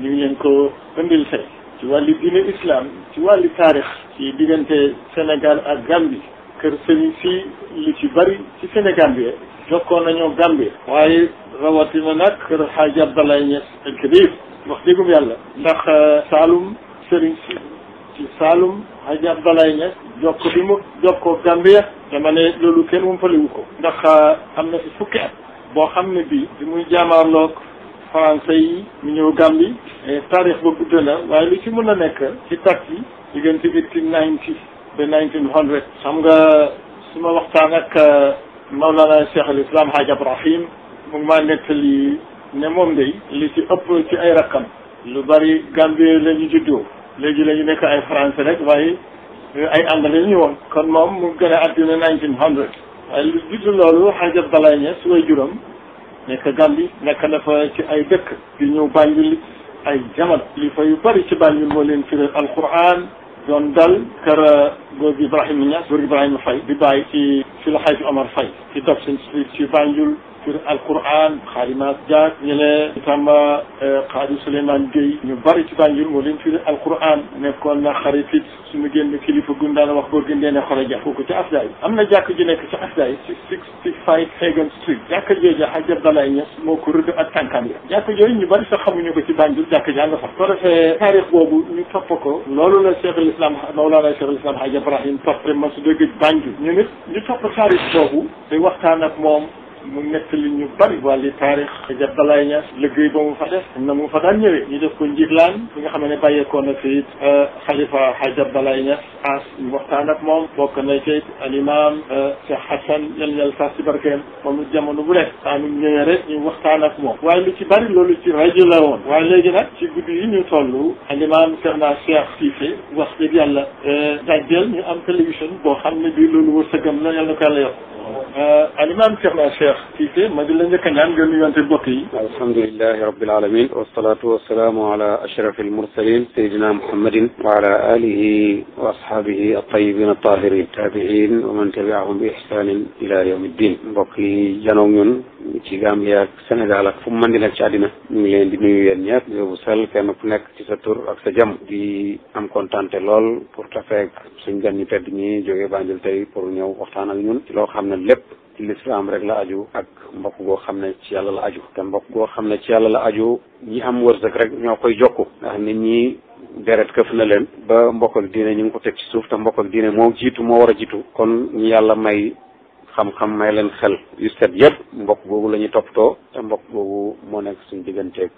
ñu ngi leen ko indil tey ci wàll diine islam ci wàllu taarix ci diggante Sénégal ak Gambie kër sëriñ si lu ci bari ci Sénégal bi jokkoon nañoo Gambie waaye rawatina nag kër Hadj Abdoulaye Niass El Kabir wax dëggum yàlla ndax euh, Saalum sëriñ si ci Saalum Hadj Abdoulaye Niass jokko bi mu jokkoo Gambie dama ne loolu kenn mu faliwu ko ndax euh, am na fi fukki boo xam ne bii di muy jaamaarloog français yi ñu ñëw Gambie taarix ba gudd la waaye lu ci mën a nekk ci yi taxi diggante eighteen ninety ba nineteen hundred xam nga su ma waxtaan ak euh, Mawlana Cheikh al Islam Hadj Ibrahim mu ngi maa nettali ne moom day li ci ëpp ci ay rakkam lu bari Gambie la ñu juddoo léegi la nekk ay français rek waaye euh, ay anglais ñu woon kon moom mu gën a àddina nineteen hundred waaye lu judd loolu Hadj Abdallah su way juróom nekk Gambie nekk na fa ci ay dëkk yu ñëw Banjul ay jamal kilifa yu bëri ci Banjul moo leen firil alquran doon dal kër euh, góor gi Ibrahima Niass góor gi Ibrahima Faye di bàyyi ci fi la xaaju Omar Faye ci Dobson Street ci Banjul tafsir alquran xaadi Mass Diack ñu ne Tamba euh, xaadi Souleymane Gueye ñu bari ci Banjul moo leen firi alquran nekkoon na xaritit suñu génn kilifa gun daan wax góor gi ndeene xoroja kooku ci afdaay am na jàkk ji nekk ci afdaay ci sixty five Hagan Street jàkk jooju Hadj Abdalaye Niass moo ko rëdd ak tànkam ya jàkk jooju ñu bari sax xamuñu ko ci Banjul jàkk jaa nga fa ko defee taarix boobu ñu topp ko loolu la Cheikh al Islam Mawlana Cheikh al Islam Hadj Ibrahim topp ma su dëgg Banjul mu nekk li ñu bari wàlli taarix jab dalaay ñaas liggéey ba mu fa def na mu fa daan ñëwee ñu def ko njiblaan bi nga xam ne bàyyeekoo na fi it xalifa euh, xaj abdalaay ñaas as ñu waxtaan ak moom bokk na ci alimaam euh, Cheikh Hassan yal yàlla sax ci barkeem moom jamono bu nekk daanu ñëwee rek ñu waxtaan ak moom waaye lu ci bari loolu ci rajo la woon waaye léegi nag ci guddi yi ñu toll alimaam Seydina Cheikh Cissé wax dëgg yàlla euh, dajjeel ñu am télévision boo xam ne bii loolu wërsëgam la yàlla ko yàlla yokk alimaam Seydina kiite ma di la njëkk a ñaan ngeen nuyuwante mbokk yi alhamdulilahi rabbil alamin wassalatu wassalaamu ala ashraf almursalin sayidina muhammadin wa ala alihi wa ashabihi altayibin altahirin tabiin wa man tabiahum bi ihsanin ila yawm iddin mbokk yi janoog ñun ci Gambia ak Sénégal ak fu mu mën di nekk ci àddina ñu ngi leen di nuyu yéen ñëpp bu sel kenn ku nekk ci sa tur ak sa jam di am kontante lool pour tafeek suñ gan ñu tedd ñi jógee Banjul tey pour ñëw waxtaan ak ñun ci loo xam ne lépp ci lislaam rek la aju ak mbokk goo xam ne ci yàlla la aju te mbokk xam ne ci yàlla la aju ñi am wërsëg rek ñoo koy jokku ndax nit ñi deret këf na leen ba mbokk ak diine ñu ngi ko teg ci suuf te mbokk ak diine moo jiitu moo war a jiitu kon ñi yàlla may xam-xam may leen xel yu set yëpp mbokk googu la ñuy toppatoo te mbokk googu moo nekk suñ digganteeg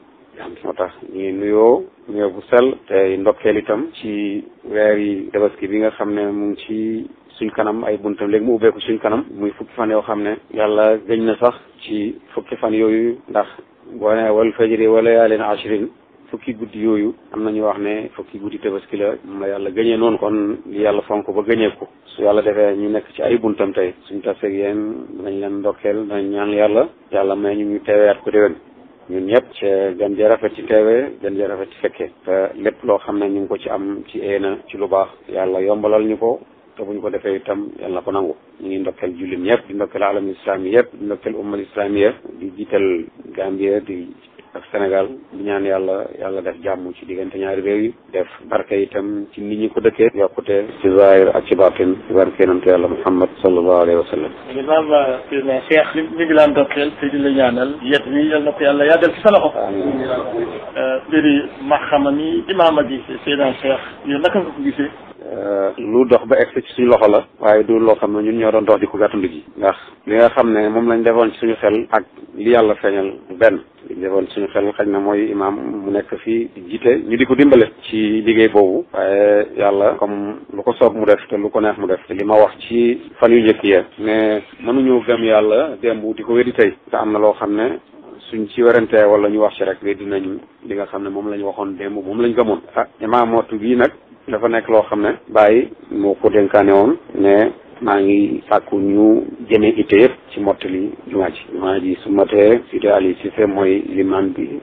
am moo tax ñuy nuyoo nuyoo bu sell te ndokkeel itam ci weer yi tabaski bi nga xam ne mu ngi ci suñ kanam ay buntam léegi mu ubbeeku suñ kanam muy fukki fan yoo xam ne yàlla gëñ na sax ci fukki fan yooyu ndax boo ne wal fajri wala yaalin ashrin fukki guddi yooyu am nañu wax ne fukki guddi tabaski la moom yàlla gëñee noonu kon li yàlla fonk ba gëñee ko su yàlla defee ñu nekk ci ay buntam tey suñ taseeg yéen danañ leen ndokkeel dañ ñaan yàlla yàlla may ñu ñu teeweyaat ko déwén ñun ñëpp ci gën jee rafet ci teewe gën jee rafet ci fekkee te lépp loo xam ne ñu ngi ko ci am ci ci lu yàlla yombalal ñu ko te buñ ko defee itam yàlla na ko nangu ñu ngi ndokkeel jullim yëpp di ndokkeel alam islami yëpp di ndokkeel ummal islami yëpp di jiital Gambia di ak Sénégal di ñaan yàlla yàlla def jàmm ci diggante ñaari réew yi def barke itam ci nit ñi ko dëkkee yokkute ci zahir ak ci baatin ci barke nante yàlla Muhammad sallallahu alayhi wa sallam ngi laan ndokkeel te di la ñaanal yet wi yal na ko yàlla yaa del ci sa loxo mbiri maxama mi ko gisee Euh, lu dox ba egsi ci suñu loxo la waaye du loo xam ne ñun ñoo doon dox di ko gàttandu ji ndax li nga xam ne moom lañ defoon suñu xel ak li yàlla feeñal benn li ñu suñu xel xaj na mooy imaam mu nekk fii jiite ñu di ko dimbale ci liggéey boobu waaye yàlla comme lu ko soob mu def te lu ko neex mu def li ma wax ci fan yu njëkk mais ne mënuñu gëm yàlla démb di ko wéri tey te am na loo xam ne suñ ci werante wala ñu wax ci rek weddi nañu li nga xam ne moom lañu waxoon démb moom la ñu gëmoon ah imaamotu bii nag dafa nekk loo xam ne bàyyi moo ko dénkaane woon ne maa ngi sàkku ñu jëme ite yëpp ci mottali jumaa ji jumaa ji su matee yi ci Cissé mooy limaan bi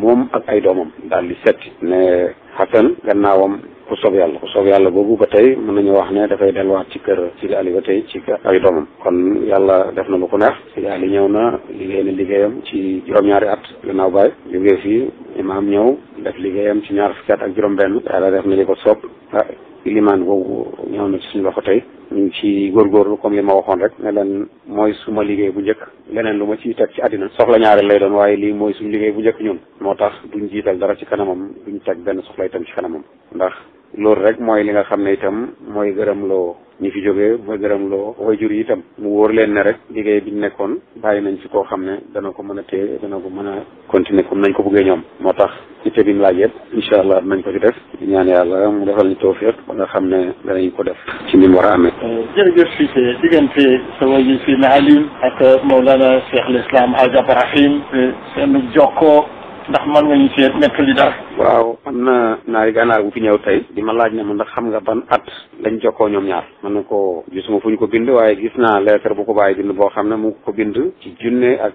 moom ak ay doomam daal di set ne Xasan gannaawam ku soob yàlla ku soob yàlla boobu ba tey mën nañu wax ne dafay wax ci kër Sidi Ali ba tey ci ay doomam kon yàlla def na lu ko neex Sidi Ali ñëw na liggéey na liggéeyam ci juróom-ñaari at gannaaw baay liggéey fii imaam ñëw def liggéeyam ci ñaar fukki ak juróom-benn yàlla def na li ko soob ah, limaan boobu ñëw na ci suñu loxo tey ñu ngi ci góorgóorlu comme li ma waxoon rek ne leen mooy suma njëkk leneen lu ma ciy teg ci àddina soxla ñaareel lay doon waaye lii mooy suñu liggéey bu njëkk ñun moo tax duñ jiital dara ci kanamam duñ teg benn soxla itam ci kanamam ndax loolu rek mooy li nga xam ne itam mooy gërëm loo ñi fi jógee mooy gërëm loo jur yi itam mu wóor leen ne rek liggéey bi ñu nekkoon bàyyi nañ ci koo xam ne dana ko mën a téye dana ko mën a continuer ko nañ ko bëggee ñoom moo tax itte bi mu laaj yëpp incha allah nañ ko ci def ñaan yàlla mu defal ñu tawfiq ba nga xam ne danañ ko def ci ni mu war a amee euh, jërëjëf Cissé diggante sa wayjur si na alim ak Mawlana Cheikh l'Islam Hadj Abou Rahim euh, seen jokkoo ndax man nga ñu seet nettali dara. waaw am na naari ganaar bu fi ñëw tey li ma laaj ne ma ndax xam nga ban at lañ jokkoo ñoom ñaar mën na ko gisuma fu ñu ko bind waaye gis naa lettre bu ko bàyyi bind boo xam ne mu ko bind ci junne ak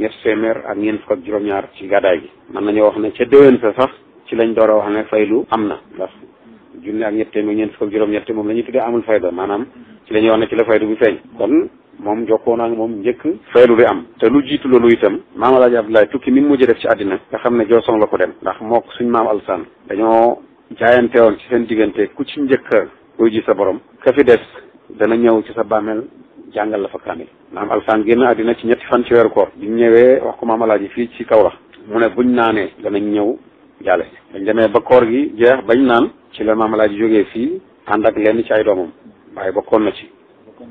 ak ñeent fukk ak juróom-ñaar ci gàddaay gi mën nañoo wax ne ca déwén sa sax ci lañ door a wax ne faylu am na ndax junne ak ñett téeméer ñeent fukk juróom-ñett moom la ñuy tuddee amul fayda maanaam ci la ñuy wax ne ci la faydu bu feeñ kon moom jokkoo naa moom njëkk faylu bi am te lu jiitu loolu itam maam alaaji abdoulaye tukki mi mu mujj def ci àddina nga xam ne jooson la ko dem ndax mokk suñ maam alsan dañoo jaayante woon ci seen diggante ku ci njëkka koy ji sa borom ka fi des dana ñëw ci sa bàmmeel jàngal la fa kaamil maam alsan génn àddina ci ñetti fan ci weeru koor bi ñëwee wax ko maam alaaji fii ci kaw la mu ne buñ naanee danañ ñëw jàlle dañ demee ba koor gi jeex bañ naan ci la maam alaaji jógee fii ànd ak lenn ci ay doomam waaye bokkoon na ci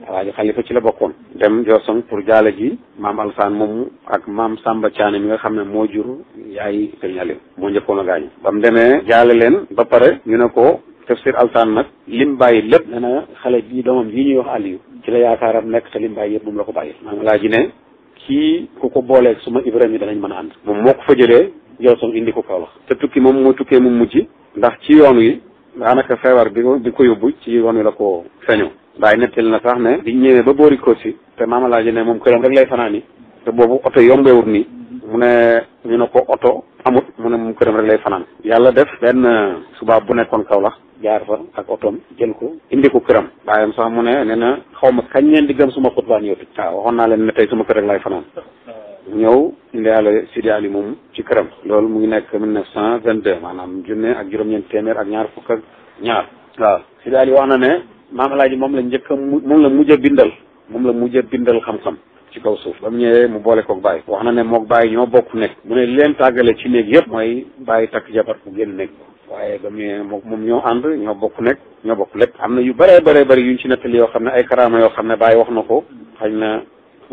alaaji xalifa ci la bokkoon dem Joosong pour jaale ji maam alsaan moomu ak maam Samba Thiané mi nga xam ne moo jur yaay sëriñ Aliou moo njëkkoon a gaañu ba demee jaale leen ba pare ñu ne ko tafsir alsaan nag lim bàyyi lépp dana xale bii doomam yi ñuy wax Aliou ci la yaakaaram nekk te lim bàyyi yëpp moom la ko bàyyi maam alaaji ne kii ku ko booleeg suma Ibrahima yi danañ mën a ànd moom moo ko fa jëlee Joosong indi ko Kaolack te tukki moom moo tukkee mu mujj ndax ci yoon daanaka feebar bi ko bi ko yóbbu ci yoon wi la ko feeñoo waaye nettali na sax ne biñ ñëwee ba boori ko si te maama laaji ne moom këram rek lay fanaani te boobu oto yombewut nii mu ne ñu ne ko oto amut mu ne moom këram rek lay fanaan yàlla def benn subaa bu nekkoon Kaolack jaar fa ak otoom jël ko indi ko këram bàyyam sax mu ne nee na xaw ma kañ leen di gëm suma xutbaan yóbbi waaw waxoon naa leen ne tey suma kër rek lay fanaan ñëw indaale Sidi Ali moom ci këram. loolu mu ngi nekk mille neuf cent vingt deux maanaam junne ak juróom-ñeent téeméer ak ñaar fukk ak ñaar. waaw Sidi Ali wax na ne maam Alaaji moom la njëkk a mu moom la mujj a bindal moom la mu a bindal xam-xam. ci kaw suuf ba mu ñëwee mu boole koog bàyyi wax na ne moog bàyyi ñoo bokk nekk mu ne leen tàggale ci néeg yëpp mooy bàyyi takk jabar bu génn nekk waaye ba mu ñëwee moom ñoo ànd ñoo bokk nekk ñoo bokk lépp am na yu bëree bëree bëri yuñ ci nettali yoo xam ne ay karaama yoo xam ne bàyyi wax na ko xañ na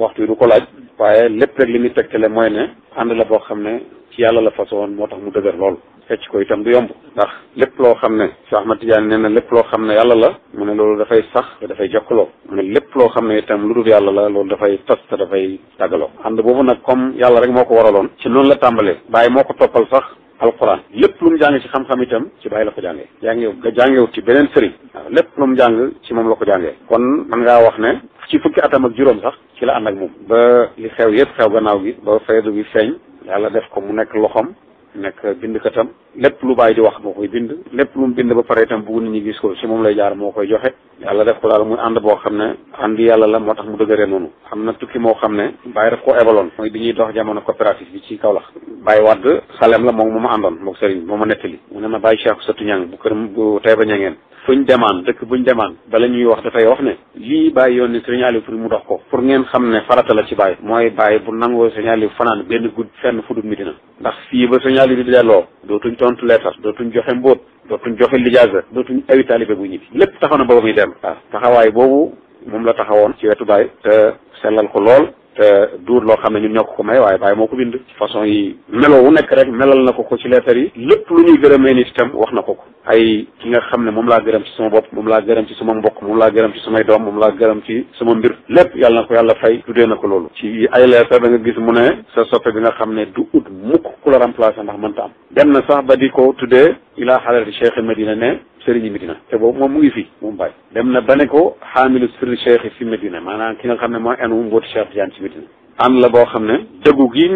waxtu wi du ko laaj waaye lépp rek li muy tegtale mooy ne ànd la boo xam ne ci yàlla la façon moo tax mu dëgër lool fecc ko itam du yomb ndax lépp loo xam ne Cheikh Ahmad Tidiane nee na lépp loo xam ne yàlla la mu ne loolu dafay sax te dafay loo mu ne lépp loo xam ne itam lu dul yàlla la loolu dafay tas te dafay tàggaloo ànd boobu nag comme yàlla rek moo ko waraloon ci noonu la tàmbalee bàyyi moo ko toppal sax alquran lépp lu mu jàng ci xam-xam itam ci bàyyi la ko jàngee jàngeew jàngeewut ci beneen sëriñ waaw lépp lu mu jàng ci moom la ko jàngee kon mën ngaa wax ne ci fukki atam ak juróom sax ci la ànd ak moom ba li xew yëpp xew gannaaw gi ba faydu bi feeñ yàlla def ko mu nekk loxoom nekk bindkatam lépp lu bàyyi di wax moo koy bind lépp lu mu bind ba pare itam bugg nit ñi gis ko ci moom lay jaar moo koy joxe yàlla def ko daal muy ànd boo xam ne ànd yàlla la moo tax mu dëgëree noonu am na tukki moo xam ne bàyyi daf ko ebaloon mooy bi ñuy dox jamono coopérative bi ci kaw Kaolack bàyyi wadd xaleem la moom mu ma àndoon mook sëriñ moo ma nettali mu ne ma bàyyi Cheikh Satou Niang bu kër bu Taïba Niangeen bu fuñ demaan dëkk ñu demaan bala ñuy wax dafay wax ne lii bàyyi yoon ni sëriñ pour mu dox ko pour ngeen xam ne farata la ci bàyyi mooy bàyyi bu nangoo sëriñ Aliou fanaan benn gudd fenn fu dul Medina ndax fii ba sëriñ Aliou di delloo dootuñ tontu leetar dootuñ joxe mbóot dootuñ joxe lijaasa dootuñ awi taalibe bu ñibbi lépp taxaw na booba muy dem waaw taxawaay boobu moom la taxawoon ci wetu bàyyi te sellal ko lool te duur loo xam ne ñu ñoo ko may waaye bàyyi moo ko bind façon yi melo wu nekk rek melal na ko ko ci lettre yi lépp lu ñuy gërëm gërëmee ni itam wax na ko ko ay ki nga xam ne moom laa gërëm ci sama bopp moom laa gërëm ci sama mbokk moom laa gërëm ci samay doom moom laa gërëm ci sama mbir lépp yàlla na ko yàlla fay tuddee na ko loolu ci ay lettre da nga gis mu ne sa soppe bi nga xam ne du ut mukk ku la remplacer ndax mënta am dem na sax ba di ko tuddee ilaa xalati cheikh Medina ne sëriñu Medina te boobu moom mu ngi fii moom Baye dem na ba ne ko xaamilu sirri cheikh fi Medina maanaam ki nga xam ne mooy enu mbooti Cheikh Tidiane ci Medina am la boo xam ne dëggu gi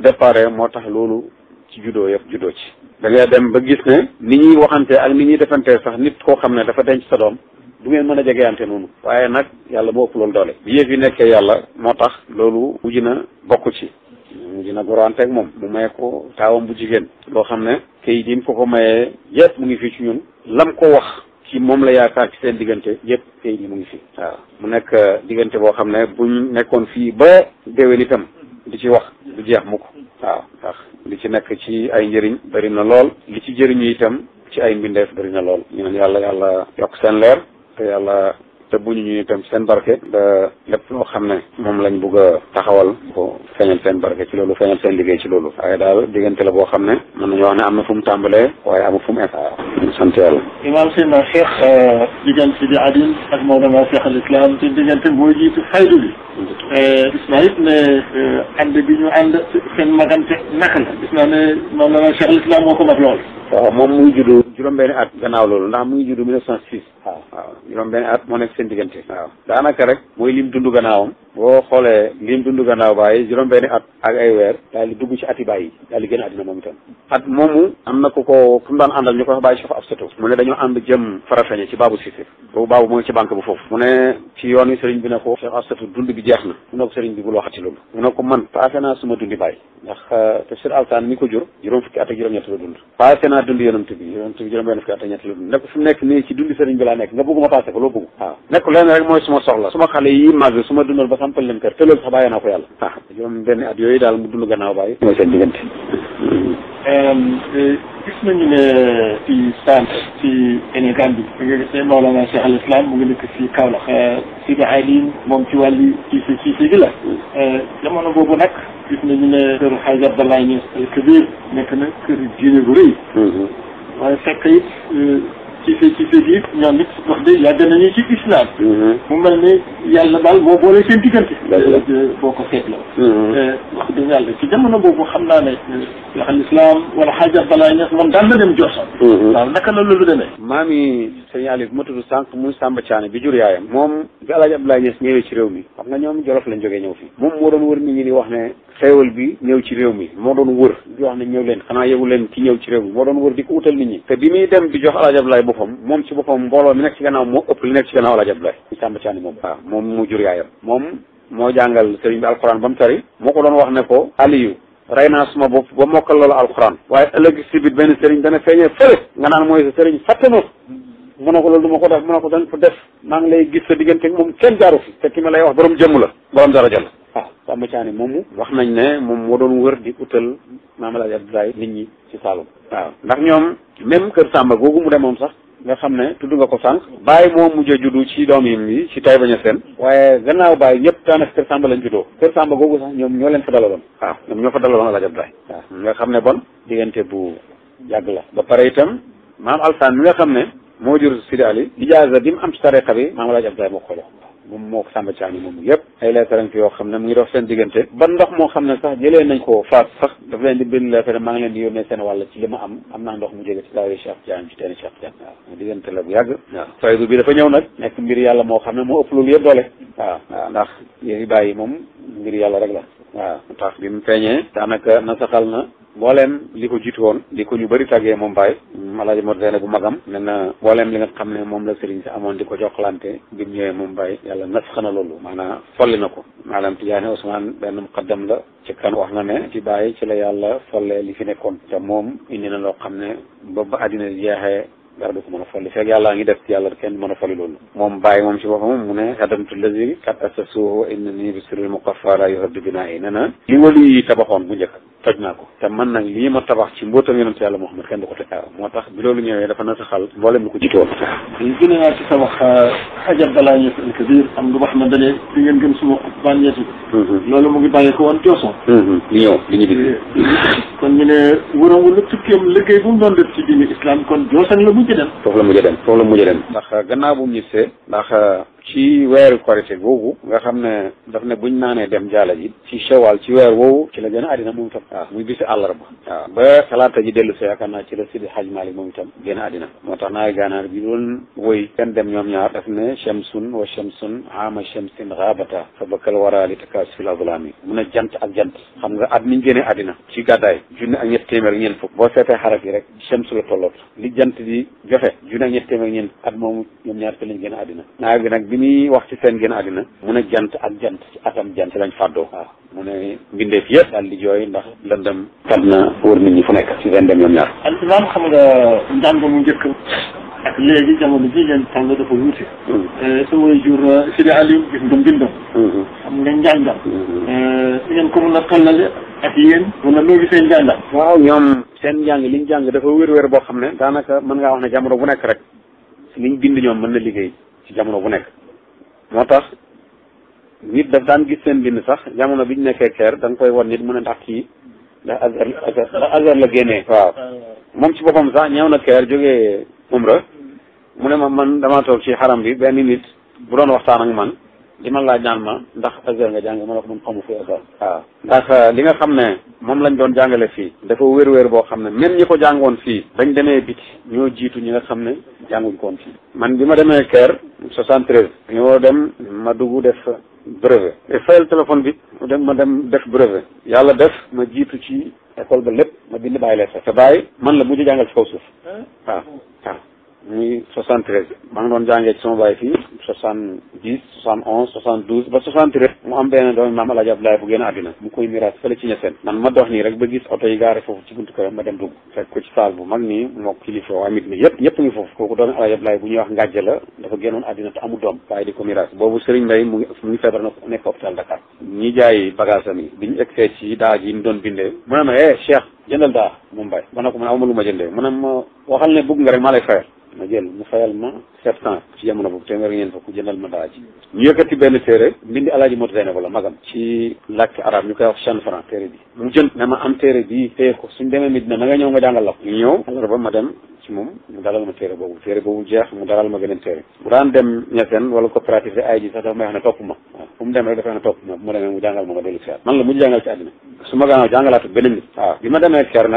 dépare moo tax loolu ci juddoo yëpp juddoo ci da ngay dem ba gis ne ni ñuy waxante ak ni ñuy defante sax nit koo xam ne dafa denc sa doom du ngeen mën a jegeyante noonu waaye nag yàlla moo ëpp loolu doole bi yëf yi nekkee yàlla moo tax loolu mujj na bokk ci dina goronteeg moom mu may ko taawam bu jigéen loo xam ne kayit yi mu ko ko mayee yëpp mu ngi fii ci ñun lam ko wax ci moom la yaakaar ci seen diggante yëpp kayit yi mu ngi fi waaw mu nekk euh, diggante boo xam ne bu nekkoon fii ba déwén itam di ci wax du jeex mukk waaw ndax li ci nekk ci ay njëriñ bëri na lool li ci jëriñu itam ci ay mbindeef bëri na lool ñu yàlla yàlla yokk seen leer te yàlla te bu ñu ñu itam seen barke da lépp loo xam ne moom lañ bugg a taxawal boo feeñal seen barke ci loolu feeñal seen liggéey ci loolu waaye daal diggante la boo xam ne mën nañu wax ne am na fu mu tàmbalee waaye amul fu mu egg sant yàlla imaam sina xeex euh, diggante Sidi Adil ak Mawlana Cheikh al Islam ci diggante mooy jiitu faydu bi euh, gis naa it ne euh, ànd bi ñu ànd seen magante naka la gis naa ne Mawlana Cheikh al Islam moo ko mag lool waaw moom mu juddu juróom-benni at gannaaw loolu ndax mu ngi juddu mille neuf cent six waaw ah. waaw juróom-benni at moo nekk seen diggante waaw daanaka rek mooy lim dund gannaawam boo xoolee lim dund gannaaw bàyyi juróom-benni at ak ay weer daal dugg ci ati bàyyi daal di génn àddina moom itam at moomu am na ku ko ku mu daan àndal ñu ko wax bàyyi si fa ab mu ne dañoo ànd jëm farafeñe ci baabu sisir boobu baabu mooy ci banque bu foofu mu ne ci yoon wi sëriñ bi ne ko Cheikh Asatu dund bi jeex na mu ne ko sëriñ bi bul waxati loolu mu ne ko man passé naa suma dundi bàyyi ndax euh, tafsir altaan mi ko jur juróom fukki at ma passé ko loo bëgg waaw nekk leen rek mooy sampal leen kër te loolu sax bàyyi naa ko yàlla ah juróom benn at yooyu daal mu dund gannaaw bàyyi mooy seen diggante eh, gis nañu ne ci sant ci Sénégal bi nga gisee Mawlana Cheikh Al Islam mu ngi nekk si Kaolack eh, Sidi Ali moom ci wàlli ci si ci si la eh, jamono boobu nag gis nañu ne kër Hadj Abdoulaye Niass al Kabir nekk na kër diine bu rëy mm-hmm. waaye fekk it ci fi ci fi yëpp ñoom it wax dëgg yàgg nañu ci islam. Mhm. mu mel ni yàlla daal moo boole seen diggante. boo ko seetloo. Mhm. Euh, wax yal ki ci jamono boobu xam naa ne. ndax lislaam wala xaaja balaa ñes moom daan na dem Joosam. Mhm. waaw naka la loolu demee. maam sëriñ Aliou bu ma tudd sànq muy Samba Thiané bi jur yaayam moom bi El Hadj Abdoulaye Niass ñëwee ci réew mi xam nga ñoom Jolof lañ moom moo doon wër nit ñi di wax ne xéewal bi ñëw ci réew mi moo doon wër di wax ne mi ñi te bi muy dem di jox El boppam moom ci boppam mbooloo mi nekk ci gannaaw moo ëpp li nekk ci gannaaw El Hadj Abdoulaye muy moom moom mu jur yaayam moom moo jàngal sëriñ bi alxuraan ba mu tari moo ko doon wax ne ko Aliou rey naa suma ba mokkal loolu alxuraan waaye ëllëg si biir mu ne ko loolu du ma ko def mu ne ko dañ ko def maa ngi lay gis sa diggante moom kenn jaaru fi te ki ma lay wax borom jëmm la borom daraja la waaw ah, Samba Thiané moomu wax nañ ne moom moo doon wër di utal Maam El Hadj Abdoulaye nit ñi ci Saloum waaw ndax ñoom même kër Samba googu mu demoon sax nga xam ne tudd nga ko sànq bàyyi moom mujj a juddu ci doom yi ci Taïba Niassène waaye gannaaw bàyyi ñëpp daanaka kër Samba lañ juddoo kër Samba googu sax ñoom ñoo leen fa dalaloon waaw ah. ñoom ñoo fa dalaloon El Hadj Abdoulaye waaw ah. nga xam ne bon diggante bu ba pare itam maam Alsaan mi nga xam ne moo jur sidaal yi ijaaza bi mu am ci tariqa bi maam laaj Abdoulaye moo ko jox moom moo ko sàmba caani moomu yëpp ay fi yoo xam ne mu ngi dox seen diggante ba ndox moo xam ne sax jëlee nañ ko faat sax daf leen di bind leetar maa ngi leen di yónnee seen wàll ci li ma am am naa ndox mu jóge ci taawe Cheikh Tidiane ci teen Cheikh Tidiane waaw diggante la bu yàgg waaw faydu bi dafa ñëw nag nekk mbir yàlla moo xam ne moo ëpp loolu yëpp doole waaw waaw ndax yéen bàyyi moom mbir yàlla rek la waaw moo tax bi mu feeñee daanaka nasaxal na mbooleem li ko jiitu woon li ko ñu bëri tàggee moom Baye Alaaji Mor Sène bu magam ne na mbooleem li nga xam ne moom la sëriñ si amoon di ko jokkalante bi mu ñëwee moom Baye yàlla nasax na loolu maanaam folli na ko maa maanaam Tijaani Ousmane benn muqaddam la ci kan wax na ne ci Baye ci la yàlla follee li fi nekkoon te moom indi na loo xam ne boobu ba àddina jeexee dara du ko mën a folli fekk yàlla ngi def yàlla kenn mën a folli loolu moom bàyyi moom ci boppam mu ne xadamtu lazi kat asasuhu inna ni bi sirri muqafara yuhaddu binaa yi ne na li wali tabaxoon bu njëkk toj naa ko te man nag lii ma tabax ci mbootam yonent yàlla Muhammad kenn du toj waaw moo tax bi loolu ñëwee dafa na sa xal mboolem lu ko jiitoon gënaa ci tabax xajab euh, dalaa ñëpp al kabir am lu wax na dane di ngeen gëm suma ban yeetu mm-hmm. loolu mu ngi bàyyi ko woon jooson mm-hmm. li ñëw li ñu bis kon ñu ne wëram wala tukkeem liggéey bu mu doon def ci diini mujj dem. foofu la mujj dem foofu la mujj dem. ndax gannaaw bu mu ñibbisee ndax. ci weeru korite googu nga xam ne daf ne buñ naanee dem jaala ji ci shawal ci weer woowu ci la gën a àddina moom itam waaw ah. muy bisi àllarba waaw ah. ba talaata ji dellu si yaakaar naa ci la Sidi Haj Malik moom itam gën a àddina moo tax naari gànnaar bi doon woy kenn dem ñoom ñaar daf ne shamsun wa shamsun ama shamsin raabata fa bakal waraali takaas fil azlaami mu ne jant ak jant xam nga at miñ génnee àddina ci gàddaay junne ak ñett téeméer ak ñeent fukk boo seetee yi rek shams la tolloot li jant di joxe junne ak ñett téeméer ak ñeent at moomu ñoom ñaar ci lañ gën a bi muy wax ci seen génn àddina mu ne jant ak jant ci atam jant ci lañ fàddoo waaw ah. mu ne mbindeef yëpp daal di jooy ndax lëndëm kat na wër nit ñi fu nekk ci seen dem ñoom ñaar al mu njëkk léegi jamono ji leen tàng dafa wuute hmm. eh, sama jur eh, Sidi Aliou gis nga mbindam hmm. xam nga njàngam hmm. eh, ngeen ko mën a tollale ak yéen wala loo gisee njàngam waaw ñoom seen njàng liñ jàng dafa wér-wér boo xam ne daanaka mën nga wax ne jamono bu nekk rek liñ bind ñoom mën na liggéey ci jamono bu nekk moo tax nit daf daan gis seen bind sax jamono bi ñu nekkee keer da nga koy wan nit mu ne ndax kii ndax azar ndax azar la génnee waaw moom ci boppam sax ñëw na keer jógee umra mu ne ma man damaa toog ci xaram bi benn nit bu doon waxtaan ak man li man laa naan ma ndax azar nga jàng ma a ko man xamu fi azar waaw ah. ndax ah, li nga xam ne moom lañ doon jàngale fii dafa wér-wér boo xam ne même ñi ko jàngoon fii dañ demee biti ñoo jiitu ñi nga xam ne jànguñ ko woon fii man bi ma demee Caire soixante-treize ñoo dem ma dugg def brevet fayal téléphone bi mu dem ma dem def brevet yàlla def ma jiitu ci école ba lépp ma bind bàyyi lees te bàyyi man la mujj jàngal ci kaw suuf ah. waaw waaw muy soixante treize maa doon jàngee ci sama fii soixante dix soixante onze soixante douze ba soixante treize mu am benn doomi maam Alaaji Abdoulaye bu génn àddina mu koy miraas fële ci ñeseen man ma dox nii rek ba gis oto yi gaare foofu ci buntu a ma dem dugg fekk ko ci saal bu mag nii moo kilifa waa mit ni yëpp ñëpp ngi foofu kooku doomi Alaaji Abdoulaye bu ñuy wax ngàjje la dafa génnoon àddina te amul doom waaye di ko miraas boobu Serigne Mbaye mu bi ñu egsee ci daa ji ñu doon bindee mu ne ma eh Cheikh jëndal ne ko man awma ma jël mu fayal ma septembre ci jamono boobu téeméer ngeen fa ku jëndal ma daa ji ñu yëkkati benn téere mbindi alaaji Moodu Zeynab wala magam ci làkk arab ñu koy wax chan franc bi mu jënd ne ma am téere bi téye ko suñ demee Medina na nga ñëw nga jàngal la ko ñu ma dem ci moom mu dalal ma téere boobu téere boobu jeex mu ma beneen téere bu daan dem ñeseen wala coopérative de ay ji sax dafa may wax ne topp ma waaw fu mu dem rek dafa wax ne topp ma bu ma mu jàngal ma ma dellu mu jàngal ci àddina su ma gannaaw jàngalaatu beneen nit waaw bi ma demee ker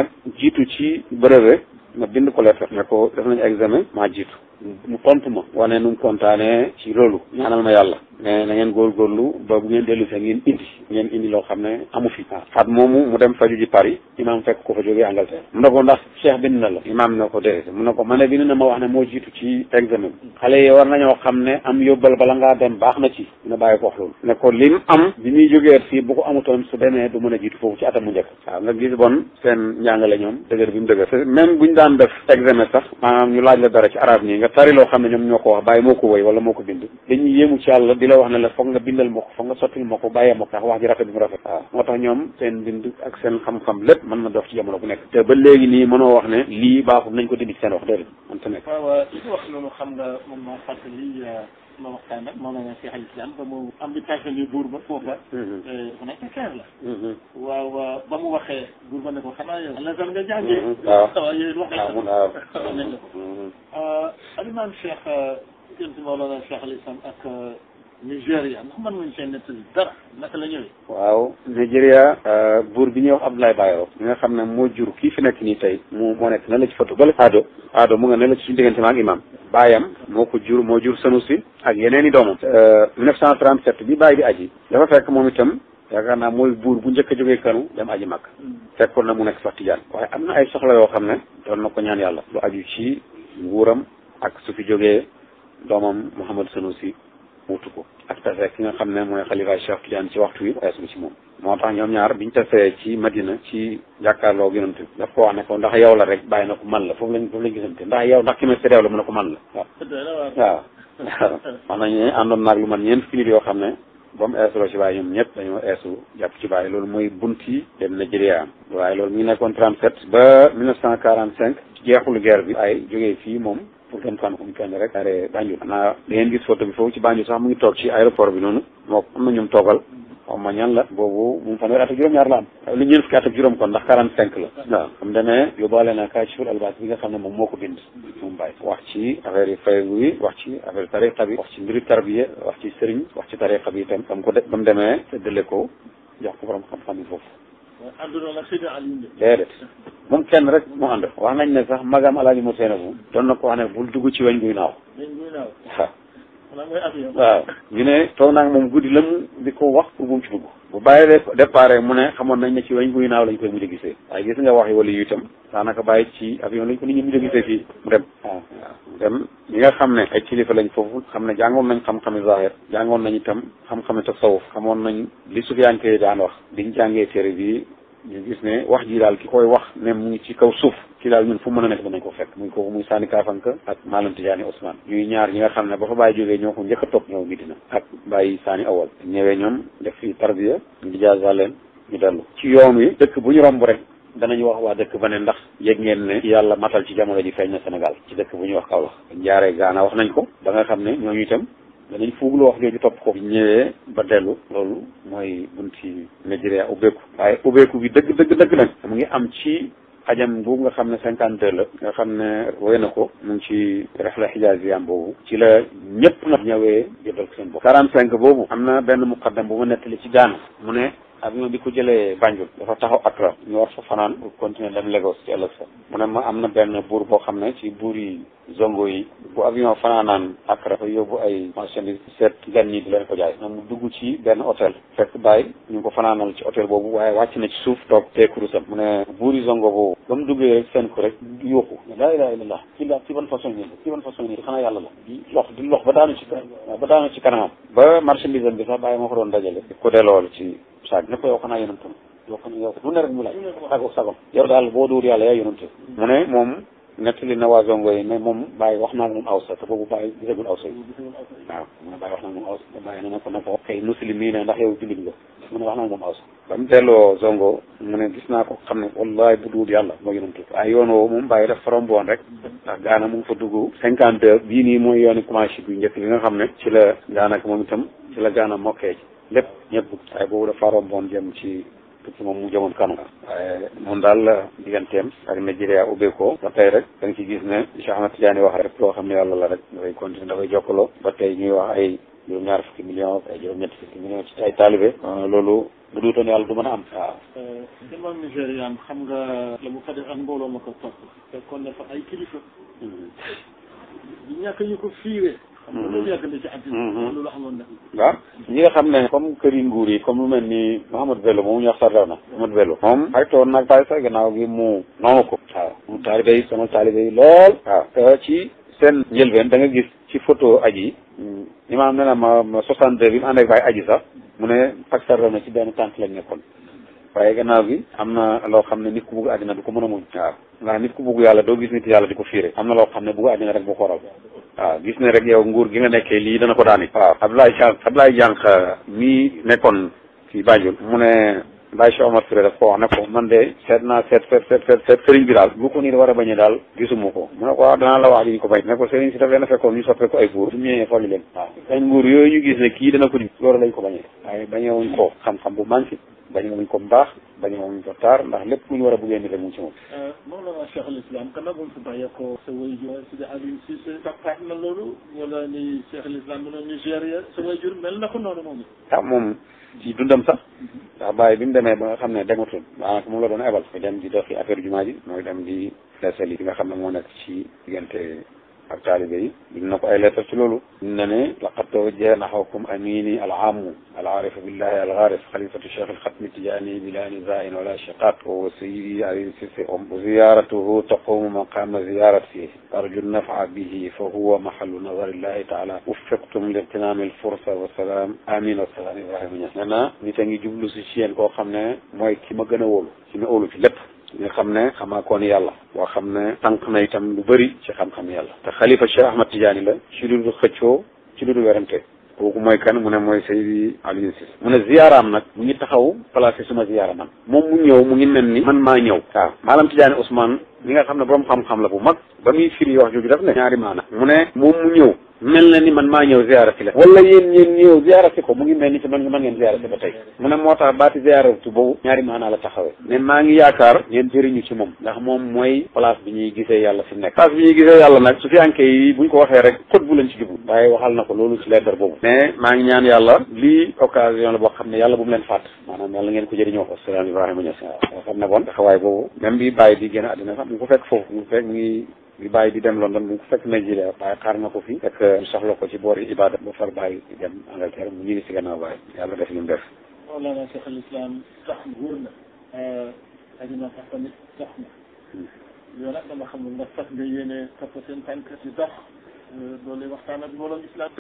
ma bind ko lettre ne ko def nañu examen maa jiitu mu tontu ma wane nu mu kontaanee ci loolu ñaanal ma yàlla mais na ngeen góorgóorlu ba bu ngeen dellu see ngeen indi ngeen indi loo xam ne amu fi waaw ah. xat moomu mu dem faju ji Paris imaam fekk ko fa jógee Angleterre mu ne ko ndax cheikh bind na la imaam ne ko déedéet mu ne ko ma ne bind na ma wax ne moo jiitu ci examen bi xale yi war ñoo xam ne am yóbbal bala ngaa dem baax na ci na bàyyi ko wax loolu ne ko lim am bi muy jógee fii bu ko amutoon su demee du mën foofu ci atam mu njëkk waaw nga gis bon seen mu dëgër même buñ daan def examen sax maanaam ñu laaj la dara ci nga tari loo xam ne ñoom ñoo ko wax bàyyi moo ko woy wala moo ko bind dañuy yéemu ci yàlla di wax ne la foog nga bindal ma ko foog nga sottil ma ko bàyyee ma ko ndax wax ji rafet bi mu rafet waaw ah. moo tax ñoom seen bind ak seen xam-xam lépp mën na dox ci jamono bu nekk te ba léegi nii mënoo wax ne lii baaxul nañ ko dindi seen wax déedéet man ta ma waxtaan ak moom la ñu seexal islam ba mu invitation yu ba foofa. mu mhm. euh, nekk kër mhm. ba mu waxee buur ba ne ko xanaa yow. la sax nga jàngee. Mhm. waaw waaw yooyu wax nañ ko waaw wax euh, euh, ak. Nigéria ndax mën nga ñu seen nettali dara naka la ñëwee. waaw Nigéria. Euh, buur bi ñëw wax Abdoulaye Bayero. mi nga xam ne moo jur kii fi nekk nii tey. moo nekk na la ci photo bale Ado. Ado mu nga ne la ci suñu diggante ma ak imam. baayam moo ko jur moo jur Sanusi ak yeneen i doomam. 1937 euh, bi bàyyi di aji. dafa fekk moom itam. yaakaar naa mooy buur bu njëkk a jógee kanu dem aji mag. Hmm. fekkoon na mu nekk sax tijaan. waaye am na ay soxla yoo xam ne. doon na ko ñaan yàlla. lu aju ci nguuram ak su fi jógee doomam Mouhamed Sanusi wutu ko ak tase ki nga xam ne mooy xalifa Cheikh yaan ci waxtu wi eesu ci moom moo tax ñoom ñaar biñ tasee ci Madina ci jàkkaarloo yonent bi daf ko wax ne yow la rek bàyyi na ko man la foofu lañ foofu lañ gisante ndax yow ndax ki ma séddeew la mu ne ko man la waaw waaw waaw wax nañu man ñeent fukki yoo xam ne ba mu eesuloo ci bàyyi ñoom ñëpp dañoo eesu jàpp ci bàyyi loolu mooy bunt yi dem Nigeria am waaye loolu mi ngi nekkoon 37 ba 1945 ci jeexul guerre bi ay jógee fii moom benn fan um kenn rek are Banjul xanaa da ngeen gis photo bi foofu ci Banjul sax mu ngi toog ci aéroport bi noonu moo am na ñum toogal xaw ma ñan la boobu mu fanweer at ak juróom-ñaar la am lu ñeen fukki at ak juróom kon ndax quarante cinq la waaw xam demee yóbbaale na Kaashiful Albaas bi nga xam ne moom moo ko bind Mumbai wax ci affaire yi faygu yi wax ci affaire tariqa bi wax ci mbiri tarbiya wax ci sëriñ wax ci tariqa bi itam xam ko de ba mu demee séddale ko jox ko borom xam-xam yi foofu déedéet moom kenn rek mu ànd wax nañ ne sax magam alaaji mu seena bu doon na ko wax ne bul dugg ci weñ guy naaw waaw ñu ne toog naag moom guddi la mu di ko wax pour bu ci dugg bu bàyyi de départ mu ne xamoon nañ ne ci weñ guy naaw lañ koy mujj gisee waaye gis nga wax yi wala daanaka bàyyi ci avion lañ ko nit ñi mujj gisee fii mu dem ah. waaw dem ñi nga xam ne ay kilifa lañ foofu xam ne jàngoon nañ xam-xami zahir jàngoon nañ itam xam-xami tasawuf xamoon nañ li sufiyaan yi daan wax diñ jàngee téere bi ñu gis ne wax ji daal ki koy wax ne mu ci kaw suuf ki daal ñun fu mën a nekk danañ ko fekk muy kooku muy Sani Kaafanka ak Malam Tidiane Ousmane ñuy ñaar ñi nga xam ne ba fa bàyyi jógee ñoo ko njëkk a topp ñëw Medina ak bàyyi Sani awal ñëwee ñoom def fi tarbiya di jaaza leen ñu dellu ci yoon wi dëkk bu ñu romb rek danañu wax waa dëkk ba ne ndax yëg ngeen ne yàlla matal ci jamono ji feeñ na Sénégal ci dëkk bu ñuy wax kaw Kaolack njaaree gaana wax nañ ko ba nga xam ne ñooñu danañ fuuglu wax jooju topp ko bu ñëwee ba dellu loolu mooy bunti Nigeria ubbeeku waaye ubbeeku bi dëgg dëgg dëgg nag mu ngi am ci ajam boobu nga xam ne cinquante deux la nga xam ne woy na ko mu ngi ci rexla xijaaziyam boobu ci la ñëpp nag ñëwee jëbal ko seen bopp quarante cinq boobu am na benn muqaddam bu ma nettali ci Gaana mu ne avion bi ko jëlee Banjul dafa taxaw Accra ñu war fa fanaan pour continuer dem Lagos ci ëllëg mu ne ma am na benn buur boo xam ne ci buur yi zongo yi bu avion fanaanaan Accra dafa yóbbu ay marchandise seet gan ñi di leen ko jaay moom mu dugg ci benn hôtel fekk bàyyi ñu ngi ko fanaanal ci hôtel boobu waaye wàcc na ci suuf toog teekurusam mu ne buur zongo boobu ba mu duggee rek seen ko rek yuuxu laa ilaha illallah ci la ci ban façon nii ci ban nii la di lox di lox ba daanu ci ba daanu ci ba marchandise bi moo ko doon dajale ko delloo ci saag ne ko yow xanaa yonantu yow xanaa yow lu ne rek mu laaj sago sagom yow daal boo duur yàlla yaa yonantu mu ne moom nettali na waa zongo yi ne moom bàyyi wax naa moom awsa te boobu bàyyi gisagul awsa yi waaw mu ne na ko na ko xëy muslim yi ne ndax yow jullit nga mu wax naa moom awsa ba mu delloo zongo mu ne gis naa ko xam ne wallahi bu duul yàlla moo yonantu waaye yoon woowu moom bàyyi daf faromboon rek ndax gaana mu ngi fa dugg cinquante bii nii mooy yooni commencé bi njëkk bi nga xam ne ci la daanaka moom itam ci la gaana mokkee ci lépp ñëpp waaye boobu dafa romboon jëm ci tukki moom mu jëmoon Canada waaye moom daal digganteem ak Nigeria ubbeekoo ba tey rek da nga ci gis ne Cheikh Ahmed Tidiane wax rek loo xam ne yàlla la rek dafay continuer dafay jokkaloo ba tey ñuy wax ay juróom-ñaar fukki million ay juróom-ñetti fukki million ci ay taalibe euh, loolu bu duutoon yàlla du mën a am waaw euh, imam nigérian xam nga la mu fa def ak mbooloo ma ko topp te kon dafa ay kilifa hmm. ñàkk ñu ko fiire xam nga loolu yàgg na ci mhm. ñi nga xam ne comme këri nguur yi comme lu mel ni Mahamadou Bello moom ñu wax Sardana Mahamadou Bello moom xaritoon nag sa Fall gannaaw gi mu noonu ko waaw mu taalibe yi sama taalibe yi lool ci seen njëlbeen da nga gis ci photo aji imaam ne na ma soixante-deux bi mu ànd ak sax mu ne ak Sardana ci benn tànk lañ nekkoon waaye gannaaw gi am na loo xam ne nit ku bugg àddina du ko mën a na waaw ndax nit ku bugg yàlla doo gis nit yàlla di ko fiire am na loo xam ne bugg àddina rek bu ko waral waaw gis ne rek yow nguur gi nga nekkee lii dana ko daani waaw Abdoulaye Jànq Abdoulaye Jànq mii nekkoon ci Banjul mu ne Baye Cheikh Omar Touré wax ne ko man de seet naa seet seet seet seet bi daal bu ko nit war a bañee daal gisuma ko mu ko waaw ah, danaa la wax li ñu ko bañ ne ko sëriñ si daf leen a fekkoon ñu soppee ko ay buur suñu ñëwee folli leen waaw gis ne kii dana ko di loolu lañ ko bañee waaye bañeewuñ ko xam-xam bu manqué bañ wuñ ko baax bañ wuñ ko taar ndax lépp lu ñu war a bëggee ni rek mu ci moom. Euh, Mawlana Cheikh al Islam kan nag moom su bàyyee ko sa waajur si Aliou Cissé taxaat na loolu wala ni Cheikh al Islam mënoon moom ah ci dundam sax ndax baay bi mu demee ba nga xam ne dematul maanaam moom la doon ebal. mu dem di doxi affaire jumaa ji mooy dem di feesal yi nga xam ne moo nekk ci diggante ak taalibe yi bind na ko ay lettre ci loolu bind na ne laqad tawajjaha naxwakum amini alaamu alaarifu billahi alxaaris xalifatu cheikh alxatmi tijaani bila nizaain wala shiqaaq wa huwa sayidi alin sisi om ziyaratuhu taqumu maqama ziyarati arju nafaa bihi fa huwa mahallu nazarillahi taala wuffiqtum liqtinami alfursa wasalaam amin wasalaam ibrahima ñas nee na nit a ngi jublu si ci yéen koo xam ne mooy ki ma gën a wóolu ci ma óolu ci lépp nga xam ne xamaa xamaakoon yàlla boo xam ne tànk na itam lu bëri ci xam-xam yàlla te xalifa Cheikh Ahmad Tidiane la ci lu dul xëccoo ci lu dul werante kooku mooy kan mu ne mooy say Aliou Cissé mu ne ziyaaraam nag mu ngi taxaw placé suma ziyaara man moom mu ñëw mu ngi mel ni man maa ñëw waaw maalam Tidiane Ousmane mi nga xam ne borom xam-xam la bu mag ba muy firi wax jooju def ne ñaari maana mu ne moom mu ñëw mel na ni man maa ñëw ziara si la wala yéen ñeen ñëw ziara si ko mu ngi mel ni si man man ngeen ziara si ba tey mu ne moo tax baati ziara tu boobu ñaari maanaa la taxawee ne maa ngi yaakaar ngeen jëriñu ci moom ndax moom mooy place bi ñuy gisee yàlla fi nekk place bi ñuy gisee yàlla nag su fi anke yi buñ ko waxee rek xót bu lañ ci jublu waaye waxal na ko loolu ci lettre boobu mais maa ngi ñaan yàlla lii occasion la boo xam ne yàlla bu bi bàyyi di dem London bu mu ko fekk Nigeria bàyyi xaar na ko fi fekk soxla ko ci boori Ibadan ba far bàyyi dem Angleterre mu ñibi si gannaaw bàyyi yàlla def li mu def Mawlana Cheikh al Islam tax na wóor na eh, ajima sax tamit tax na hmm. yow nag dama xamul ndax sax nga yéene topp seen tànk eh,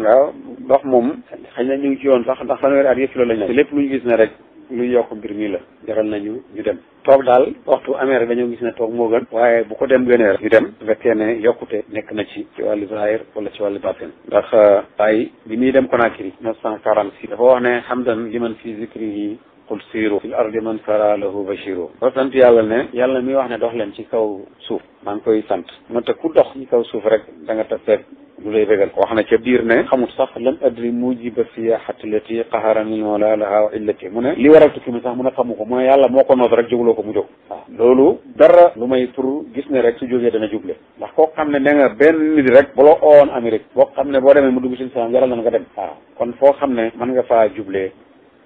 waaw dox moom xëy na ñu ngi ci yoon sax ndax fanweeri at yëpp loolu lañ ne lépp lu ñu gis ne rek lu yokk mbir mi la jaral nañu ñu dem toog daal waxtu amee rek dañoo gis ne toog moo gën waaye bu ko dem gënee rek ñu dem bu fekkee ne yokkute nekk na ci ci wàllu zahir wala ci wàllu batin ndax euh, ay bi muy dem Conakry neuf cent quarante six dafa wax ne xam liman fi zikri yi qul siiru la ardi man sara lahu bashiru ba sant yàlla ne yàlla mi wax ne dox leen ci kaw suuf maa ngi koy sant ma te ku dox ci kaw suuf rek da nga taseet lu lay bégal wax na ca biir ne xamul sax lam adri mujiba siyaxati lati qaharanil mawla laha wa illati mu ne li waral tukki mi sax mu ne xamu ko mu ne yàlla moo ko noot rek jógloo ko mu jóg waaw loolu dara lu may pour gis ne rek su jógee dana juble ndax koo xam ne ne nga benn nit rek bala owoon Amérique boo xam ne boo demee mu dugg si islam jaral dem waaw kon foo xam ne mën nga faa jublee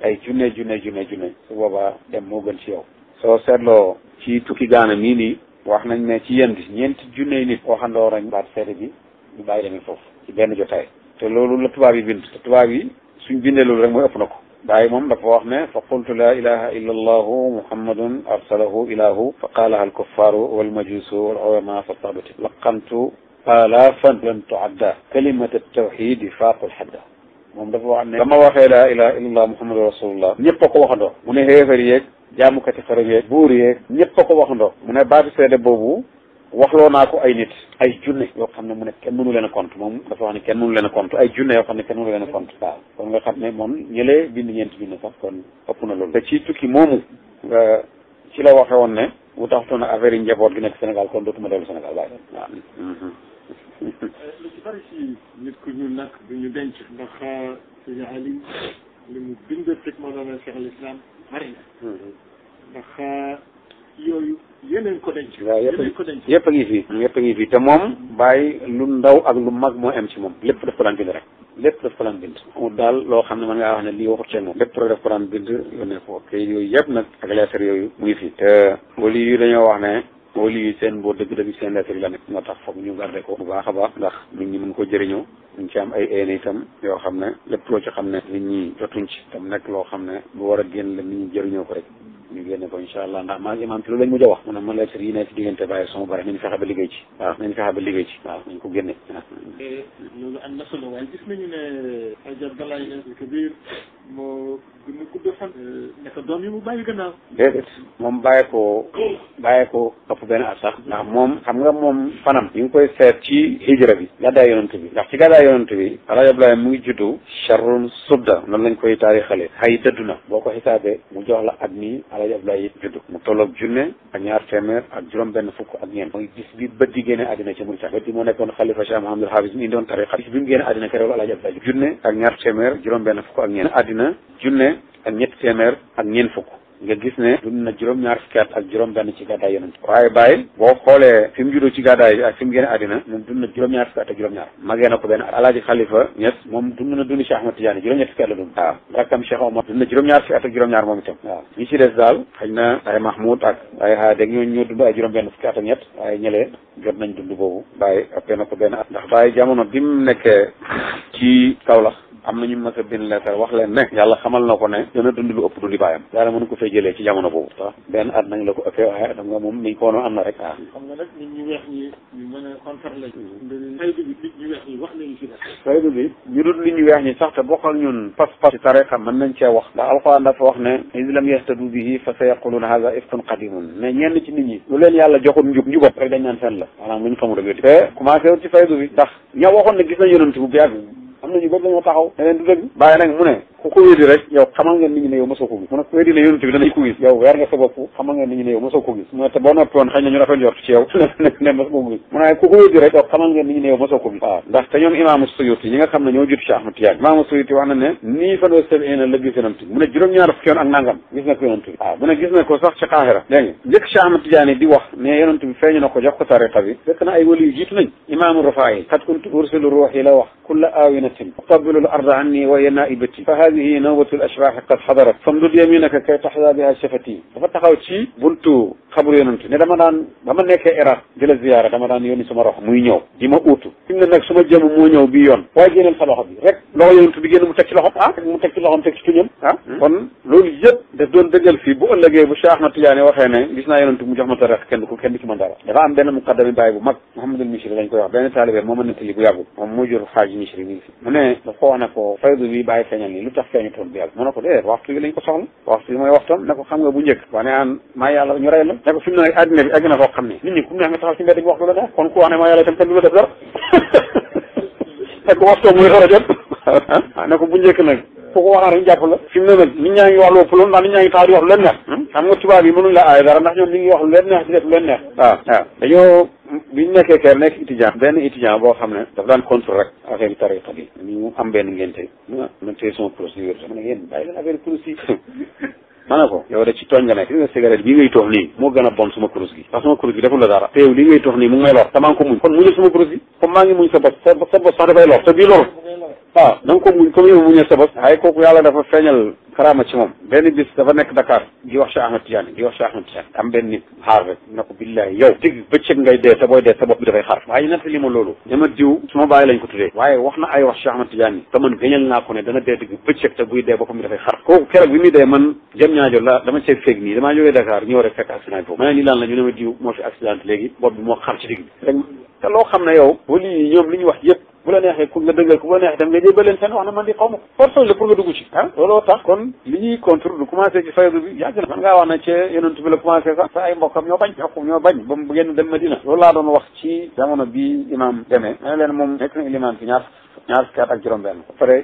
ay junne junne junne junne su boobaa dem moo gën ci yow soo seetloo ci tukki gaana mii nii wax nañ ne ci yéen bi ñeenti junne nit waxandoo nañ baat seede bi ñu bàyyi demee foofu ci benn jotaay te loolu la tubaab yi bind te tubaab yi suñ bindee loolu rek mooy ëpp na ko bàyyi moom dafa wax ne fa qultu laa ilaha illa allahu muhammadun arsalahu ilahu fa qaalaha alkuffaaru walmajuusu walulama fa sabati laqantu alafan lan tuadda kalimata tawxidi faaqul hadda moom dafa wax ne dama waxee laa ilaha illallah muhammadu rasulullah ñëpp a ko waxandoo mu ne xéefar yeeg jaamukati xërëm yeeg buur yeeg ñëpp a ko waxandoo mu ne baatu seede boobu waxloo naa ko ay nit ay junne yoo xam ne mu ne kenn mënu leen a compte moom dafa wax ne kenn mënu leen a compte ay junne yoo xam ne kenn mënu leen a compte waaw kon nga xam ne moom ñëlee bind ñeenti junne sax kon ëpp na loolu te ci tukki moomu nga ci la waxe woon ne bu taxutoon affaire yi njaboot gi nekk Sénégal kon dootuma dellu Sénégal waaye waaw mm-hmm. ku ñu nag du ñu denc ndax suñu alim li mu bind teg yooyu yeneen ngi fii yëpp a ngi fii te moom bàyyi lu ndaw ak lu mag moo am ci moom lépp daf ko daan bind rek lépp daf ko daan bind amul daal loo xam ne mën ngaa wax ne lii waxut seen moom lépp rek daf ko daan bind yónnee ko te yooyu yëpp nag ak leetar yooyu mu ngi fii te wali yu dañoo wax ne wóli yi seen mboor dëgg-dëgg seen lettre yi la nekk moo tax foog ñu garde ko bu baax a baax ndax nit ñi mën ko jëriñoo ñu ci am ay eene tam yoo xam ne lépp loo ci xam ne nit ñi jotuñ ci tam nekk loo xam ne bu war a génn la nit ñi jëriñoo ko rek ñu génne ko incha allah ndax maa ngi imaam ci loolu lañ mujj a wax mu ne ma lettre yi nekk diggante bàyyi sama bare nañ fexe ba liggéey liggéey ci ko génne loolu am na solo waaye gis nañu ne Hadj Abdoulaye Kabir moo euh, mu bàyyi gannaaw déedéet moom bàyyi ko bàyyi ko ëpp benn at sax ndax moom xam nga moom fanam ñu ngi koy seet ci hijra bi gàddaay yonent bi ndax ci gàddaay yonent bi Hadj mu ngi juddu charrun subda noonu lañ koy taarixale xay dëddu na boo ko xisaabee mu jox la at nii Alaaji Abdoulaye it judd mu tolloog junne ak ñaar téeméer ak juróom-benn fukk ak ñeent mooy bis bi bët di génne àddina ci Mauritanie bët di moo nekkoon xalifa Cheikh Mahamadul Hafiz mu indoon tariqa bis bi mu génne àddina keroog Alaaji junne ak ñaar téeméer juróom-benn fukk ak ñeent àddina junne ak ñetti téeméer ak ñeent fukk nga gis ne dund na juróom-ñaar fukki at ak juróom-benn ci gàddaay yonent waaye bàyyi boo xoolee fi mu juddoo ci gàddaay bi ak fi mu génne àddina moom dund na juróom-ñaar fukki at ak juróom-ñaar magee na ko benn at alaaji xalifa ñes moom dund na dund Cheikh Ahmad Tidiane juróom-ñaar fukki at la dund waaw rakkam Cheikh Omar dund na juróom-ñaar fukki ak juróom-ñaar moom itam waaw ñi ci des daal xëy na ay mahmoud ak waaye xaa dégg dund ay juróom-benn fukki ak ñett waaye ñëlee jot am nañu mas a bind leetar wax leen ne yàlla xamal na ko ne dana dund lu ëpp du di bàyyam yàlla mënu ko fee jëlee ci jamono boobu tax benn at nañ la ko ëppee waaye dam nga rek nit ñu weex ñi a la mm-hmm. faydu sax te bokkal ñun pas-pas ci tariqa mën nañ cee wax ndax alquran dafa wax ne iz lam yahtadu bihi fa sayaquluna hadha ifkun qadimun ne ñenn ci nit ñi lu leen yàlla joxul njub njubam dañ naan seen la maanaam lu ñu xamul rek te commencé wut ci faydu bi ndax ña waxoon ne gis am na ñu ba dañoo taxaw. ne leen du dëgg. bàyyi nag mu ne. ku ko wéddi rek yow xamal nga nit ñi ne yow mosoo ko gis mu ne ku gis yow weer nga sa bopp xamal nga nit ñi gis mu ne te boo noppi woon xëy na ne mos ko gis mu ne ku ko wéddi rek yow xamal nga nit ñi gis waaw ndax te ñoom imaamu Suyuti ñi nga xam ne ñoo jut ci Ahmad Tijaan imaamu fan wa sëb na la gis mu ne juróom-ñaar fukki yoon nangam gis na ko yonent bi waaw gis nga njëkk ci Ahmad haadihi nawbatu al ashrax qad xadarat famdud yaminaka kay taxdaa biha shafati dafa taxaw ci buntu xabru yonent ne dama daan ba ma nekkee Irak di la ziyaara dama daan yónni sama rox muy ñëw di ma uutu fi mu ne nag moo ñëw bi yoon waaye génneel sa loxo bi rek loxo yonent bi génn mu teg ci loxom ah mu teg ci loxom teg ci tuñam ah hmm? kon loolu yëpp daf doon dëggal fii bu ëllëgee bu Cheikh Ahmad Tidiane waxee ne gis naa yonent mu jox ma tariq kenn ko kenn du ci dafa am benn muqaddami bàyyi bu mag Mouhamadul Misri Misri lañ ko soxla waxtu bi ne ko fi mu ne nag àddina bi egg na foo xam ne nit ñi ku neex nga taxaw ci mbedd bi wax lu la neex kon ku wax ne maa yàlla itam kenn du la def dara ne ko waxtoo muy xor a jot ah ne ko bu njëkk nag foo ko waxaan rek jàpp la fi mu ne nag nit ñaa ngi wax lu ëpp loolu ndax nit ñaa ngi taxaw di wax lu leen neex xam nga tubaab yi mënuñ la aay dara ndax ñoom ñu ngi wax lu leen neex di def lu leen neex waaw ah, ah. waaw dañoo biñ nekkee kër nekk étudiant benn étudiant boo xam ne daf daan contrôle rek affaire tariqa bi ñu am benn ngénte ma man tey sama procédure sama ne yéen bàyyi leen affaire procédure ma ne ko yow de ci tooñ nga nekk gis nga cigarette bii ngay toox nii moo bon suma gi ndax suma gi deful la te yow lii ngay toox mu ngi may lor te maa ngi ko muñ kon gi comme maa ngi sa bos sa sa bos sax dafay lor te bii lor ko muñ comme yow muñal sa bos waaye kooku yàlla dafa feeñal karaama ci moom benn bis dafa nekk Dakar di wax Cheikh Ahmed Tidiane di wax Cheikh Ahmed Tidiane am benn nit xaar rek na ko billahi yow digg bëccëg ngay dee sa bopp bi dafay xaar waaye nett li ma loolu ne ma diw su ma bàyyi lañ ko tuddee waaye wax na ay wax Cheikh Ahmed Tidiane yi man gëñal naa ko ne dana dee digg bëccëg te buy dee boppam bi dafay xaar kooku keroog bi muy dee man jëm ñaajo la dama see feeg nii damaa jógee Dakar ñëw rek fekk accident bu la neexee ku nga dëggal ku bu la neexee tam nga jébal leen seen wax ne man di xaw ma force la pour nga dugg ci ah looloo tax kon li ñuy contre du commencé ci faydu bi yàgg na man ngaa wax ci yonent bi la sa ay mbokkam ñoo bañ ñoo ñoo bañ ba mu dem Madina loolu laa wax ci jamono bi imam demee ma ne leen moom nekk na limaan fi ñaar ñaar fukki at pare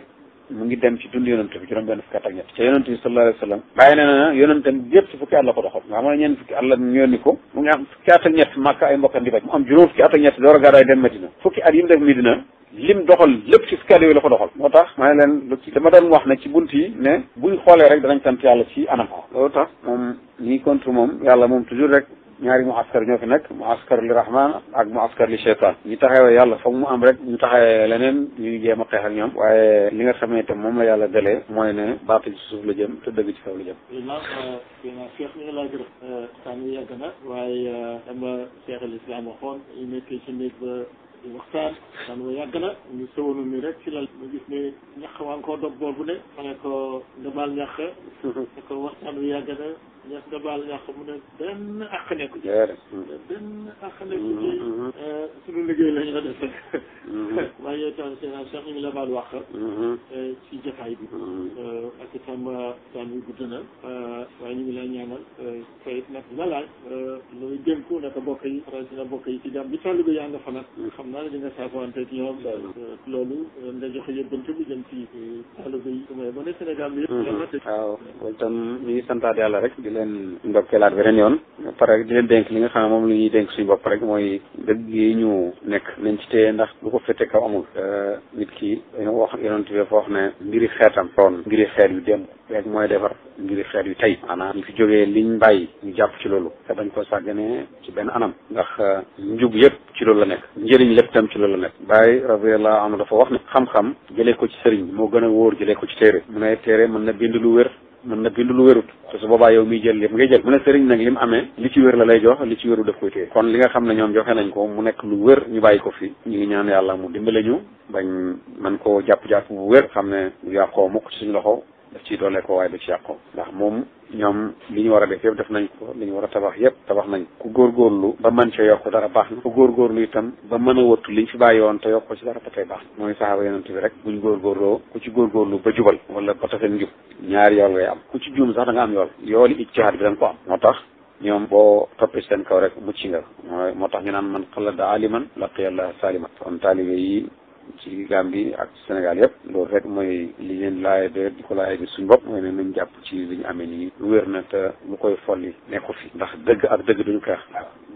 mu ngi dem ci dund yonent bi juróom benn fukki at ak ñett ca yonent bi sallallahu alayhi wa sallam bàyyi nee na yonentam at la ko doxal nga xam ne ñeen fukki at la ñett màkka ay mbokkam di bañ mu am juróom fukki at ak ñett door a gàddaay dem Medina fukki at yi def Medina lim doxal lépp ci fukki at yooyu la ko doxal moo tax ma ne leen dama doon wax ne ci bunt yi ne buñ xoolee rek danañ sant yàlla ci anam ko loolu tax moom ñi contre moom yàlla moom toujours rek ñaari mu askar ñoo fi nekk mu askar li rahman ak mu askar li cheytaan ñi taxawee yàlla foog mu am rek ñu taxawee leneen ñu ngi jéem xeex ak ñoom waaye li nga xamee itam moom la yàlla dalee mooy ne baatu ci suuf la jëm te dëgg ci kaw la jëm euh, yéena cheikh ñu ngi laa gërëm wi yàgg na waaye euh, dama cheikh al islam waxoon ñu nekk ci néeg ba waxtaan daan wa yàgg na ñu sëwanu ni rek ci lal mu gis ñax waa nga koo dog ne ma ne ko demal ñax ne ko waxtaan wi yàgg ñax nga baal ñax mu ne benn àq nekku la mm-hmm. euh, ñu def maa ngi tan seen Cheikh ñu la mm-hmm. euh, bi mm-hmm. euh, ak itam temps ngi la laaj luy dénku naka mbokk yi rawatina yi ci yaa nga fa nag xam naa ne di nga saafante ci loolu nga joxe yëbbante bu jëm ci talligo yi su may ba ne Sénégal bi yëpp waaw loolu tam ñu ngi santaat rek leen ndokkeelaat beneen yoon pare di leen dénk li nga xam ne moom la ñuy dénk suñu bopp rek mooy dëgg yi ñu nekk nañ ci téye ndax lu ko fete kaw amul euh, nit ki dañu wax yonent bi foo wax ne mbiri xeetam toon mbiri xeet yu démb rek mooy defar mbiri xeet yu tey maanaam ñu fi jógee liñ bàyyi ñu jàpp ci loolu te bañ ko sàggane ci benn anam ndax euh, njub yëpp ci loolu la nekk njëriñ lépp tam ci loolu la nekk Baay radiyallahu na dafa wax ne xam-xam jëlee ko ci sëriñ moo gën a wóor jëlee ko ci téere mu ne téere mën na bind lu wér mën na bind lu wérut te su boobaa yow miy jël lépp ngay jël mu ne sëriñ nag li mu amee li ci wér la lay jox li ci wéru daf koy téye kon li nga xam ne ñoom joxe nañ ko mu nekk lu wér ñu bàyyi ko fi ñu ngi ñaan yàlla mu dimbale ñu bañ man koo jàpp-jàpp bu wér xam ne du yàqoo mukk ci suñu loxo daf ciy doole ko waaye du ci yàqoo ndax moom ñoom li ñu war def yëpp def nañ ko li ñu a tabax yëpp tabax nañ ko ku góorgóorlu ba mën ca yokk dara baax na ku góorgóorlu itam ba mën a wëttu liñ fi bàyyi woon te yokk ko ci dara ba tey baax na mooy saxaaba yonent bi rek buñ góorgóorloo ku ci góorgóorlu ba jubal wala ba tafen njub ñaari yool ngay am ku ci juum sax da nga am yool yooli ijtihaad bi da ko am moo tax ñoom boo toppee seen kaw rek mucc nga mooy moo tax ñu naan man xalada aliman laqiya allah saliman kon taalibe yi ci Gambie ak Sénégal yëpp loolu rek mooy li leen laaye be di ko laaye bi suñu bopp mooy ne nañ jàpp ci li ñu amee nii lu wér na te lu koy folli nekku fi ndax dëgg ak dëgg duñu xeex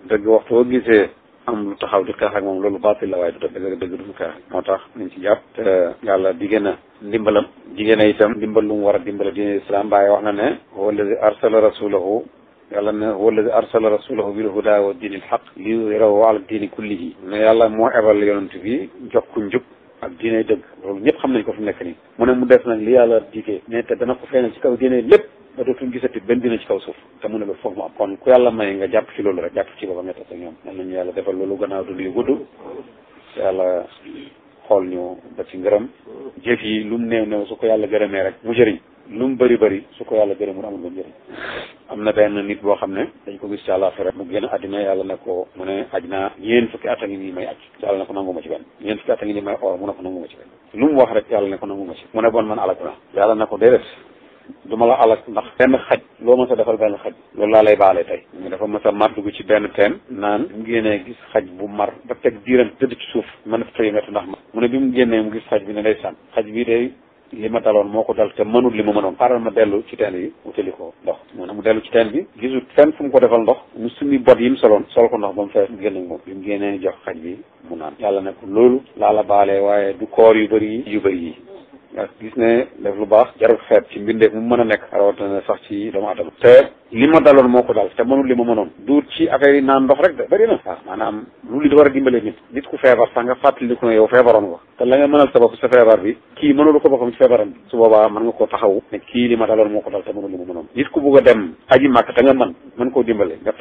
dëgg waxtu boo gisee am lu taxaw di xeex ak moom loolu baatil la waaye du dëgg dëgg duñu xeex moo tax nañ ci jàpp te yàlla diggéen a ndimbalam diggéen a itam ndimbal lu mu war a dimbala diine islam Baay wax na ne walladi arsala rasulahu yàlla ne walladi arsala rasulahu bil huda wa diinil xaq li yuzhirahu ala diini kullihi ne yàlla moo ebal yonent bi jox ku njub ak diine dëgg loolu ñëpp xam nañ ko fi mu nekk nii mu ne mu def nag lii yàlla dikkee ne te dana ko feeñal ci kaw diine lépp ba dootuñ gisati benn dina ci kaw suuf te mu ne ba foofu mu ku yàlla may nga jàpp ci loolu rek jàpp ci booba nga tas ak ñoom nan nañu yàlla defal loolu gannaaw dund yu gudd yàlla xool ñu ba ci ngërëm jëf yi lu mu néew néew su ko yàlla gërëmee rek mu jëriñ lu mu bëri bëri su ko yàlla gërëmul amul lu njëriñ am na benn nit boo xam ne dañ ko gis ci àllaaxira mu génn àddina yàlla ne ko mu ne aj naa ñeen fukki at a ngi nii may aj yàlla ne ko nanguma ci benn a ngi nii may ko nanguma ci benn lu mu wax rek yàlla ne ko nanguma ci mu ne bon man alak na yàlla ne ko déedéet du ma la alak ndax benn xaj loo mës a defal benn xaj loolu laa lay baale tey dafa mës a mar dugg ci benn teen naan bi mu génnee gis xaj bu mar ba teg diiram tëdd ci suuf mën a tëy ndax ma mu ne bi mu génnee mu gis xaj bi ne day sànn li ma daloon moo ko dal te mënul li ma mënoon xaaral ma dellu ci teen yi wutali ko ndox mu ne mu dellu ci teen bi gisul fenn fu mu ko defal ndox mu summi bot yi mu soloon sol ko ndox ba mu fees mu génn moom bi mu génnee jox xaj bi mu naan yàlla ne ko loolu laa la baale waaye du koor yu bëri yi yu bëri yi ndax gis ne def lu baax jarul xeet ci mbindeef mu mën a nekk rawatina sax ci doomu adama te li ma daloon moo ko dal te mënul li ma mënoon duut ci affaire yi naan ndox rek de bëri na waaw ah, maanaam lu li da war a dimbalee nit nit ku feebar sax nga fàttaliku ne yow feebaroon nga te la nga mënal sa feebar bi kii mënul ko boppam feebaram bi su nga koo taxawu ne kii li ma daloon moo ko dal te mënul li ma nit ku bugg a dem aji màkk te nga mën mën koo dimbale nga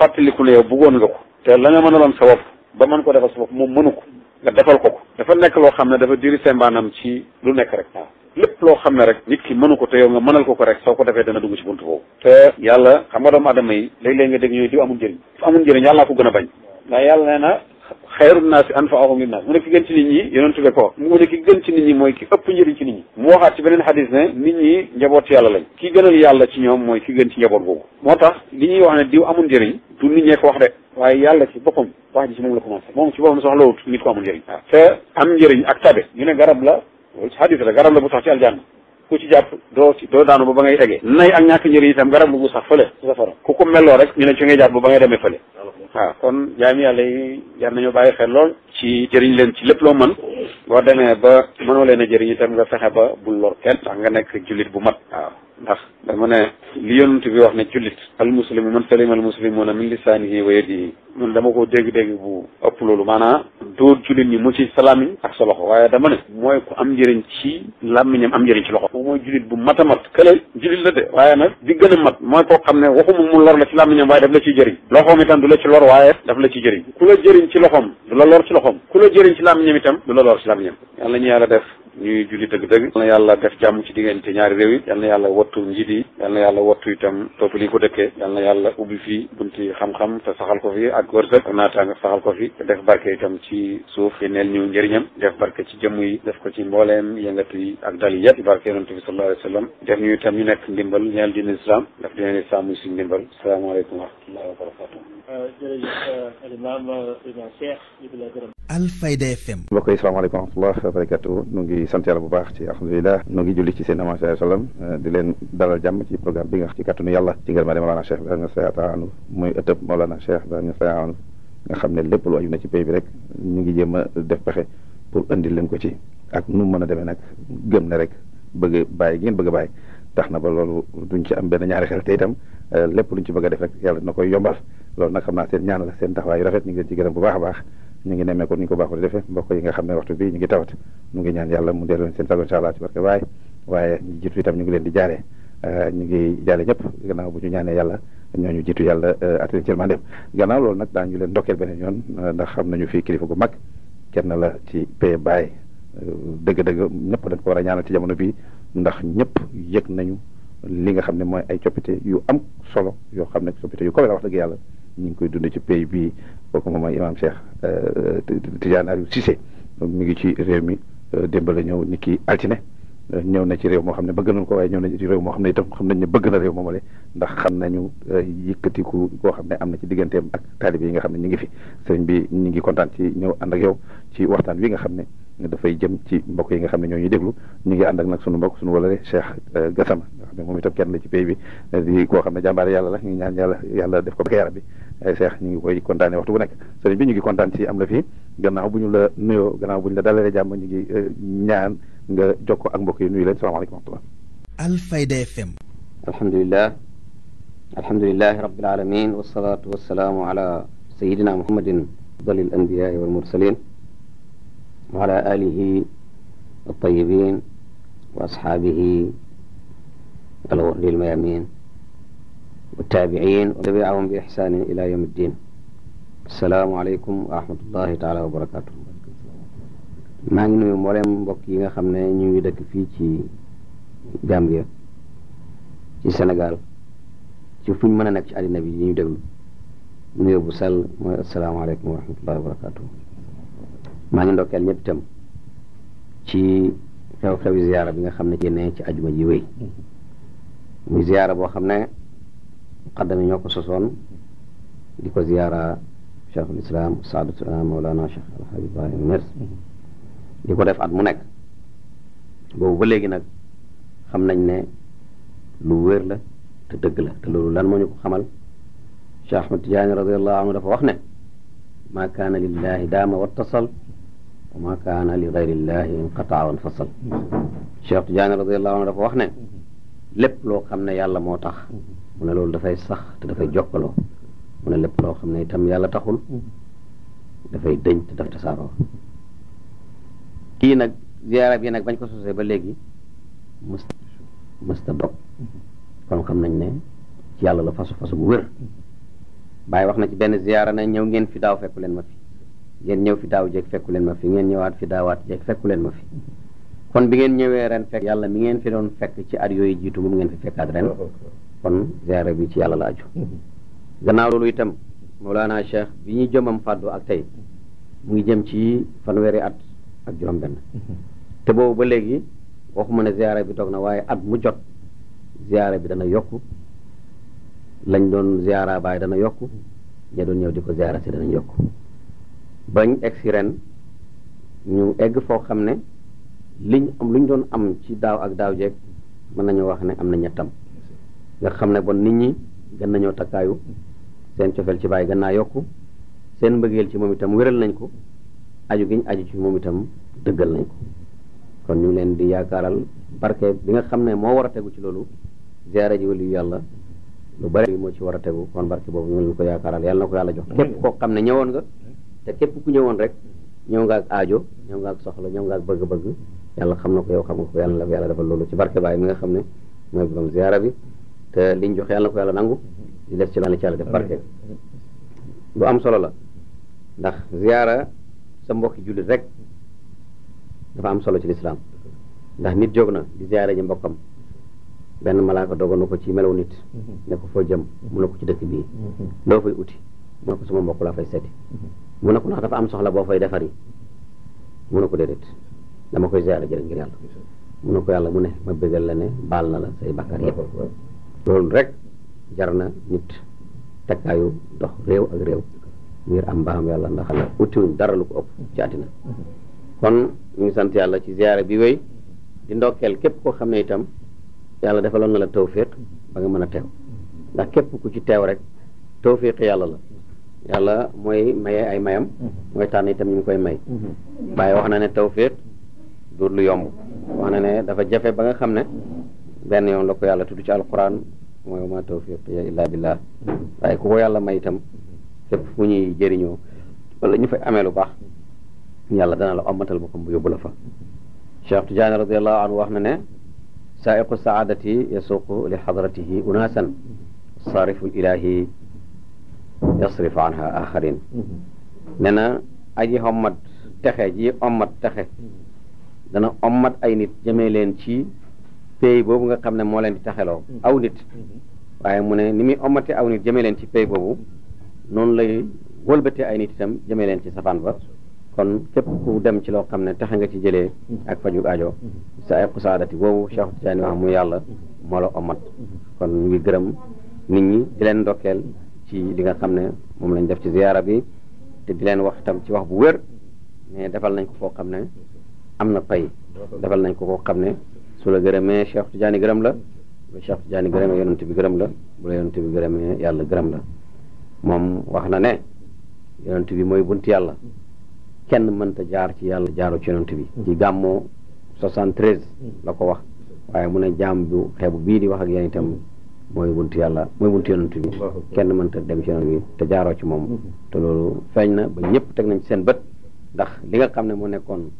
ko nga defal ko ko dafa nekk loo xam ne dafa diri sembaanam ci lu nekk rek waaw lépp loo xam ne rek nit ki mënu ko te yow nga mënal ko ko rek soo ko defee dana dugg ci buntu boobu te yàlla xam nga doomu adama yi léeg-léeg nga dégg ñooy diw amul njëriñ amul njëriñ yàlla ko gën a bañ ndax yàlla nee na xayru naasi anfaahum linnaas mu ne ki gën ci nit ñi yonentu be ko mu ne ki gën ci nit ñi mooy ki ëpp njëriñ ci nit ñi mu waxaat ci beneen xadis ne nit ñi njaboot yàlla lañ ki gënal yàlla ci ñoom mooy ki gën ci njaboot boobu moo tax li ñuy wax ne diw amul njëriñ du nit ñee ko wax de waaye yàlla ci boppam wax ji ci moom la commencé moom ci boppam soxlawut nit ko amul njëriñ waaw ah. te am njëriñ ak tabe ñu ne garab la loolu ci xadis la garab la bu sax ci aljanna ku ci jàpp doo ci doo daanu ba ba ngay egee nay ak ñàkk njëriñ itam garab gu sax fële safara ku ko melloo rek ñu ne ci ngay jàpp ba ba ngay demee fële waaw kon jaami yàlla yi yar nañoo bàyyi xel lool ci jëriñ leen ci lépp loo man boo demee ba mënoo leen a jëriñ itam nga fexe ba bul lor kenn tax nga nekk jullit bu mat waaw ndax dama ne li yonent bi wax ne jullit al muslimu man salima al muslimuna min lisaanihi wa yadihi man dama ko dégg-dégg bu ëpp loolu maanaam doo jullit ñi mu ci sa làmmiñ ak sa loxo waaye dama mooy ku am njëriñ ci làmmiñam am njëriñ ci loxo boobu mooy jullit bu mat a mat kële jullit la de waaye nag di gën a mat mooy koo xam ne waxuma mu lor la ci làmmiñam waaye daf la ciy jëriñ loxoom itam du la ci lor waaye daf la ciy jëriñ ku la jëriñ ci loxoom du la lor ci loxoom ku def ñuy julli dëgg-dëgg yal na yàlla def jàmm ci diggante ñaari réew yi yal yàlla wattu njiit yi yàlla wattu itam peuple yi ko dëkkee yal na yàlla ubbi fii bunti xam-xam te saxal ko fi ak wërsëg naataanga saxal ko fi te def barke itam ci suuf fi neel ñu njëriñam def barke ci jëmm yi def ko ci mbooleem yëngatu ak dal yi yëpp barke yonente bi sallallahu alayhi wa sallam nekk ndimbal ñeel diine islam daf dine islam muy suñu ndimbal salaamaaleykum wa rahmatullahi wa barakatuh jërëjëf alimam Cheikh Alfayda FM sant bu baax ci alhamdulilah noo ngi julli ci seen amaa sallallahu alayhi wa sallam eh, di leen dalal jàmm ci programme bi nga xam ci kàttanu yàlla ci ngër ma de Mawlana Cheikh Ibrahima Niass taala anhu muy ëttëb Mawlana Cheikh nga xam ne lépp na ci pays bi rek ñu ngi jéem a def pexe pour indi leen ko ci ak nu mën a demee nag gëm ne rek bëgg bàyyi ngeen bëgg a tax na ba loolu duñ ci am benn ñaari xel te itam euh, lépp luñ ci bëgg def rek yàlla dina koy yombal loolu nag xam naa seen ñaan la seen taxawaay yu rafet ñu ngi leen bu baax a baax ñu ngi nemmee ko ni ñu ko baaxul defee mbokk yi nga xam ne waxtu bi ñu ngi tawat ñu ngi ñaan yàlla mu delloo leen ngi leen di jaaree euh, ñu ngi jaale ñëpp gannaaw bu ñu ñaanee yàlla ñooñu jiitu yàlla euh, atleen ci mandem gannaaw loolu nag daañu leen ndokkeel beneen yoon ndax xam nañu fii kilifa gu mag kenn la ci pay baay dëgg-dëgg ñëpp dañ ko war ci jamono bii ndax ñëpp yëg nañu li nga xam ne mooy ay coppite yu am solo yoo xam ne coppite yu kawe la wax dëgg yàlla ñu ngi koy dund ci pays bi kooku moom mooy imaam Cheikh euh, Tidiane Aliou Cissé mi ngi ci réew mi euh, démb ñëw nit ki altine ñëw na ci réew moo xam ne bëgg nañ ko waaye ñëw na ci réew moo xam ne itam xam nañ ne bëgg na réew moomale ndax xam nañu euh, yëkkatiku koo xam ne am na ci digganteem ak taalibe yi nga xam ne ñu ngi fi sëriñ bi ñu ngi kontaan ci ñëw ànd ak yow ci waxtaan wi nga xam ne dafay jëm ci mbokk yi nga xam ne ñoo ñuy déglu ñu ngi ànd ak nag sunu mbokk suñu walla Cheikh euh, Gassama nga xam ne moom itam kenn la ci pays bi di koo xam ne jàmbaar yàlla la ñu ñaan yàlla yàlla def ko ba yaram bi euh, Cheikh ñu ngi koy kontaane waxtu bu nekk sëriñ bi ñu ngi kontaan ci am la fi gannaaw bu ñu la nuyoo gannaaw bu ñu la dalalee jàmm ñu ngi euh, ñaan nga jokkoo ak mbokk yi nuyu leen salaamaaleykum wa rahmatullah Alfayda FM alhamdulilah alhamdulilahi rabbil alamin wasalaatu wasalaamu ala sayidina muhammadin afdalil anbiyaai wal mursalin وعلى آله الطيبين وأصحابه الغر الميامين والتابعين وتبعهم بإحسان إلى يوم الدين السلام عليكم ورحمة الله تعالى وبركاته maa ngi nuyu mboolem mbokk yi nga xam ne ñu ngi dëkk fii ci Gambia ci Sénégal ci fuñ mën a nekk ci àddina bi ñu déglu nuyoo bu sell mooy asalaamaaleykum wa rahmatullahi wa barakatuh maa ngi ndokkeel ñëpp itam ci xew-xewi ziyaara bi nga xam ne ci ne ci ajuma ji wéy muy ziyaara boo xam ne muqaddam yi ñoo ko sosoon di ko ziyaara cheikhul islam saadu salaam mawlana cheikh alhaji ibrahima Niass def at mu nekk boobu léegi nag xam nañ ne lu wér la te dëgg la te loolu lan moo ñu ko xamal cheikh ahmad wax ne maa kaana lillahi daama wattasal wa ma kaana li gayrillahi inqataa wan fasal Cheikh Tidiane radiallahu anhu dafa wax ne lépp loo xam ne yàlla moo tax mu ne loolu dafay sax dafay jokkaloo mu ne lépp loo xam ne itam yàlla taxul dafay dëñ te daf tasaaroo kii nag ziyaara bi nag bañ ko sosee ba léegi mës mësta dog kon xam nañ ne yàlla la fasu fasu bu wér bàyyi wax na ci benn ziyaara ne ñëw ngeen fi daaw fekku leen ma fi ngeen ñëw fi daaw jeeg fekku leen ma fi ngeen ñëwaat fi daawaat jeeg fekku leen ma kon bi ngeen ñëwee ren fekk yàlla mi ngeen fi doon fekk ci at yooyu jiitu moom ngeen fi fekkaat ren kon ziyaara bi ci yàlla la aju gannaaw loolu itam Mawlana Cheikh bi ñuy jëmam fàddu ak tey mu ngi jëm ci fanweeri at ak juróom benn te boobu ba léegi waxuma ne ziyaara bi toog na waaye at mu jot ziyaara bi dana yokk lañ doon ziyaara baay dana yokk ña doon ñëw di ko ziyaara si danañ yokk bañ si ren ñu egg foo xam ne liñ am luñ doon am ci daaw ak daaw jeeg mën nañoo wax ne am na ñettam nga xam ne bon nit ñi gën nañoo takkaayu seen cofeel ci bàyyi gën naa yokku seen mbëggeel ci moom itam wéral nañ ko aju giñ aju ci moom itam dëggal nañ ko kon ñu leen di yaakaaral barke bi nga xam ne moo war a tegu ci loolu ziyaare ji waliyu yàlla lu bari moo ci war a tegu kon barke boobu ñu leen ko yaakaaral yàlla na ko yàlla jox képp koo xam ne te képp ku ñëwoon rek ñëw nga ak aajo ñëw nga ak soxla ñëw nga ak bëgg-bëgg yàlla xam na ko yow xam nga ko yàlla la defal loolu ci barke baay mi nga xam ne mooy borom ziara bi te liñ jox yàlla na ko yàlla nangu ci lan ci yàlla def lu am solo la ndax ziara sa mbokk jullit rek dafa am solo ci lislaam ndax nit jóg na di ziara ji mbokkam benn malaaka dogoon na ko ci melaw nit ne ko foo jëm mu ne ko ci dëkk bii loo fay uti mu ne ko sama mbokk laa fay seeti mun ne ko ndax dafa am soxla boo fay defari mu ne ko déedéet dama koy ziyaara jërë ngir yàlla mu ne ko yàlla mu ne ma bëggal la ne baal na la say bàkkaar loolu rek jar na nit takkaayu dox réew ak réew ngir am mbaam yàlla ndax la utiwuñ dara lu ko ëpp ci àddina kon ñu ngi sant yàlla ci ziyaara bi wéy di ndokkeel képp koo xam ne itam yàlla defaloon na la tawfiq ba nga mën a teew ndax képp ku ci teew rek tawfiq yàlla la yàlla mooy maye ay mayam mm-hmm. mooy tànn itam ñu ngi koy may waaye mm-hmm. wax na ne tawfiq du lu yomb wax dafa jafe ba nga xam ne benn yoon la ko yàlla tudd ci alquran mooy ma tawfiq ya illaa billah mm-hmm. waaye ku ko yàlla may itam fépp fu ñuy jëriñoo wala ñu fay amee lu baax yàlla dana la ommatal boppam bu yóbbu la fa cheikh tidiane radiallahu anhu wax na ne saiqu saadati yasuqu li xadratihi unasan saarifu ilahi yasrif anha axarin ne na aji ommat texe ji ommat texe dana ommat ay nit jëmee leen ci pay boobu nga xam ne moo leen di taxeloo aw nit waaye mu ne ni muy ommate aw nit jamee leen ci pay boobu noonu lay wëlbatee ay nit itam jëmee leen ci safaan ba kon képp ku dem ci loo xam ne texe nga ci jëlee ak fajug ajo sa ay xusaadati boobu Cheikh Tidiane wax mu yàlla moo la ommat kon ñu ngi gërëm nit ñi di leen ndokkeel ci li nga xam ne moom lañ def ci ziyaara bi te di leen wax tam ci wax bu wér mais defal nañ ko koo xam ne am na pay defal nañ ko koo xam ne su la gërëmee Cheikh Tidiane gërëm la lu Cheikh Tidiane gërëmee yonent bi gërëm la bu la yonent bi gërëmee yàlla gërëm la moom wax na ne yonent bi mooy bunt yàlla kenn mën mënta jaar ci yàlla jaaru ci yonent bi ci gàmmoo 73 la ko wax waaye mu ne jaam bu xeebu bii di wax ak yéen itam mooy buntu yàlla mooy buntu yonent bi kenn mënta dem ci yoon bi te jaaroo ci moom mm-hmm. te loolu feeñ na ba ñëpp teg nañ ci seen bët ndax li nga xam ne moo nekkoon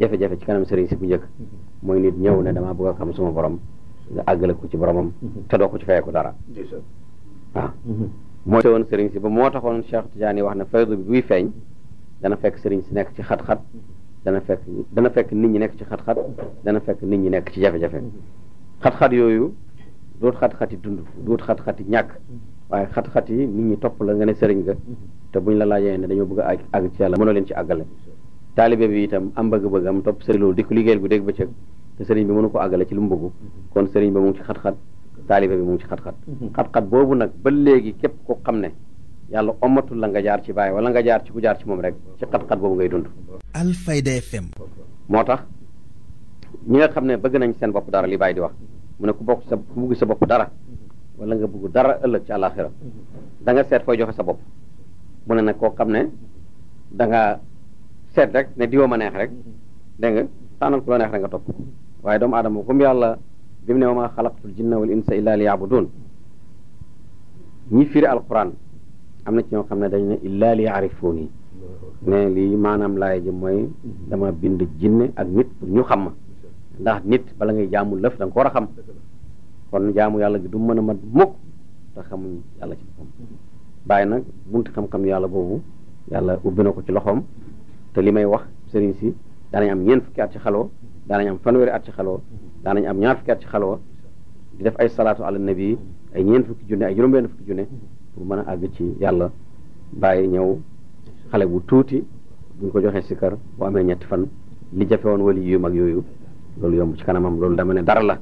jafe-jafe ci kanam sëriñ si bu njëkk mm-hmm. mooy nit ñëw ne damaa bëgg a xam suma borom nga àggale ko ci boromam mm-hmm. te doo ko ci fayeeku dara waaw mooy woon sëriñ si ba moo taxoon Cheikh Tidiane wax ne faydu bi buy feeñ dana fekk sëriñ si nekk ci xat-xat dana fekk dana fekk nit ñi nekk ci xat-xat dana fekk nit ñi nekk ci jafe-jafe yooyu doot xat-xati xat dund doot xat-xati ñàkk waaye xat-xat yi nit ñi topp la nga ne sëriñ nga te buñ la laajee ne dañoo bëgg a àgg ci yàlla mënoo leen ci àggale taalibe bi itam am bëgg am topp sëriñ loolu di ko liggéeyal gu dégg bëccëg te sëriñ bi mënu ko àggale ci lu mu bëgg kon sëriñ ba mu ngi ci xat-xat taalibe bi mu ngi ci xat-xat xat boobu nag ba léegi képp ko xam ne yàlla omatul la nga jaar ci bàyyi wala nga jaar ci ku jaar ci moom rek ci xat-xat boobu ngay dund Alfayda FM moo tax ñi nga xam ne bëgg nañ seen bopp dara li bàyyi di wax mu ne ku bokk sa ku bugg sa bopp dara wala nga bugg dara ëllëg ci àllaaxira da nga seet fooy joxe sa bopp mu ne nag koo xam ne danga seet rek ne diwa ma neex rek dégg nga tànnal ku la neex rek nga topp waaye doomu aadama comme yàlla bi mu ne wa maa xalaqtul jinna wal insa illa li yaabudun ñi firi alquran am na ci ñoo xam ne dañ ne illa li yaarifuun yi ne lii maanaam laay ji mooy dama bind jinne ak nit pour ñu xam ma ndax nit bala ngay jaamu lëf da ko war a xam kon jaamu yàlla gi du mën a mat mukk te xamuñ yàlla bàyyi nag bunti xam yàlla boobu yàlla ubbi na ko ci loxoom te li may wax sëriñ si daanañ am ñeent fukki at ci xaloo daanañ am fanweeri at ci xaloo daanañ am ñaar fukki at di def ay salaatu ala nabi ay ñeent fukki junne ay juróom-benn fukki junne pour mën a àgg ci yàlla bàyyi ñëw xale bu tuuti buñ ko joxee sikkar bu amee ñetti fan li jafe woon wali yu mag yooyu loolu yomb ci kanamam loolu dama ne dara la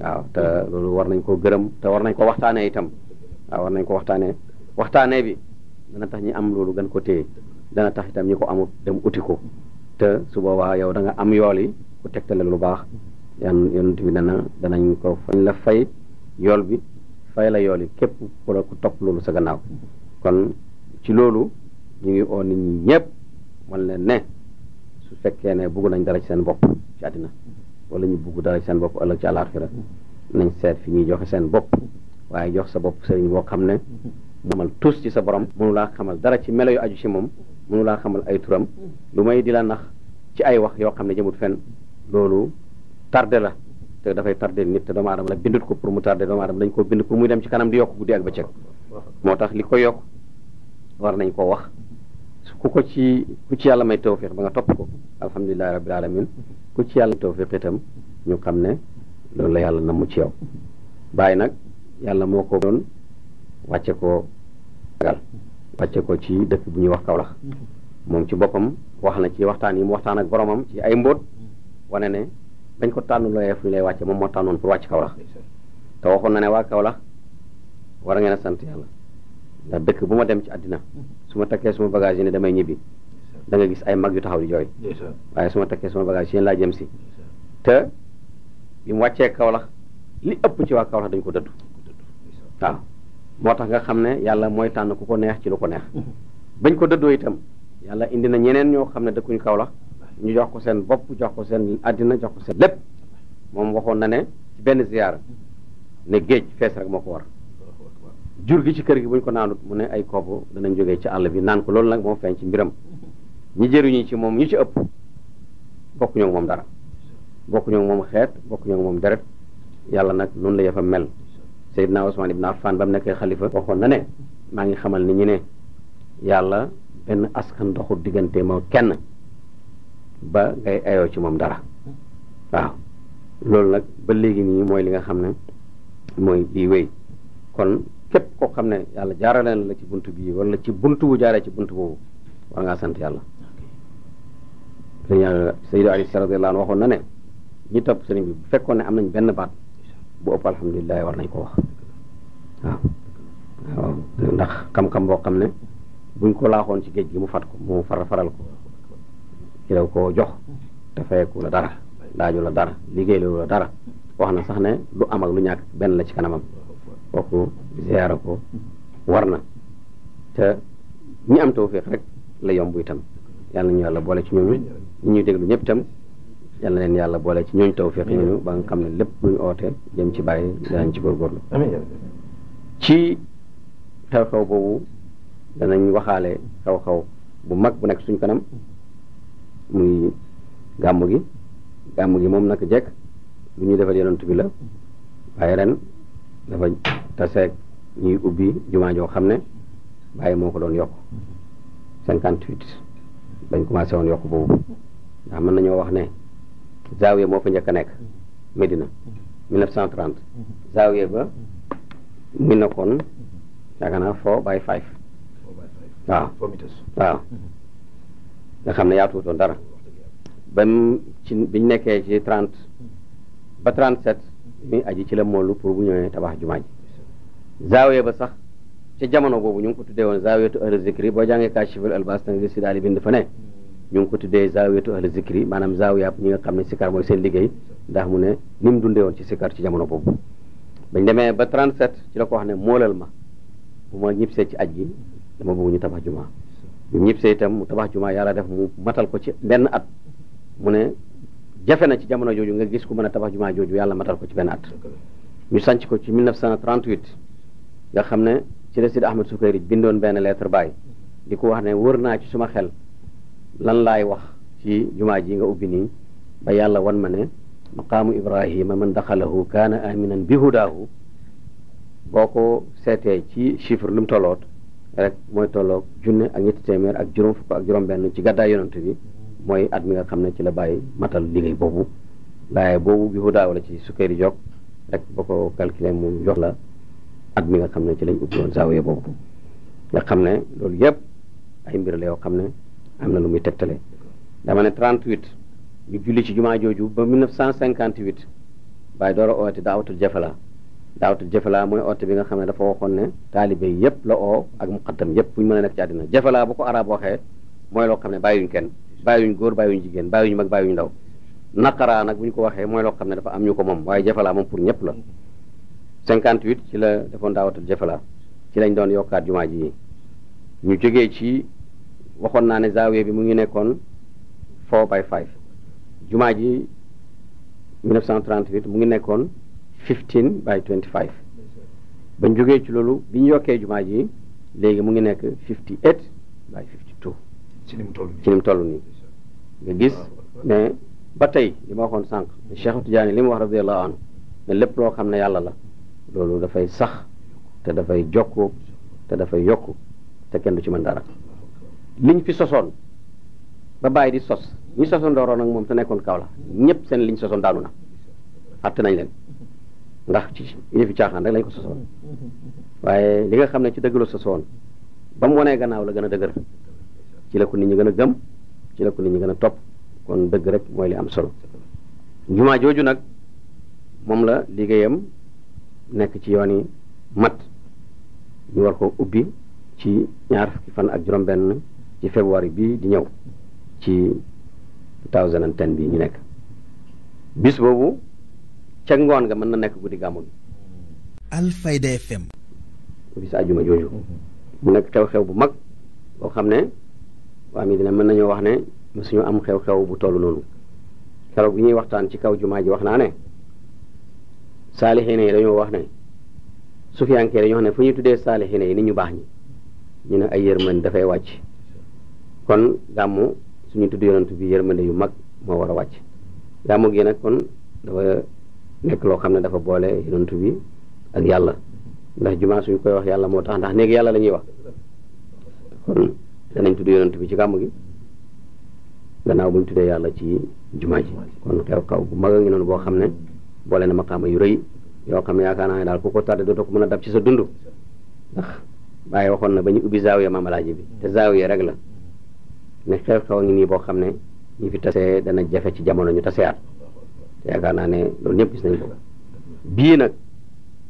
waaw te loolu war nañ koo gërëm te war nañ ko waxtaanee itam waaw war nañ ko waxtaanee waxtaanee bi dana tax ñi am loolu gën ko téye dana tax itam ñi ko amut dem uti ko te su boobaa yow da nga am yool yi ku tegtale lu baax yan yonent na dana danañ ko fañ la fay yool bi fay la yool yi képp ku la ku topp loolu sa gannaaw kon ci loolu ñu ngi oo nit ñi ñëpp wan leen ne su fekkee ne bugg nañ dara ci seen bopp ci àddina wala ñu bugg dara seen bopp ëllëg ci àlaaxira nañ seet fi ñuy joxe seen bopp waaye jox sa bopp sëriñ boo xam ne xamal tous ci sa borom mënu laa xamal dara ci melo yu aju ci moom mënu laa xamal ay turam lu may di la nax ci ay wax yoo xam ne jëmut fen loolu tardé la te dafay tardé nit te doomu aadama la bindut ko pour mu tardé doomu aadama dañ koo bind pour muy dem ci kanam di yokk guddi ak bëccëg moo tax li ko yokk war nañ koo wax ku ko ci ku ci yàlla may feex ba nga topp ko alhamdulilahi rabbil alamin ku ci yàlla tawfiq itam ñu xam ne loolu la yàlla na mu ci yaw bàyyi nag yàlla moo ko doon wàcce ko ragal wàcce ko ci dëkk bu ñuy wax Kawlax moom ci boppam wax na ci waxtaan yi mu waxtaan ak boromam ci ay mbóot wane ne bañ ko tànn looyee fu ñu lay wàcce moom moo tànnoon pour wàcc Kawlax te waxoon na ne waa Kawlax war ngeen a sant yàlla ndax dëkk bu ma dem ci àddina su ma takkee suma bagage yi ne damay ñibbi dangay gis ay mag yu taxaw di jooy waaye su ma takkee suma bagage yéen laa jëm si te bi mu wàccee Kaolack li ëpp ci waa Kaolack dañ ko dëddu waaw moo tax nga xam ne yàlla mooy tànn ku ko neex ci lu ko neex bañ ko dëddoo itam yàlla indi na ñeneen ñoo xam ne dëkkuñu Kaolack ñu jox ko seen bopp jox ko seen àddina jox ko seen lépp moom waxoon na ne ci benn ziyaara ne géej fees rek moo ko war jur gi ci kër gi buñ ko naanut mu ne ay koobu danañ jógee ci àll bi naan loolu nag moo feeñ ci mbiram ñi jëriñu ci moom ñi ci ëpp bokkuñu ak moom dara bokkuñu ak moom xeet bokkuñu ak moom deret yàlla nag noonu la yafa mel Seydina Ousmane Ibn Affan ba mu nekkee xalifa waxoon na ne maa ngi xamal ni ñu ne yàlla benn askan doxul diggante ma kenn ba ngay ayoo ci moom dara waaw loolu nag ba léegi nii mooy li nga xam ne mooy di wéy kon képp koo xam ne yàlla jaarale la ci bunt bii wala ci bunt bu jaaree ci bunt boobu war ngaa sant yàlla sëñ euh, Seydou Aliou Sy radiyallahu anhu waxoon na ne ñi topp sëriñ bi bu fekkoon ne am nañ benn baat bu ëpp alhamdulilah war nañ ko wax ndax xam-xam boo xam ne buñ ko laaxoon ci géej gi mu fat ko mu far faral ko ci daw koo jox te feeku la dara laaju la dara liggéey la dara wax na sax ne lu am lu ñàkk benn la ci kanamam kooku ziyaara ko war na te ñi am tawfiq rek la yomb itam yàlla ñu yàlla boole ci ñoom ñuy déglu ñëpp tam yal na leen yàlla boole ci ñooñ tawfiq ñu ba nga xam ne lépp luñ ootee jëm ci bàyyi danañ ci góorgóorlu ci xew-xew boobu danañ waxaale xew-xew bu mag bu nekk suñ kanam muy gàmm gi gàmm gi moom nag jekk lu ñuy defal yonent bi la waaye ren dafa taseeg ñuy ubbi jumaa joo xam ne bàyyi moo ko doon yokk cinquante huit dañ commencé woon yokk boobu ndax mën nañoo wax ne zaawiya moo fa njëkk a nekk Medina 1930 zaawiya ba mu nekkoon yaakaar naa four bay five waaw waaw nga xam na yaatuutoon dara ba mu ci nekkee ci trente ba trente sept muy aji ci la moolu pour bu ñëwee tabax jumaa ji zaawiya ba sax ci jamono boobu ñu ngi ko tuddee woon zaawiyatu ahli zikri boo jàngee Kaashiful Albaas da nga gis si daal di bind fa ne ñu ngi ko tuddee zaawiyatu ahli zikri maanaam zaawiya ñi nga xam ne sikar mooy seen liggéey ndax mu ne ni mu dundee woon ci sikar ci jamono boobu bañ demee ba 37 ci la ko wax ne moolal ma bu ma ñibsee ci aj gi dama bëgg ñu tabax jumaa ñu ñibsee itam mu tabax jumaa yàlla def mu matal ko ci benn at mu ne jafe na ci jamono jooju nga gis ku mën a tabax jumaa jooju yàlla matal ko ci benn at ñu sanc ko ci 1938 nga xam ne ci la Sidi Ahmed Soukayri bindoon benn lettre bàyyi di ko wax ne wër naa ci suma xel lan laay wax ci jumaa ji nga ubbi nii ba yàlla wan ma ne maqaamu ibrahima man daxalahu kaana aminan bi hudaahu boo ko seetee ci chiffre lu mu tolloot rek mooy tolloog junne ak ñetti téeméer ak juróom fukk ci gàddaay yonent bi mooy at mi nga xam ne ci la baay matal liggéey boobu laaye boobu bi hudaahu la ci sukkeeri jog rek boo ko calculé mu jox la at mi nga xam ne ci lañ ubbi woon zaawiya boobu nga xam ne loolu yëpp ay mbir la yoo xam ne am na lu muy tegtale dama ne 38 ñu julli ci jumaa jooju ba mu 1958 bàyyi door a oote daawatul jafala daawatul jafala mooy oote bi nga xam ne dafa waxoon ne taalibe yëpp la oo ak muqaddam yëpp bu ñu mën a nekk ci àddina jafala bu ko arab waxee mooy loo xam ne bàyyiwuñ kenn bàyyiwuñ góor bàyyiwuñ jigéen bàyyiwuñ mag bàyyiwuñ ndaw naqaraa nag bu ñu ko waxee mooy loo xam ne dafa am ñu ko moom waaye jafala moom pour ñëpp la 58 ci la defoon daawatul jafala ci lañ doon yokkaat jumaa ji waxoon naa ne zaawiya bi mu ngi nekkoon four by five jumaa ji 1938 mu ngi nekkoon 15 by 25 bañ jógee ci loolu bi ñu yokkee jumaa ji léegi mu ngi nekk 58 by 52. ci toll ci ni mu toll nii nga gis ne ba tey li ma waxoon sànq Cheikh Tidiane li mu wax radiyallahu anhu ne lépp loo xam ne yàlla la loolu dafay sax te dafay jokku te dafay yokk te kenn du ci mën dara. liñ fi sosoon ba bàyyi di sos ñi sosoon dooroon ak moom te nekkoon kaw la ñëpp seen liñ sosoon daanu na àtte nañ leen ndax ci fi caaxaan rek lañ ko sosoon waaye li nga xam ne ci dëgg la sosoon ba mu wanee gannaaw la gën a dëgër ci la ko nit ñi gën a gëm ci la ko nit ñi gën a topp kon dëgg rek mooy li am solo jumaa jooju nag moom la liggéeyam nekk ci yoon yi mat ñu war ko ubbi ci ñaar fukki fan ak juróom-benn ci février bii di ñëw ci 2010 bii ñu nekk bis boobu ca ngoon nga mën na nekk guddi gàmmu bi Alfayda FM bis àjjuma jooju mu nekk xew-xew bu mag boo xam ne waa mi dina mën nañoo wax ne mësuñu am xew-xew bu toll noonu keroog bi ñuy waxtaan ci kaw jumaa ji wax naa ne saalixiine yi dañoo wax ne sufiyankee dañoo wax ne fu ñuy tuddee saalixiine yi nit ñu baax ñi ñu ne ay yërmande dafay wàcc kon gàmmu suñu tudd yonent bi yërmande yu mag moo war a wàcc gàmmu gi nag kon dafa nekk loo xam ne dafa boole yonent bi ak yàlla ndax jumaa su ñu koy wax yàlla moo tax ndax néeg yàlla lañuy wax kon danañ tudd yonent bi ci gàmmu gi gannaaw buñ tuddee yàlla ci jumaa ji kon xew kaw gu mag a ngi noonu boo xam ne boole na ma yu rëy yoo xam ne yaakaar naa ne daal ko ko tardé dootoo ko mën a dab ci sa dund ndax waxoon na ba ñu ubbi zaawiya maam bi te zaawiya rek la ne xew-xew ngi nii boo xam ne ñu fi tasee dana jafe ci jamono ñu taseyaat te yaakaar naa ne loolu ñëpp gis nañ ko bii nag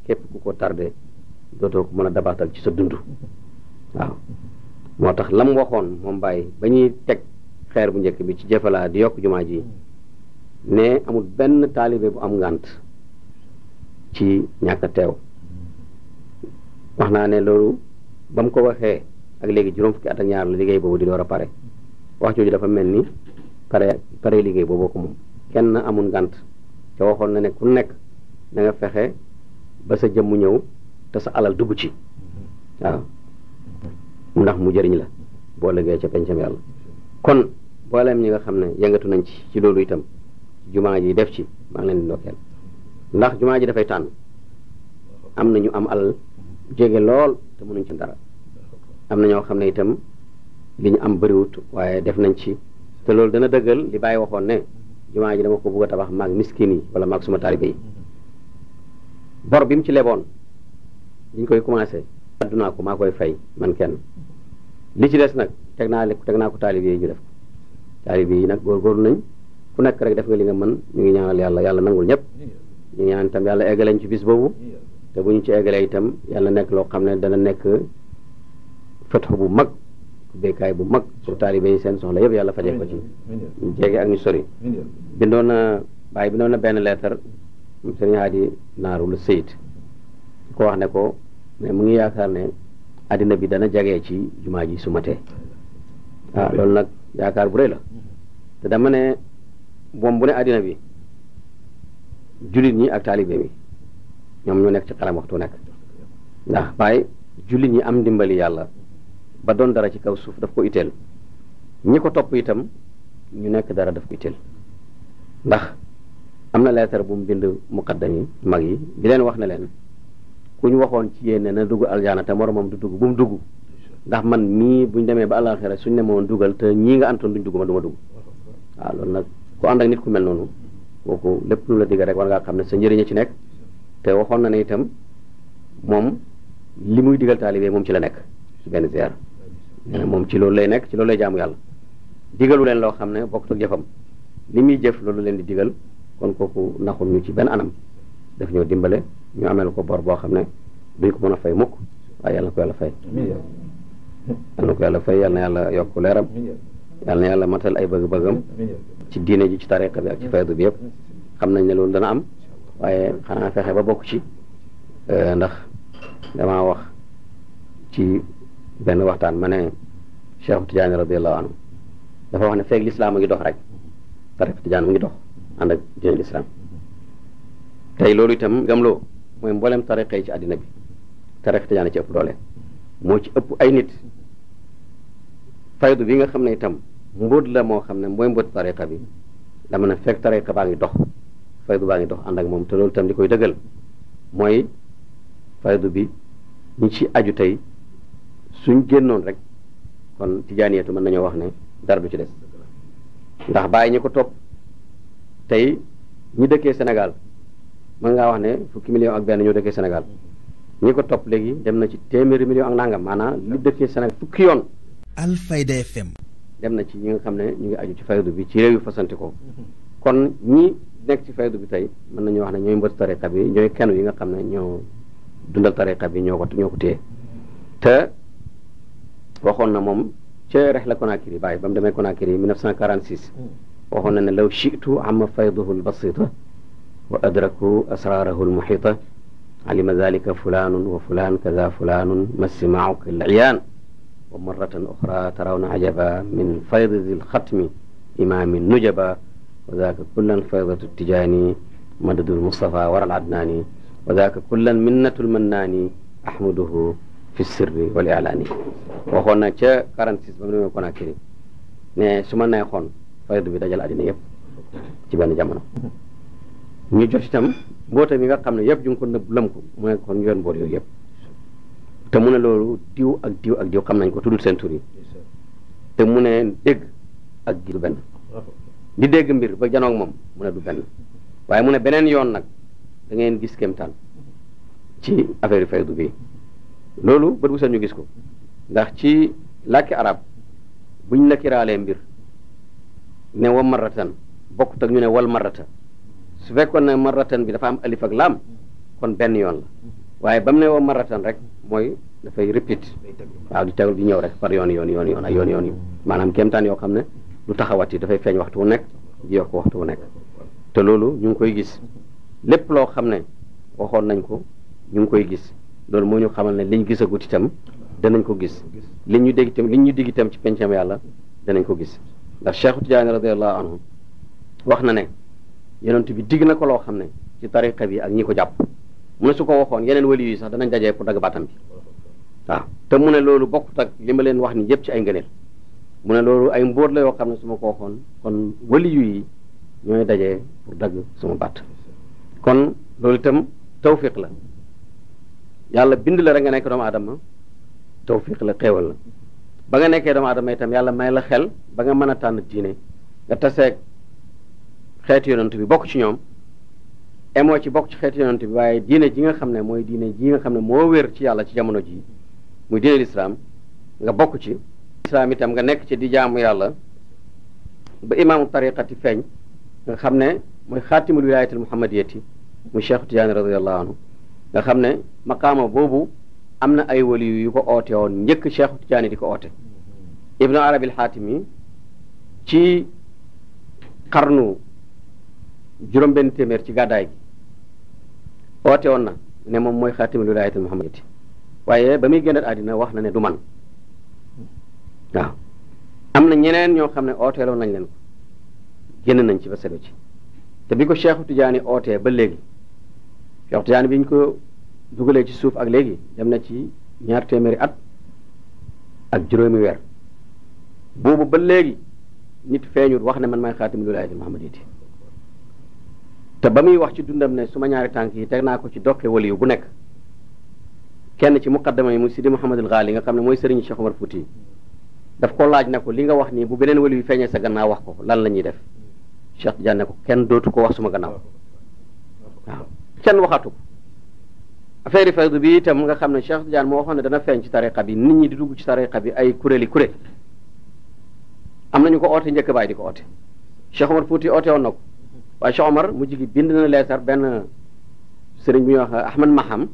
képp ku ko tarde dootoo ko mën a dabaatal ci sa dund waaw moo tax lam waxoon moom bàyyi ba ñuy teg xeer bu njëkk bi ci jëfalaa di yokk jumaa ji ne amul benn taalibe bu am ngànt ci ñàkk teew wax naa ne loolu ba ko waxee ak léegi juróom fukki at ñaar la liggéey boobu di war a pare wax jooju dafa mel ni pare pare liggéey boobu ko moom kenn amul ngant te waxoon na ne ku nekk da nga fexe ba sa jëmm ñëw te sa alal dugg ci waaw ndax mu jëriñ la boo liggéey ca pencam yàlla kon booleem ñi nga xam ne yëngatu nañ ci ci loolu itam jumaa ji def ci maa ngi leen di ndokkeel ndax jumaa ji dafay tànn am na ñu am alal jege lool te mënuñ ci dara am na ñoo xam ne itam li ñu am bëriwut waaye def nañ ci te loolu dana dëggal li bàyyi waxoon ne jumaa ji dama ko bëgg a tabax maag miskin yi wala maag suma taalibe yi bor bi mu ci leboon liñ koy commencé addunaa ko maa koy fay man kenn li ci des nag teg naa teg naa ko taalibe yi ñu def ko taalibe yi nag góorgóorlu nañ ku nekk rek def nga li nga mën ñu ngi ñaanal yàlla yàlla nangul ñëpp ñu ngi ñaan itam yàlla eggaleñ ci bis boobu te bu ñu ci eggalee itam yàlla nekk loo xam ne dana nekk bu mag béykaay bu mag pour taalibe yi seen soxla yëpp yàlla fajee ko ci ñu jege ak ñu sori bindoon na bàyyi na benn leetar mu sëriñ Haadi Naarul Seyit ko wax ne ko mais mu ngi yaakaar ne addina bi dana jagee ci jumaa ji su waaw ah, loolu nag yaakaar bu rëy la mhm. te dama ne moom bu ne addina bi jullit ñi ak taalibe bi ñoom ñoo nekk ci xalam waxtu nekk ndax jullit ñi am ndimbali yàlla ba doon dara ci kaw suuf daf ko itteel ñi ko topp itam ñu nekk dara daf ko itteel ndax am na leetar bu mu bind muqaddam yi mag yi di leen wax ne leen ku ñu waxoon ci yéen ne na dugg aljana te moromam du dugg bu mu dugg ndax man mii buñ demee ba àlaxira suñ ne moon dugal te ñii nga antoon duñ dugg ma du ma dugg waaw loolu nag ku ànd ak nit ku mel noonu kooku lépp lu la digg rek war ngaa xam ne sa njëriñ ci nekk te waxoon na ne itam moom li muy digal moom ci la nekk benn ziar moom ci loolu lay nekk ci loolu lay jaamu yàlla digalu leen loo xam ne bokkut ak jëfam li muy jëf loolu leen di digal kon kooku naxul ñu ci benn anam daf ñoo dimbale ñu ameel ko bor boo xam ne duñ ko mën a fay mukk waaye yàlla ko yàlla fay yàlla ko yàlla fay yàlla yàlla yokk leeram yàlla na yàlla matal ay bëgg-bëggam ci diine ji ci tariqa bi ak ci faydu bi yëpp xam nañ ne loolu dana am waaye xanaa fexe ba bokk ci euh, ndax dama wax ci benn waxtaan ma ne Cheikh Tidiane radiallahu anhu dafa wax ne feeg lislaam a ngi dox rek tariqa Tidiane mu ngi dox ànd ak diine lislaam tey loolu itam loo mooy mboolem tariqa yi ci àddina bi tariqa Tidiane ci ëpp doole moo ci ëpp ay nit faydu bi nga xam ne itam mbóot la moo xam ne mooy mbóot tariqa bi dama ne fekk tariqa ngi dox faydu baa ngi dox ànd ak moom te loolu itam di koy dëggal mooy faydu bi ñi ci aju tey suñ génnoon rek kon tijaaniyatu mën nañoo wax ne dara du ci des ndax bàyyi ñi ko topp tey ñi dëkkee Sénégal mën ngaa wax ne fukki million ak benn ñoo dëkkee Sénégal ñi ko topp léegi dem na ci téeméeri million ak nangam maanaam li dëkkee Sénégal fukki yoon. Alfayda FM. dem na ci ñi nga xam ne ñu ngi aju ci faydu bi ci réew yu fasanti ko kon ñi nekk ci faydu bi tey mën nañu wax ne ñooy mbët tariqa bi ñooy kenn yi nga xam ne ñoo dundal tariqa bi ñoo ko ñoo waxoon na moom ca Rihla Conakry bàyyi ba mu demee Conakry 1946. waxoon na ne law chitu amma fayduhu lbasita wa adraku asrarahu lmuhita alima dalika fulanun wa fulan kaza fulanun massimaauka liyan wa marratan oxra tarawna ajaba min faydi di lxatmi imami nujaba wa daka kullan faydatu tijaani madadul mustafa waral adnaani wa daka kullan minnatu lmannaani ahmaduhu fi sirri wala alaani waxoon na ca 46 ba mu demee Conakry ne su ma neexoon faydu bi dajal àddina yëpp ci benn jamono ñu jot itam mboota mi nga xam ne yëpp ju ngi ko nëbb lëm ko mu ne kon ñu yor mboot yooyu yëpp ne loolu diw ak diw ak diw xam nañ ko tuddul seen tur yi ne dégg ak gi du di dégg mbir ba janoog moom mu ne du benn waaye mu ne beneen yoon nag da ngeen gis kéemtaan ci affaire faydu bi loolu ba bu set ñu gis ko ndax ci lakk arab buñ nakiraalee mbir ne wa maratan bokk ak ñu ne wal marrata su fekkoon ne marratan bi dafa am alif ak laam kon benn yoon la waaye ba mu ne woon marratan rek mooy dafay répété waaw di tegal di ñëw rek par yoon yoon yoon yoon ay yoon yoon yi maanaam kéemtaan yoo xam ne du taxawati dafay feeñ waxtu wu nekk di yokk waxtu wu nekk te loolu ñu ngi koy gis lépp loo xam ne waxoon nañ ko ñu ngi koy gis loolu moo ñu xamal ne liñ gisagut itam danañ ko gis liñ ñu dégg itam liñ ñu dégg itam ci pencam yàlla danañ ko gis ndax Cheikh Tidiane radiallahu anhu wax na ne yonent bi digg na ko loo xam ne ci tariqa bi ak ñi ko jàpp mu ne su ko waxoon yeneen wali yi sax danañ dajee pour dagg baatam bi waaw te mu ne loolu bokkut ak li ma leen wax ni yëpp ci ay ngëneel mu ne loolu ay mbóot la yoo xam ne su ma ko waxoon kon wali yi ñooy dajee pour dagg suma baat kon loolu itam tawfiq la yàlla bind la rek nga nekk doomu aadama tawfiq la xéewal la ba nga nekkee doomu aadama itam yàlla may la xel ba nga mën a tànn diine nga taseeg xeetu yonent bi bokk ci ñoom emoo ci bokk ci xeetu yonent bi waaye diine ji nga xam ne mooy diine ji nga xam ne moo wér ci yàlla ci jamono ji mu diine lislaam nga bokk ci islaam itam nga nekk ci di jaamu yàlla ba imaamu tariqati feeñ nga xam ne mooy xaatimul wilaayatil mu cheikh tijaani radiallahu anhu nga xam ne maqaama boobu am na ay waliyu yu ko oote woon njëkk Cheikh Tijaani di ko oote ibnu arabi alxaatimi ci xarnu juróom benn téeméer ci gàddaay gi oote woon na ne moom mooy xaatimul wilaayatul muhammadiyati waaye ba muy génn àddina wax na ne du man am na ñeneen ñoo xam ne ooteeloon nañ leen ko nañ ci ba setu ci te bi ko Cheikh Tijaani ootee ba léegi Cheikh Tidiane bi ñu ko dugalee ci suuf ak léegi dem na ci ñaar téeméeri at ak juróomi weer bu ba léegi nit feeñul wax ne man maay xaatimul wilaayati muhammadiyati te ba muy wax ci dundam ne suma ñaari tànk yi teg naa ko ci doqe waliyu bu nekk kenn ci mu muqaddama yi mu Sidi Mouhamadul Ghali nga xam ne mooy sëriñ Cheikh Omar Fouti daf ko laaj na ko li nga wax nii bu beneen waliyu feeñee sa gannaaw wax ko lan la ñuy def Cheikh Tidiane ne ko kenn dootu ko wax suma gannaaw kenn waxatu ko affaire faydu bi itam nga xam ne Cheikh Tidiane moo waxoon ne dana feeñ ci tariqa bi nit ñi di dugg ci tariqa bi ay kuréeli kuréel am nañu ko oote njëkk bàyyi di ko oote Cheikh Omar Fouti oote woon na ko waaye Cheikh Omar mujj bind na leetar benn sëriñ bu ñuy wax Ahmad Maham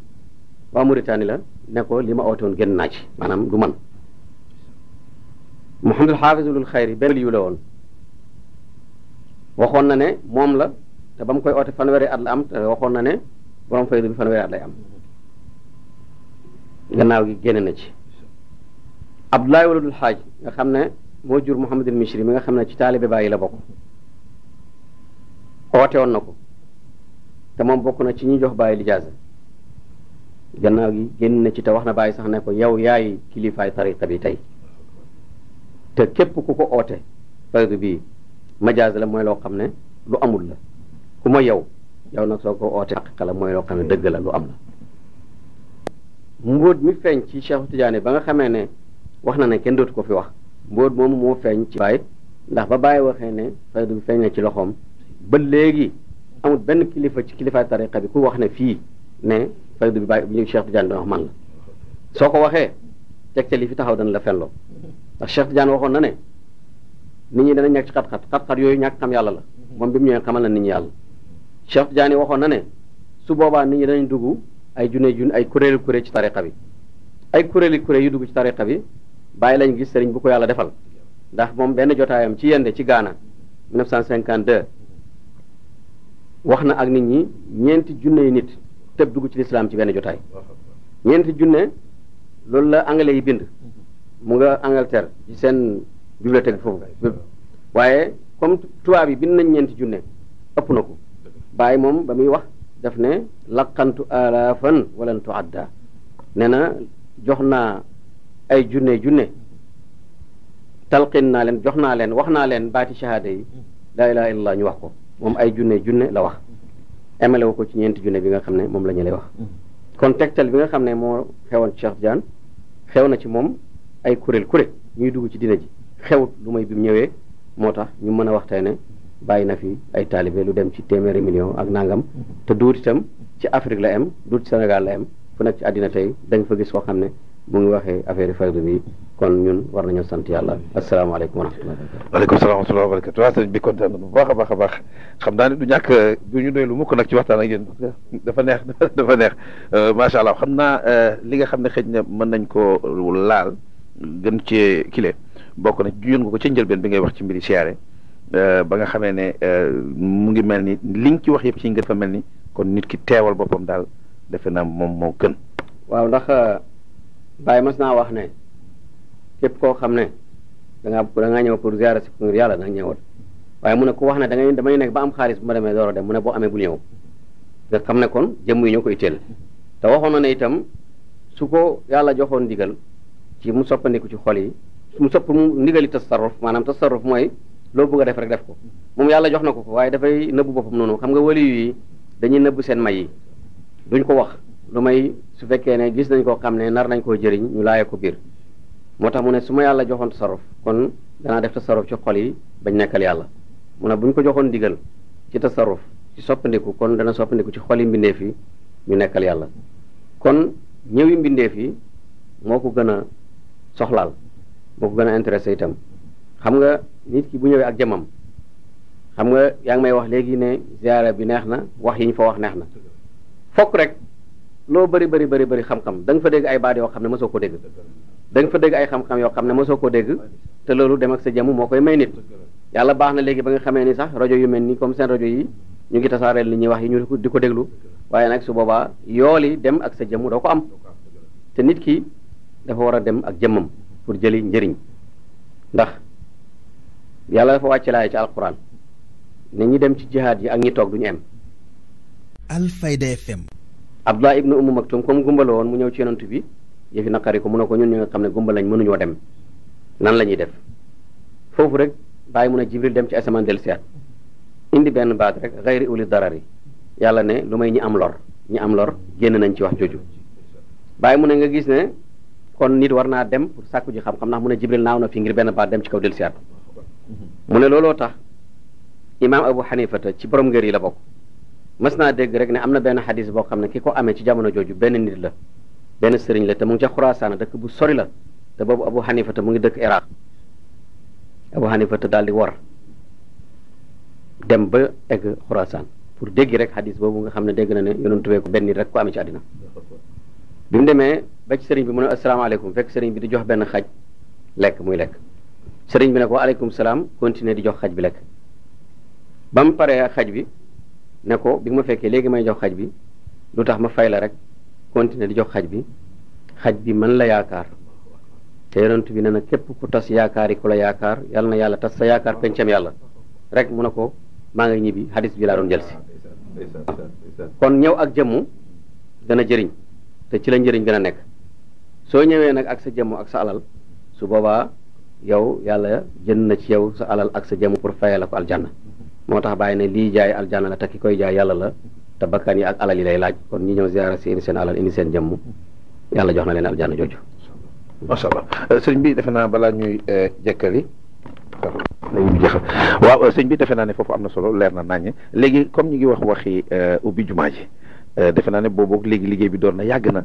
waa Mauritanie la nekkoo ko li ma oote woon génn naa ci maanaam du man Mouhamadul Xaafis Ulul Xayri benn yu woon waxoon na ne moom la te ba mu koy oote fanweeri at la am te waxoon na ne borom faydu bi fanweeri at lay am gannaaw gi génne na ci abdoulaye waladul xaaj nga xam ne moo jur mouhamadul misri mi nga xam ne ci taalibe bàyyi la bokk oote woon na ko te moom bokk na ci ñuy jox bàyyi lijaasa gannaaw gi génn na ci te wax na bàyyi sax ne ko yow yaay kilifaay tariqa bi tey te képp ku ko oote faydu bii majaas la mooy loo xam ne lu amul la ku mooy yow yow nag soo ko ootee xaqala mooy loo xam ne dëgg la lu am la mbóot mi feeñ ci Cheikh Tidiane ba nga xamee ne wax na ne kenn dootu ko fi wax mbóot moom moo feeñ ci Baye ndax ba Baye waxee ne faydu bi feeñ na ci loxoom ba léegi amul benn kilifa ci kilifaay tariqa bi ku wax ne fii ne faydu bi Baye ñu Cheikh doon wax man la soo ko waxee teg te li fi taxaw dana la fenloo ndax Cheikh Tidiane waxoon na ne nit ñi dana ñàkk ci xat-xat xat yooyu ñàkk xam yàlla la moom bi na nit ñi yàlla Cheikh Tidiane waxoon na ne su boobaa nit ñi dañ dugg ay junne junne ay kuréeli kuréel ci tariqa bi ay kuréeli kuréel yu dugg ci tariqa bi bàyyi lañ gis sëriñ bu ko yàlla defal ndax moom benn jotaayam ci yende ci Ghana 1952 wax na ak nit ñi ñeenti junne nit tëb dugg ci lislaam ci benn jotaay ñeenti junne loolu la anglais yi bind mu nga Angleterre ci seen bibliothèque foofu waaye comme tubaab yi bind nañ ñeenti junne ëpp na ko bàyyi moom ba muy wax def ne laqantu alaafan walan tuadda ne na jox naa ay junne junne talqin naa leen jox naa leen wax naa leen baati shahada yi laa ilaha illallah ñu wax ko moom ay junne junne la wax emale ko ci ñeenti junne bi nga xam ne moom la ñu lay wax kon tegtal bi nga xam ne moo xewoon Cheikh Diane xew na ci moom ay kuréel kuréel ñuy dugg ci dina ji xewut lu may bi mu ñëwee moo tax ñu mën a waxtaane bàyyi na fi ay taalibe lu dem ci téeméeri million ak nangam te duut itam ci Afrique la am duut ci Sénégal la am fu nekk ci àddina tey da nga fa gis koo xam ne mu ngi waxee affaire yi fardu bi kon ñun war nañoo sant yàlla asalaamaaleykum wa rahmatulah. waaleykum salaam wa rahmatulah wa barakatu waaw bi kontaan na bu baax a a baax xam naa ne du ñàkk du ñu doy lu mukk nag ci waxtaan ak yéen dafa neex dafa neex euh, macha allah xam naa euh, li nga xam ne xëj na mën nañ koo laal gën cee kile bokk na juyoon nga ko ci njëlbeen bi ngay wax ci mbiri siyaare Euh, ba nga xamee ne euh, mu ngi mel ni li nga ci wax yëpp ci nga dafa mel ni kon nit ki teewal boppam daal defe naa moom moo gën. waaw ndax euh, Baye mas naa wax ne képp koo xam ne da ngaa da ngaa ñëw pour ziara si yàlla da nga ñëwoon waaye mu ne ku wax ne da ngay damay nekk ba am xaalis bu ma demee door a dem mu ne boo amee bul ñëw nga xam ne kon jëmm yi ñoo koy teel te waxoon na ne itam su ko yàlla joxoon ndigal ci mu soppandiku ci xol yi mu sopp mu ndigali tasarruf maanaam tasarruf mooy. loo bëgg def rek def ko moom yàlla jox na ko ko waaye dafay nëbb boppam noonu xam nga wali yi dañuy nëbb seen may yi duñ ko wax lu may su fekkee ne gis nañ koo xam ne nar nañ koo jëriñ ñu laaye ko biir moo tax mu ne su ma yàlla joxoon tasaruf kon danaa def tasaruf ci xol yi bañ nekkal yàlla mu ne ñu ko joxoon digal ci tasaruf ci soppandiku kon dana soppandiku ci xol yi mbindeef yi ñu nekkal yàlla kon ñëw mbindeef yi moo ko gën a soxlaal moo gën a intéressé itam xam nga nit ki bu ñëwee ak jëmmam xam nga yaa ngi may wax léegi ne ziara bi neex na wax yi ñu fa wax neex na fokk rek loo bari bari bëri bari xam-xam danga fa dégg ay baat yoo xam ne mosoo ko dégg da fa dégg ay xam yoo xam ne mosoo ko dégg te loolu dem ak sa jëmm moo koy may nit yàlla baax na léegi ba nga xamee ni sax rajo yu mel ni comme seen rajo yi ñu ngi tasaareel li ñuy wax yi ñu di ko déglu waaye nag su boobaa yool yi dem ak sa jëmm doo ko am te nit ki dafa war a dem ak jëmmam pour jëli njëriñ yàlla dafa wàcc laay ci alquran ne ñi dem ci jihaad yi ak ñi toog duñu em Alfayda FM Abdullah ibnu Umm Maktum comme gumbala woon mu ñëw ci yonent bi yëfi naqari ko mu ne ko ñun ñu nga xam ne gumba lañ mënuñoo dem nan la ñuy def foofu rek bàyyi mun a jibril dem ci asamaan del seet indi benn baat rek xayri uli darari yàlla ne lu may ñi am lor ñi am lor génn nañ ci wax jooju bàyyi mu ne nga gis ne kon nit war naa dem pour sàkku ji xam-xam ndax benn baat dem ci kaw del mu ne looloo tax imaam abu xanifata ci borom ngër yi la bokk mas naa dégg rek ne am na benn xadis boo xam ne ki ko amee ci jamono jooju benn nit la benn sëriñ la te mu ngi ca xuraasaana dëkk bu sori la te boobu abu xanifata mu ngi dëkk iraq abu xanifata daal di war dem ba egg xuraasaan pour dégg rek xadis boobu nga xam ne dégg na ne yonentu bee ko benn nit rek ko amee ci àddina bi mu demee ba ci sëriñ bi mu ne asalaamaaleykum fekk sëriñ bi di jox benn xaj lekk muy lekk sëriñ bi ne ko aleykum salaam continuer di jox xaj bi lekk ba mu paree xaj bi ne ko bi ma fekkee léegi may jox xaj bi lu tax ma fay la rek continuer di jox xaj bi xaj bi man la yaakaar te yonent bi ne na képp ku tas yaakaar yi ku la yaakaar yàlla na yàlla tas sa yaakaar pencam yàlla rek mu ne ko maa ngi ñibbi hadis bi laa doon jël si kon ñëw ak jëmmu dana jëriñ te ci la njëriñ gën a nekk soo ñëwee nag ak sa jëmm ak sa alal su boobaa yow yàlla jënd na ci yow sa alal ak sa jëmm pour fayal la ko aljanna moo tax bàyyi ne lii jaay aljanna la te ki koy jaay yàlla la te bakkan yi ak alal yi lay laaj kon ñi ñëw ziara si seen alal indi seen jëmm yàlla jox na leen aljanna jooju. macha allah euh, sëñ bi defe naa balaa ñuy euh, jëkkali. waaw euh, sëñ bi defe naa ne foofu am na solo leer na naññe léegi comme ñu ngi wax waxi ubbi jumaa ji defe naa ne boobu léegi liggéey bi doon na yàgg na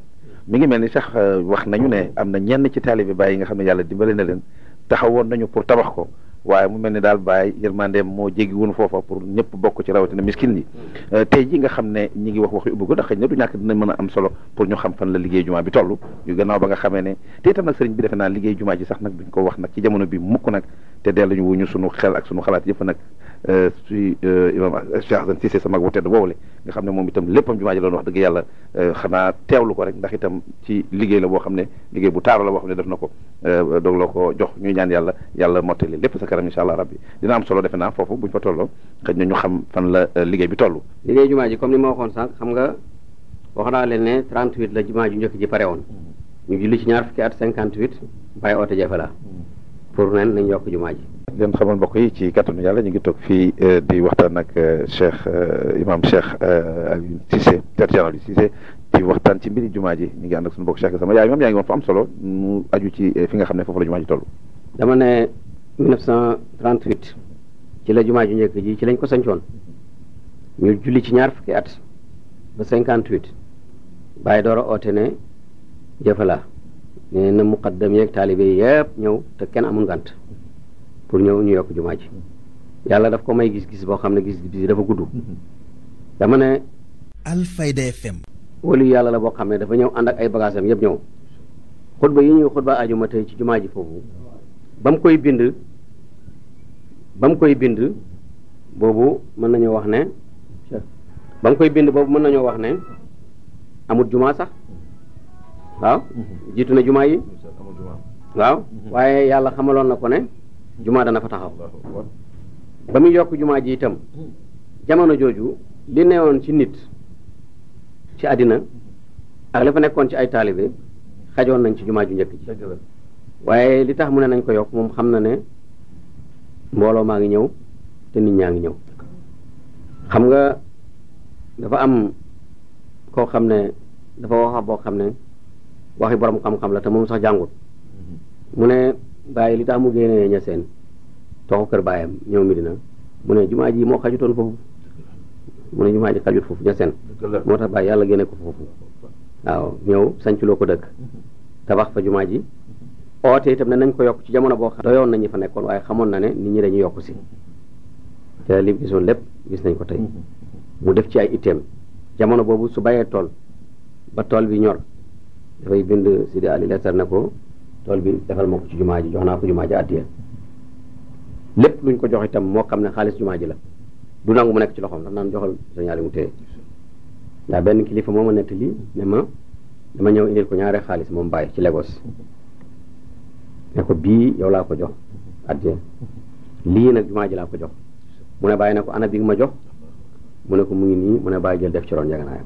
mi ngi mel ni sax wax nañu ne am na ñenn ci taalibe Baay yi nga xam ne yàlla dimbale na leen taxawoon nañu pour tabax ko waaye mu mel ni daal bàyyi yërmandeem moo jéggi woon foofa pour ñëpp bokk ci rawatina miskin yi euh, te ji nga xam ne ñi ngi wax wax yu ubbi ko ndax xëy na du ñàkk dinañ mën a am solo pour ñu xam fan la liggéey jumaa bi toll ñu gannaaw ba nga xame ne te itam nag sëriñ bi defe naa liggéey jumaa ji sax nag buñ ko wax nag ci jamono bi mukk nag te delluñu wuñu sunu xel ak sunu xalaat yëpp nag Euh, suy euh, imam Cheikh Hassan Cissé sa mag bu tedd le nga xam ne moom itam léppam jumaa ji doon wax dëgg yàlla euh, xanaa teewlu ko rek ndax itam ci liggéey la boo xam ne liggéey bu taaru la boo xam ne def na ko doog la ko jox ñuy ñaan yàlla yàlla mottali lépp sa kanam incha allah rabbi dina am solo defe naa foofu buñ fa tolloo xëy na ñu xam fan la liggéey bi toll liggéey jumaa ji comme ni ma waxoon sànq xam nga wax naa leen ne 38 la jumaa ju njëkk ji pare woon mm-hmm. ñu julli ci ñaar fukki at 58 bàyyi oote jafe la mm-hmm. pour nen nañ yokk jumaa ji leen xamal mbokk yi ci kattanu yàlla ñu ngi toog fii euh, di waxtaan ak euh, cheikh euh, imam cheikh Alioune Cissé tertian Alioune Cissé di waxtaan ci mbiri jumaa ji ñu ngi ànd ak suñu mbokk cheikh sama yaay imam yaa ngi woon fa am solo mu aju ci fi nga xam ne foofu la jumaa ji toll dama ne 1938 ci la jumaa ji njëkk ji ci lañ ko sancoon ñu julli ci ñaar fukki at ba 58 bàyyi door a oote ne jëfalaa nee na muqaddam yeeg taalibe yëpp ñëw te kenn amul gant pour ñëw ñu yokk jumaa ji yàlla daf ko may gis-gis boo xam ne gis-gis bi dafa gudd dama ne Alfayda FM wali yàlla la boo xam ne dafa ñëw ànd ak ay bagaasam yëpp ñëw xutba yi ñuy xutba ajuma tey ci jumaa ji foofu ba mu koy bind ba mu koy bind boobu mën nañoo wax ne ba mu koy bind boobu mën nañoo wax ne amut jumaa sax waaw jiitu na jumaa yi waaw waaye yàlla xamaloon na ko ne jumaa dana fa taxaw ba muy yokk jumaa ji itam jamono jooju li newoon ci nit ci àddina ak la fa nekkoon ci ay taalibe xajoon nañ ci jumaa ju njëkk ji waaye li tax mu ne nañ ko yokk moom xam na ne mbooloo maa ngi ñëw te nit ñaa ngi ñëw xam nga dafa am koo xam ne dafa waxa boo xam ne waxi borom xam-xam la te moom sax jàngut mm-hmm. mu ne bàyyi li tax mu génnee ñaseen toxu kër baayam ñëw Medina mu ne jumaa ji moo xajutoon foofu mu ne jumaa ji xajut foofu ñaseen moo tax bàyyi yàlla génne ko foofu waaw ñëw loo ko dëkk tabax fa jumaa ji oote itam ne nañ ko yokk ci jamono boo xam nañu fa nekkoon waaye na ne nit ñi dañuy yokk si te li gisoon lépp gis nañ ko tey mu def ci ay itteem jamono boobu su bayee tool ba tool bi ñor dafay bind Sidi Ali lettar ne ko tool bi defal ma ko ci jumaa ji jox naa ko jumaa ji addiya lépp luñ ko jox itam moo xam ne xaalis jumaa ji la du nangu mu nekk ci loxoom ndax naan joxal sañaali mu téye ndax benn kilifa moo ma nettali ma dama ñëw indil ko ñaare xaalis moom bàyyi ci Lagos ne ko bii yow laa ko jox addiya lii nag jumaa ji laa ko jox mu ne bàyyi ne ko ana bi ma jox mu ne ko mu ngi nii mu ne bàyyi def ci roon njaganaayam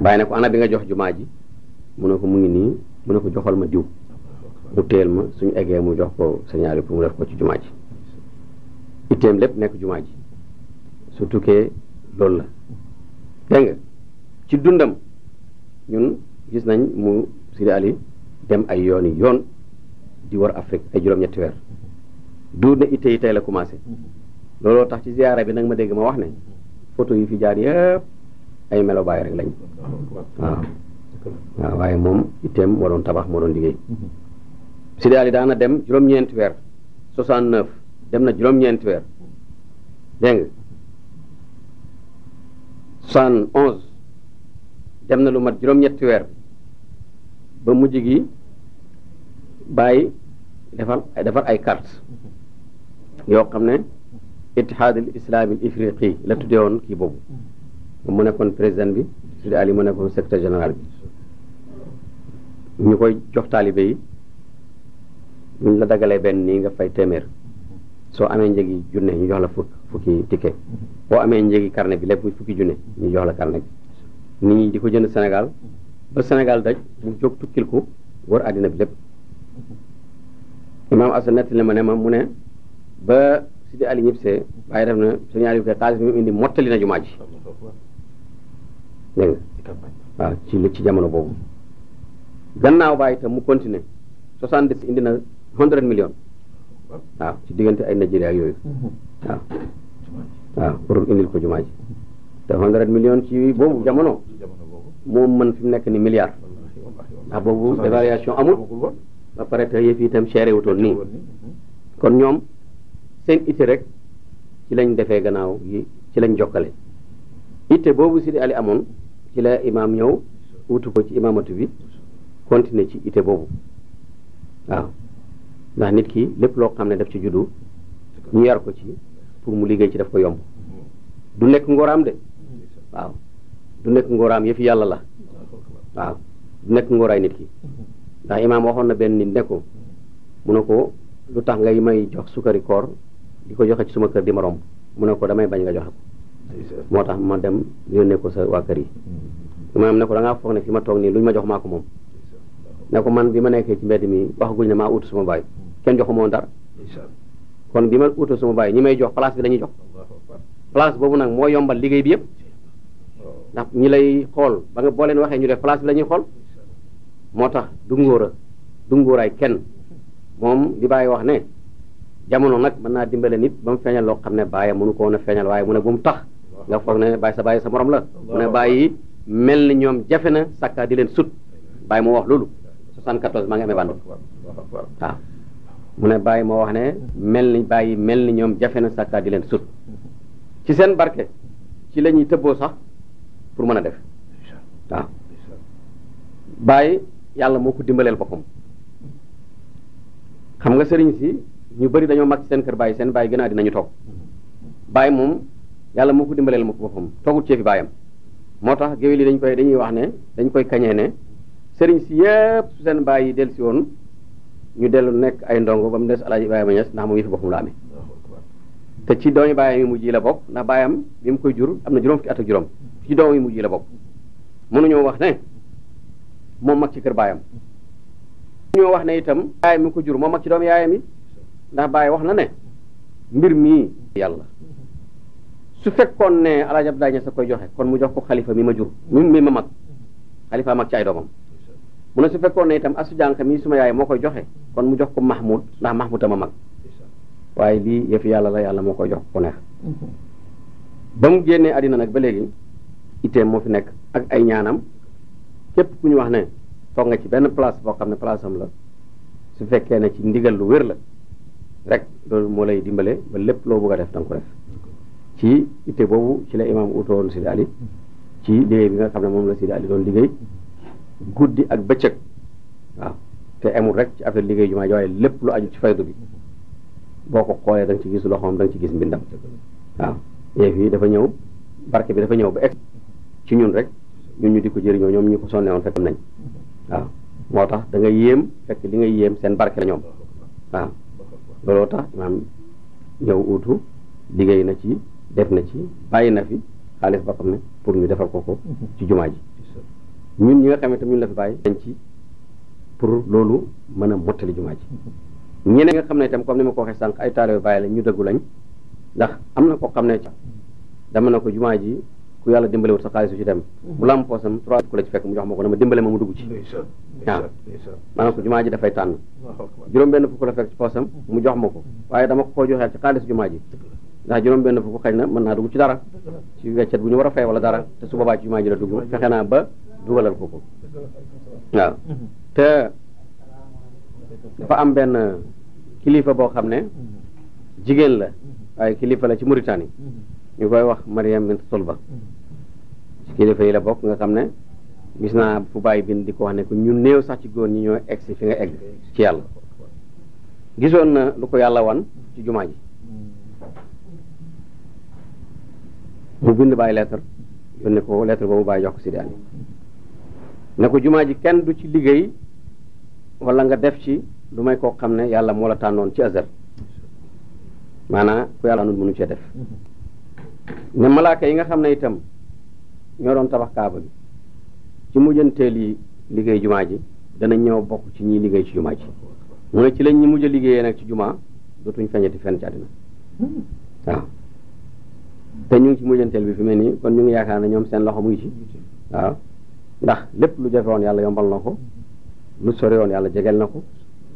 bàyyi ne ko ana bi nga jox jumaa ji mu ne ko mu ngi nii mu ne ko joxal ma diw mu teel ma suñu eggee mu jox ko señaari pour mu def ko ci jumaa ji itteem lépp nekk jumaa ji su tukkee loolu la dégg ci dundam ñun gis nañ mu Sidi Ali dem ay yooni yoon di war Afrique ay juróom-ñetti weer du ne itte yi tey la commencé looloo tax ci ziyaara bi nag ma dégg ma wax ne photo yi fi jaar yëpp ay melo baay rek lañ waaw waaw waaye moom itteem moo doon tabax moo doon liggéey mhm. Sidi Ali daana dem juróom-ñeenti weer soixante neuf dem na juróom-ñeenti weer dégg dem na lu mat juróom weer ba mujj gi bàyyi defal defar ay kart mhm. yoo xam ne ittihaadul islaamil ifriqi la tuddeewoon kii boobu moom mu nekkoon président bi Sidi Ali mu nekkoon secrétaire général bi ñu koy jox taalibe yi buñ la dagalee benn nii nga fay téeméer soo amee njëgi junne ñu jox la fukk fukki ticket boo amee njëgi carnet bi lépp fukki junne ñu jox la carnet bi nit ñi di ko jënd Sénégal ba Sénégal daj mu jóg tukkil ko wër àddina bi lépp imaam Asa nett li ma ne ma mu ne ba Sidi Ali ñibbisee waaye def na suñu Aliou kay xaalis bi mu indi mottali na jumaa ji dégg ci ci jamono boobu gannaaw baay itam mu continuer soixante dix indi na hundred million waaw ci diggante ay Nigeria ak yooyu mm-hmm. waaw waaw pour indil ko jumaa ji hundred million ci boobu jamono moom mën fi nekk ni milliard a boobu dévaluation amul ba pare te yëf itam chéré wutoon nii kon ñoom seen ité rek ci lañ defee gannaaw yi ci lañ jokkale ité boobu si di ali amoon ci la imaam ñëw wutu ko ci imaamatu bi continuer ci ité boobu waaw ndax nit ki lépp loo xam ne daf ci juddu ñu yar ko ci pour mu liggéey ci daf ko yomb du nekk ngóoraam de waaw du nekk ngóoraam yëfi yàlla la waaw du nekk ngóoraay nit ki ndax imaam waxoon na benn nit ne ko mu ne ko lu tax ngay may jox sukkari koor di ko joxe ci suma kër di ma romb mu ne ko damay bañ nga joxe ko moo tax ma dem yónnee ko sa waa yi maanaam mm-hmm. ne ko da ngaa foog ne fi ma toog nii lu ñu ma jox maako ko moom ne ko man bi ma nekkee ci mbedd mi waxaguñ ne ma ut suma baay mm-hmm. kenn joxu moom dara kon bi ma ut suma baay ñi may jox place bi lañuy jox place boobu nag moo yombal liggéey bi yëpp ndax ñi lay xool ba nga boo leen waxee ñu def la ñuy xool moo tax du ngóor a kenn moom li bàyyi wax ne jamono nag man naa dimbale nit ba mu feeñal loo xam ne bàyyi mënu ko woon a feeñal waaye mu ne bu mu tax nga foog ne bàyyi sa bàyyi sa morom la mu ne bàyyi mel ni ñoom jafe na sakka di leen sut bàyyi moo wax loolu soixante-quatorze maa ngi amee bànd waaw mu ne bàyyi moo wax ne mel ni bàyyi mel ni ñoom jafe na sakka di leen sut ci seen barke ci lañuy ñuy tëbboo sax pour mën a def waaw bàyyi yàlla moo ko dimbaleel boppam xam nga sëriñ si ñu bëri dañoo mag seen kër bàyyi seen bàyyi gën a dinañu toog bàyyi moom yàlla moo ko dimbaleel ma ko boppam toogut ci fi baayam moo tax géwél yi dañ koy dañuy wax ne dañ koy kañee ne sëriñ si yëpp su seen baay yi del si woon ñu dellu nekk ay ndongo ba mu des alaaji Ibrahima Ñas ndax moom yëfi boppam la amee te ci doomi baayam yi mujj yi la bokk ndax baayam bi mu koy jur am na juróom fukki at juróom ci doom yi mujj yi la bokk mënuñoo wax ne moom mag ci kër baayam mënuñoo wax ne itam yaayam mi ko jur moom mag ci doom yaayam yi ndax wax na ne mbir mii yàlla su fekkoon ne alaaji Abdoulaye Niass a koy joxe kon mu jox ko xalifa mi ma jur mi mi ma mag xalifa mag ci ay doomam mu ne su fekkoon ne itam ak asu jànq mi suma yaay moo koy joxe kon mu jox ko Mahmoud ndax Mahmoud a ma mag waaye lii yëfi yàlla la yàlla moo koy jox ko neex mhm. ba mu génnee àddina nag ba léegi itteem moo fi nekk ak ay ñaanam képp ku ñu wax ne foog nga ci benn place boo xam ne place la su fekkee ne ci ndigal lu wér la rek loolu moo lay dimbale ba lépp loo bëgg a def danga ko ci itte boobu ci la imaam utoon Sidi Ali ci liggéey bi nga xam ne moom la si Sidi Ali doon liggéey guddi ak bëccëg waaw te amul rek ci affaire liggéey jumaa ji waaye lépp lu aju ci faydu bi boo ko xoolee da nga ci gis loxoom da ci gis mbindam waaw yéen dafa ñëw barke bi dafa ñëw ba egg ci ñun rek ñun ñu di ko jëriñoo ñoom ñu ko sonne woon fekk nañ waaw moo tax da nga yéem fekk li nga yéem seen barke la ñoom waaw looloo tax imaam ñëw uutu liggéey na ci def na ci bàyyi na fi xaalis ba xam ne pour ñu defal ko ko ci jumaa ji ñun ñi nga xamante la fi dañ ci pour loolu mën a mottali jumaa ji ñeneen nga xam ne itam comme ni ma ko waxee sànq ay taalibe bàyyi la ñu dëggu lañ ndax am na ko xam ne dama na ko jumaa ji ku yàlla dimbalewut sa xaalis su ci dem bu la am poosam trois ku la ci fekk mu jox ma ko dama dimbale ma mu dugg ci waaw maanaam ko jumaa ji dafay tànn juróom benn fukk la fekk ci poosam mu jox ma ko mm-hmm. waaye dama ko koo joxee ci xaalis jumaa ji ndax juróom-benn fukk xëy na mën naa dugg ci dara ci weccet bu ñu war a fay wala dara te su boobaa ci jumaa ji la dugg fexe naa ba dugalal ko ko waaw te dafa am benn kilifa boo xam ne jigéen la waaye kilifa la ci Mauritanie ñu koy wax Mariam Bint sol ba kilifa yi la bokk nga xam ne gis naa fu bàyyi bind di ko wax ne ko ñu néew sax ci góor ñi ñoo egg si fi nga egg ci yàlla gisoon na lu ko yàlla wan ci jumaa ji mu bind bàyyi lettre yónnee ko lettre boobu bàyyi jox ko si daan ne ko jumaa ji kenn du ci liggéey walla nga def ci lu may koo xam ne yàlla moo la tànnoon ci azar maanaa ku yàlla mënu cee def ne malaaka yi nga xam ne itam ñoo doon tabax kaaba bi ci mujjanteel yi liggéey jumaa ji danañ ñëw bokk ci ñuy liggéey ci jumaa ji mu ne ci lañ ñi mujj a liggéeyee nag ci jumaa dootuñ feeñati fenn ci àddina waaw te ñu ngi ci mujjanteel bi fi mel nii kon ñu ngi yaakaar ne ñoom seen loxo mu ngi ci waaw ndax lépp lu jafe yàlla yombal na ko lu sori woon yàlla jegeel na ko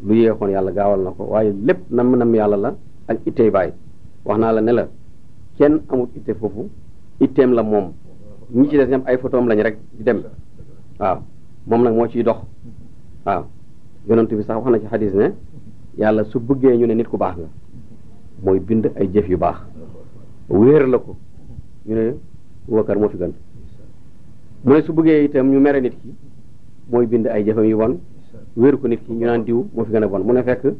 lu yéexoon yàlla gaawal na ko waaye lépp nam nam yàlla la ak ittey bàyyi wax naa la ne la kenn amul itte foofu itteem la moom ñi ci des ñam ay am lañ rek dem waaw moom nag moo ciy dox waaw yonent bi sax wax na ci xadis ne yàlla su bëggee ñu ne nit ku baax nga mooy bind ay jëf yu baax wéer la ko ñu ne Boubacar moo fi gën mu ne su bëggee itam ñu mere nit ki mooy bind ay jëfam yu won wéer ko nit ki ñu naan diw moo fi gën a bon mu ne fekk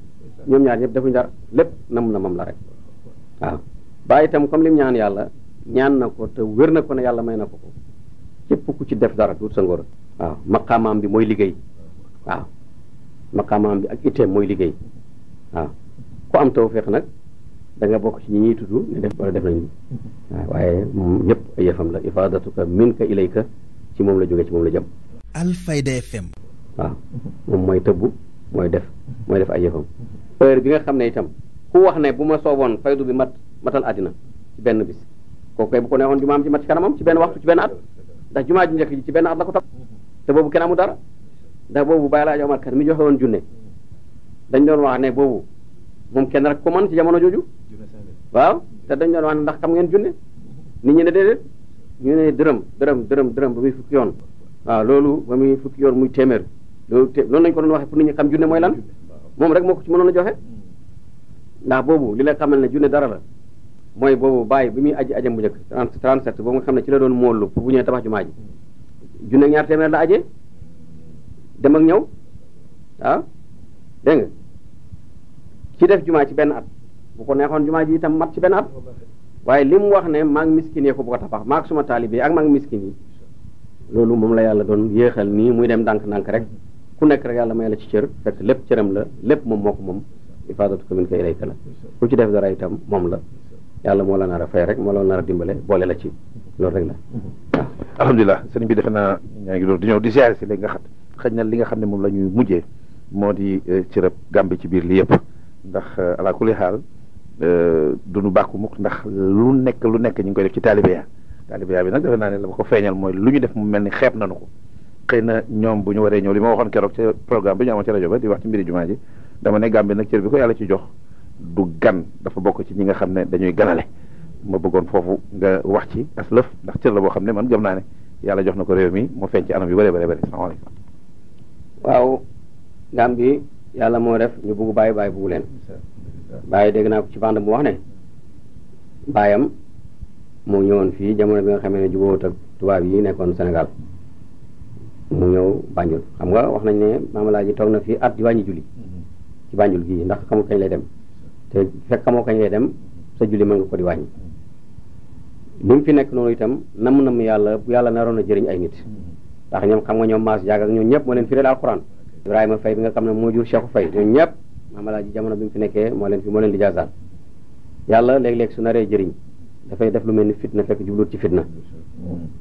ñoom ñaar ñëpp defuñ dara lépp nam na mam la rek waaw bàyyi itam comme lim ñaan yàlla ñaan na ko te wér na ko ne yàlla may na ko ko képp ku ci def dara duut sa ngóor waaw maqaamaam bi mooy liggéey waaw maqaamaam bi ak itteem mooy liggéey waaw ku am tawfeex nag da bokk ci ñi ñuy tudd ne def wala def nañ waaw mm-hmm. waaye moom yëpp ay yëfam la ifadatuka minka ilayka ci moom la jógee ci moom la jëm Alfayda FM waaw mm-hmm. moom mooy tëbb mooy def mm-hmm. mooy def ay yëfam heure bi nga xam ne itam ku wax ne bu ma sooboon faydu bi mat matal àddina ci benn bis kooku kay bu ko neexoon jumaam ci mat ci kanamam ci benn waxtu ci benn at ndax jumaa ji njëkk ji ci benn at la ko topp te boobu kenn amul dara ndax boobu bàyyi laa Omar Kan mi joxe woon dañ doon boobu moom kenn rek ko man ci jamono jooju waaw te dañ doon wax ndax xam ngeen junne ni ñi ne déedéet ñu ne dërëm dërëm dërëm dërëm ba muy fukki yoon waaw loolu ba muy fukki yoon muy téeméer loolu te loolu lañ ko doon waxee pour nit ñi xam junne mooy lan moom rek moo ko ci mënoon a joxe ndax boobu li la xamal ne junne dara la mooy boobu bàyyi bi muy aji ajam bu njëkk 37 boobu nga xam ne ci la doon moolu pour bu ñëwee tabax jumaa ji junne ñaar téeméer la aje dem ci def jumaa ci benn at bu ko neexoon jumaa ji itam mat ci benn at waaye li mu wax ne maag miskin yee ko bu ko tabax maag suma taalibe ak maag miskin yi loolu moom la yàlla doon yéexal nii muy dem ndànk-ndànk rek ku nekk rek yàlla may la ci cër fekk lépp cëram la lépp moom moo ko moom ifadatu ko min ko ilayka la ku ci def dara itam moom la yàlla moo la nar a fay rek moo la nar a dimbale boole la ci loolu rek la waaw hmm. alhamdulilah sëriñ bi defe naa ñaa ngi doon di ñëw di ziare si nga xam na li nga xam ne moom la ñuy mujjee moo di eh, cërëb gàmbi ci biir li yëpp ndax euh, ala kulli xaal euh, duñu bàkku mukk ndax lu nekk lu nekk ñu ngi koy def ci taalibeya taalibeya bi nag defe naa ne la ma ko feeñal mooy lu ñu def mu mel ni xeeb nañu ko xëy na ñoom bu ñu waree ñëw li ma waxoon keroog ca programme bi ñu amoon ca rajo ba di wax ci mbiri jumaa ji dama ne Gambie nag cër bi ko yàlla ci jox du gan dafa bokk ci ñi nga xam ne dañuy ganale ma bëggoon foofu nga wax ci as lëf ndax cër la boo xam ne man gëm naa ne yàlla jox na ko réew mi mu feeñ ci anam yu bëree bëri bëri salaamaaleykum yàlla moo def ñu bugg bàyyi bàyyi bugg leen bàyyi dégg naa ko ci bande bu wax ne bàyyam mu ñëwoon fii jamono bi nga xamee ne jubóowut ak tubaab yi nekkoon Sénégal mu ñëw Banjul xam nga wax nañ ne maamalaa ji toog na fii at di wàññi julli ci Banjul gii ndax xamul kañ lay dem te fekk xamoo kañ lay dem sa julli mën nga ko di wàññi li mu fi nekk noonu itam nam nam yàlla yàlla naroon na jëriñ ay nit ndax ñoom xam nga ñoom maas jaag ak ñoom ñëpp moo leen fireel alxuraan ma Faye bi nga xam ne moo jur Cheikh Faye ñoom ñëpp maam alaaji jamono bi ñu fi nekkee moo leen fi moo leen di jaasaat yàlla léeg-léeg su naree jëriñ dafay def lu mel ni fitna fekk jublut ci fitna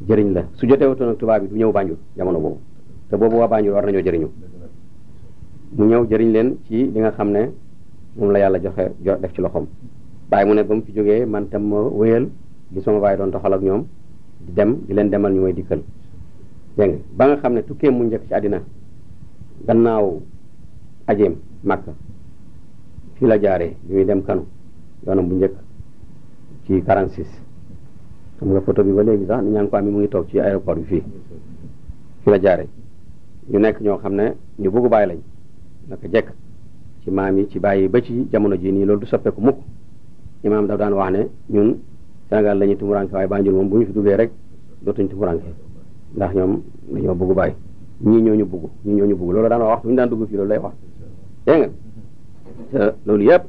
jëriñ la su joteewutoon ak tubaab bi du ñëw Banjul jamono boobu te boobu waa Banjul war nañoo jëriñu mu ñëw jëriñ leen ci li nga xam ne moom la yàlla joxe jo def ci loxoom bàyyi mu ne ba mu fi jógee man tam ma wéyal li sama bàyyi doon doxal ak ñoom di dem di leen demal ñu dikkal dégg nga ba xam ne tukkee mu njëkk ci àddina gannaaw ajeem Makka fii la jaaree bi muy dem kanu yoonam bu njëkk ci quarante six xam nga photo bi ba léegi sax ni ñaa ko amee mu ngi toog ci aéroport bi fii la jaare ñu nekk ñoo xam ne ñu bëgg bàyyi lañ naka jekk ci maam yi ci bàyyi ba ci jamono ji nii loolu du soppeeku mukk imaam daf daan wax ne ñun Sénégal la ñuy tumuranke waaye Banjul moom bu ñu fi duggee rek dootuñ tumuranke ndax ñoom dañoo bëgg bàyyi ñii ñoo ñu bugg ñii ñoo ñu bugg loolu daan wax bu ñu daan dugg fii loolu lay wax dégg loolu yëpp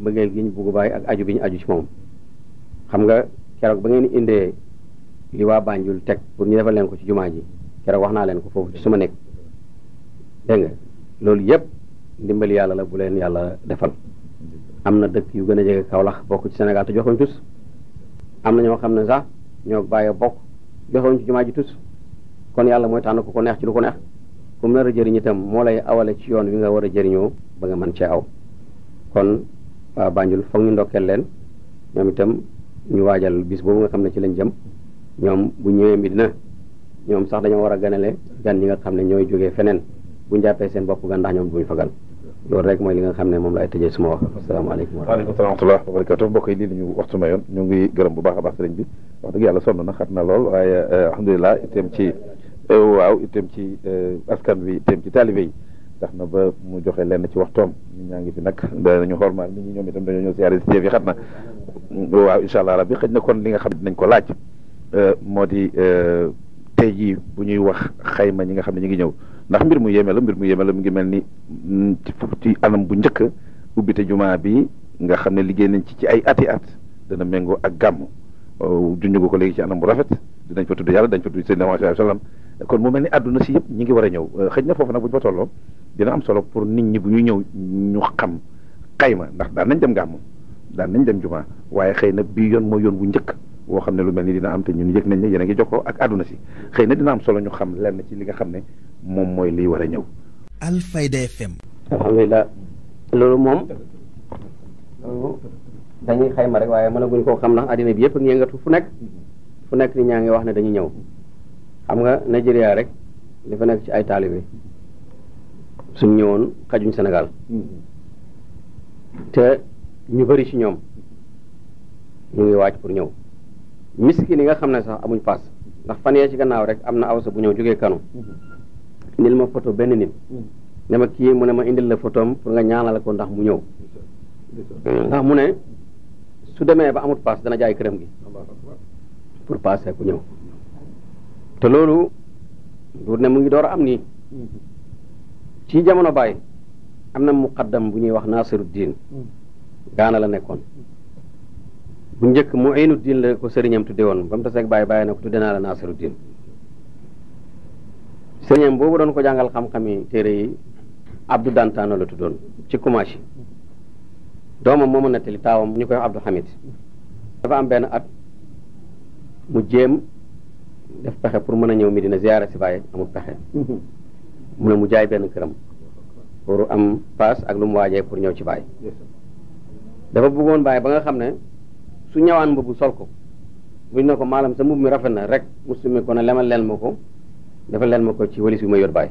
mbëggeel gi ñu bugg bàyyi ak aju bi ñu aju ci moom xam nga keroog ba ngeen indee li waa Banjul teg pour ñu defal leen ko ci jumaa ji keroog wax naa leen ko foofu ci suma nekk dégg nga loolu yëpp ndimbali yàlla la bu leen yàlla defal am na dëkk yu gën a jege lax bokk ci Sénégal te joxuñ tus am na ñoo xam ne sax ñoo bàyyi bokk joxuñ ci jumaa tus kon yàlla mooy tànn ku ko neex ci lu ko neex ku mu nar a jëriñ itam moo lay awale ci yoon wi nga war a jëriñoo ba nga man cee aw kon waa Banjul foog ñu ndokkeel leen ñoom itam ñu waajal bis boobu nga xam ne ci lañ jëm ñoom bu ñëwee mi dina ñoom sax dañoo war a ganale gan ñi nga xam ne ñooy jógee feneen bu ñu jàppee seen bopp gan ndax ñoom duñ fa loolu rek mooy li nga xam ne moom laay tëjee suma wax asalaamaaleykum waaleykum salaam wa rahmatulah wa barakatuh mbokk yi lii lañu waxtu mayoon ñu ngi gërëm bu baax a baax sëriñ bi wax yàlla sonn na xat na lool waaye euh, alhamdulilah ci Euh, waaw itam ci euh, askan bi itam ci taalibe yi tax na ba mu joxe lenn ci waxtoom ñun ñaa ngi fi nag danañu xormaal nit ñi ñoom itam dañoo ñëw siyaare si yi xat na mm, waaw incha allah rabbi xëj na kon li nga xam ne dinañ ko laaj euh, moo di tey jii bu ñuy wax xayma ñi nga xam ne ñu ngi ñëw ndax mbir mu yéeme la mbir mu yéeme la ngi mel ni mm, ci anam bu njëkk ubbite jumaa bi nga xam ne liggéey nañ ci ci ay ati at dana méngoo ak gàmm oh, junj ko léegi ci anam bu rafet dañ fa tudd yàlla dañ fa tudd kon mu mel ni àdduna si yëpp ñi ngi war a ñëw euh, xëj na foofu nag bu ñu fa tolloo dina am solo pour nit ñi bu ñu ñëw ñu xam xayma ndax daan nañ dem nga gàmmu daan nañ dem jumaa waaye xëy na bii yoon mooy yoon bu njëkk woo xam ne lu mel ni dina am te ñun yëg nañ ne yéen a ngi jokkoo ak àdduna si xëy na dina am solo ñu xam lenn ci li nga xam ne moom mooy lii war a ñëw. Alfayda FM. alhamdulilah loolu moom loolu dañuy xayma rek waaye mënaguñ koo xam na àddina bi yëpp a yëngatu fu nekk fu nekk ni ñaa ngi wax ne dañuy ñëw. xam nga Nigeria rek li fa nekk ci ay taalibe su ñëwoon xajuñ senegal te ñu bëri ci ñoom ñu ngi waaj pour ñëw miskin yi nga xam ne sax amuñ paas ndax fan yee ci gannaaw rek am na aw awsa bu ñëw jógee kanu indil ma photo benn nit ne ma kii mu ne ma indil la photo am pour nga ñaanal ko ndax mu ñëw ndax mu ne su demee ba amut paas dana jaay këram gi pour paasee ku ñëw te loolu du ne mu ngi door a am ni ci jamono baay am na mu muqaddam bu ñuy wax Nasiruddin gaana la nekkoon bu njëkk mu Muinuddin la ko sëriñam tudde woon ba mu taseeg baay bàyyi na ko tudde naa la Nasiruddin sëriñam boobu doon ko jàngal xam-xam yi téere yi Abdou Dantano la tuddoon ci Kumasi doomam moomu nettali taawam ñu koy Abdou Hamid dafa am benn at mu jéem def pexe pour mën a ñëw Medina ziyaara si bàyyi amul pexe mu ne mu jaay benn këram pour am paas ak lu mu waajee pour ñëw ci bàyyi dafa bëggoon bàyyi ba nga xam ne su ñëwaan mbubb sol ko buñ ne ko maalam sa mbubb mi rafet na rek muslimi ko ne lemal leen ma ko dafa leen ma ko ci walis bi ma yor bàyyi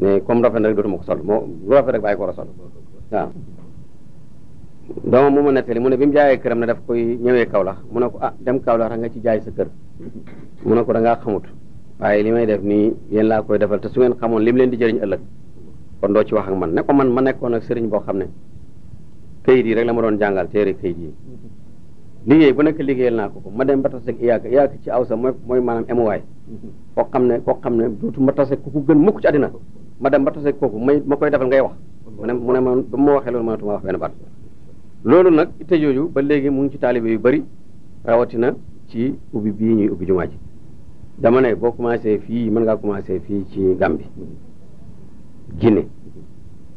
mais comme rafet na rek dootuma ko sol moo lu rafet rek bàyyi ko war a doomam mu ma nettali mu ne bi mu jaayee këram na def koy ñëwee Kaolack mu a ko ah dem Kaolack nga ci jaay sa kër mu ne ko da ngaa xamut waaye li may def nii yéen laa koy defal te su ngeen xamoon lim leen di jëriñ ëllëg kon doo ci wax ak man ne ko man ma nekkoon ak sëriñ boo xam ne kayit yi rek la ma doon jàngal teere kayit yi liggéey bu nekk liggéeyal naa ko ko ma dem ba tase ak iyaaka iyaaka ci aw sa mooy mooy maanaam emuwaay koo xam ne koo xam ne dootu ma tase ku ku gën mukk ci àddina ma dem ba tase kooku may ma koy defal ngay wax mu mu ne ma ba ma waxee wax benn baat loolu nag itte jooju ba léegi mu ngi ci taalibe yu bari rawatina ci ubbi bi ñuy ubbi jumaa ji boo commencé fii mën ngaa commencé fii ci Gambie Guinée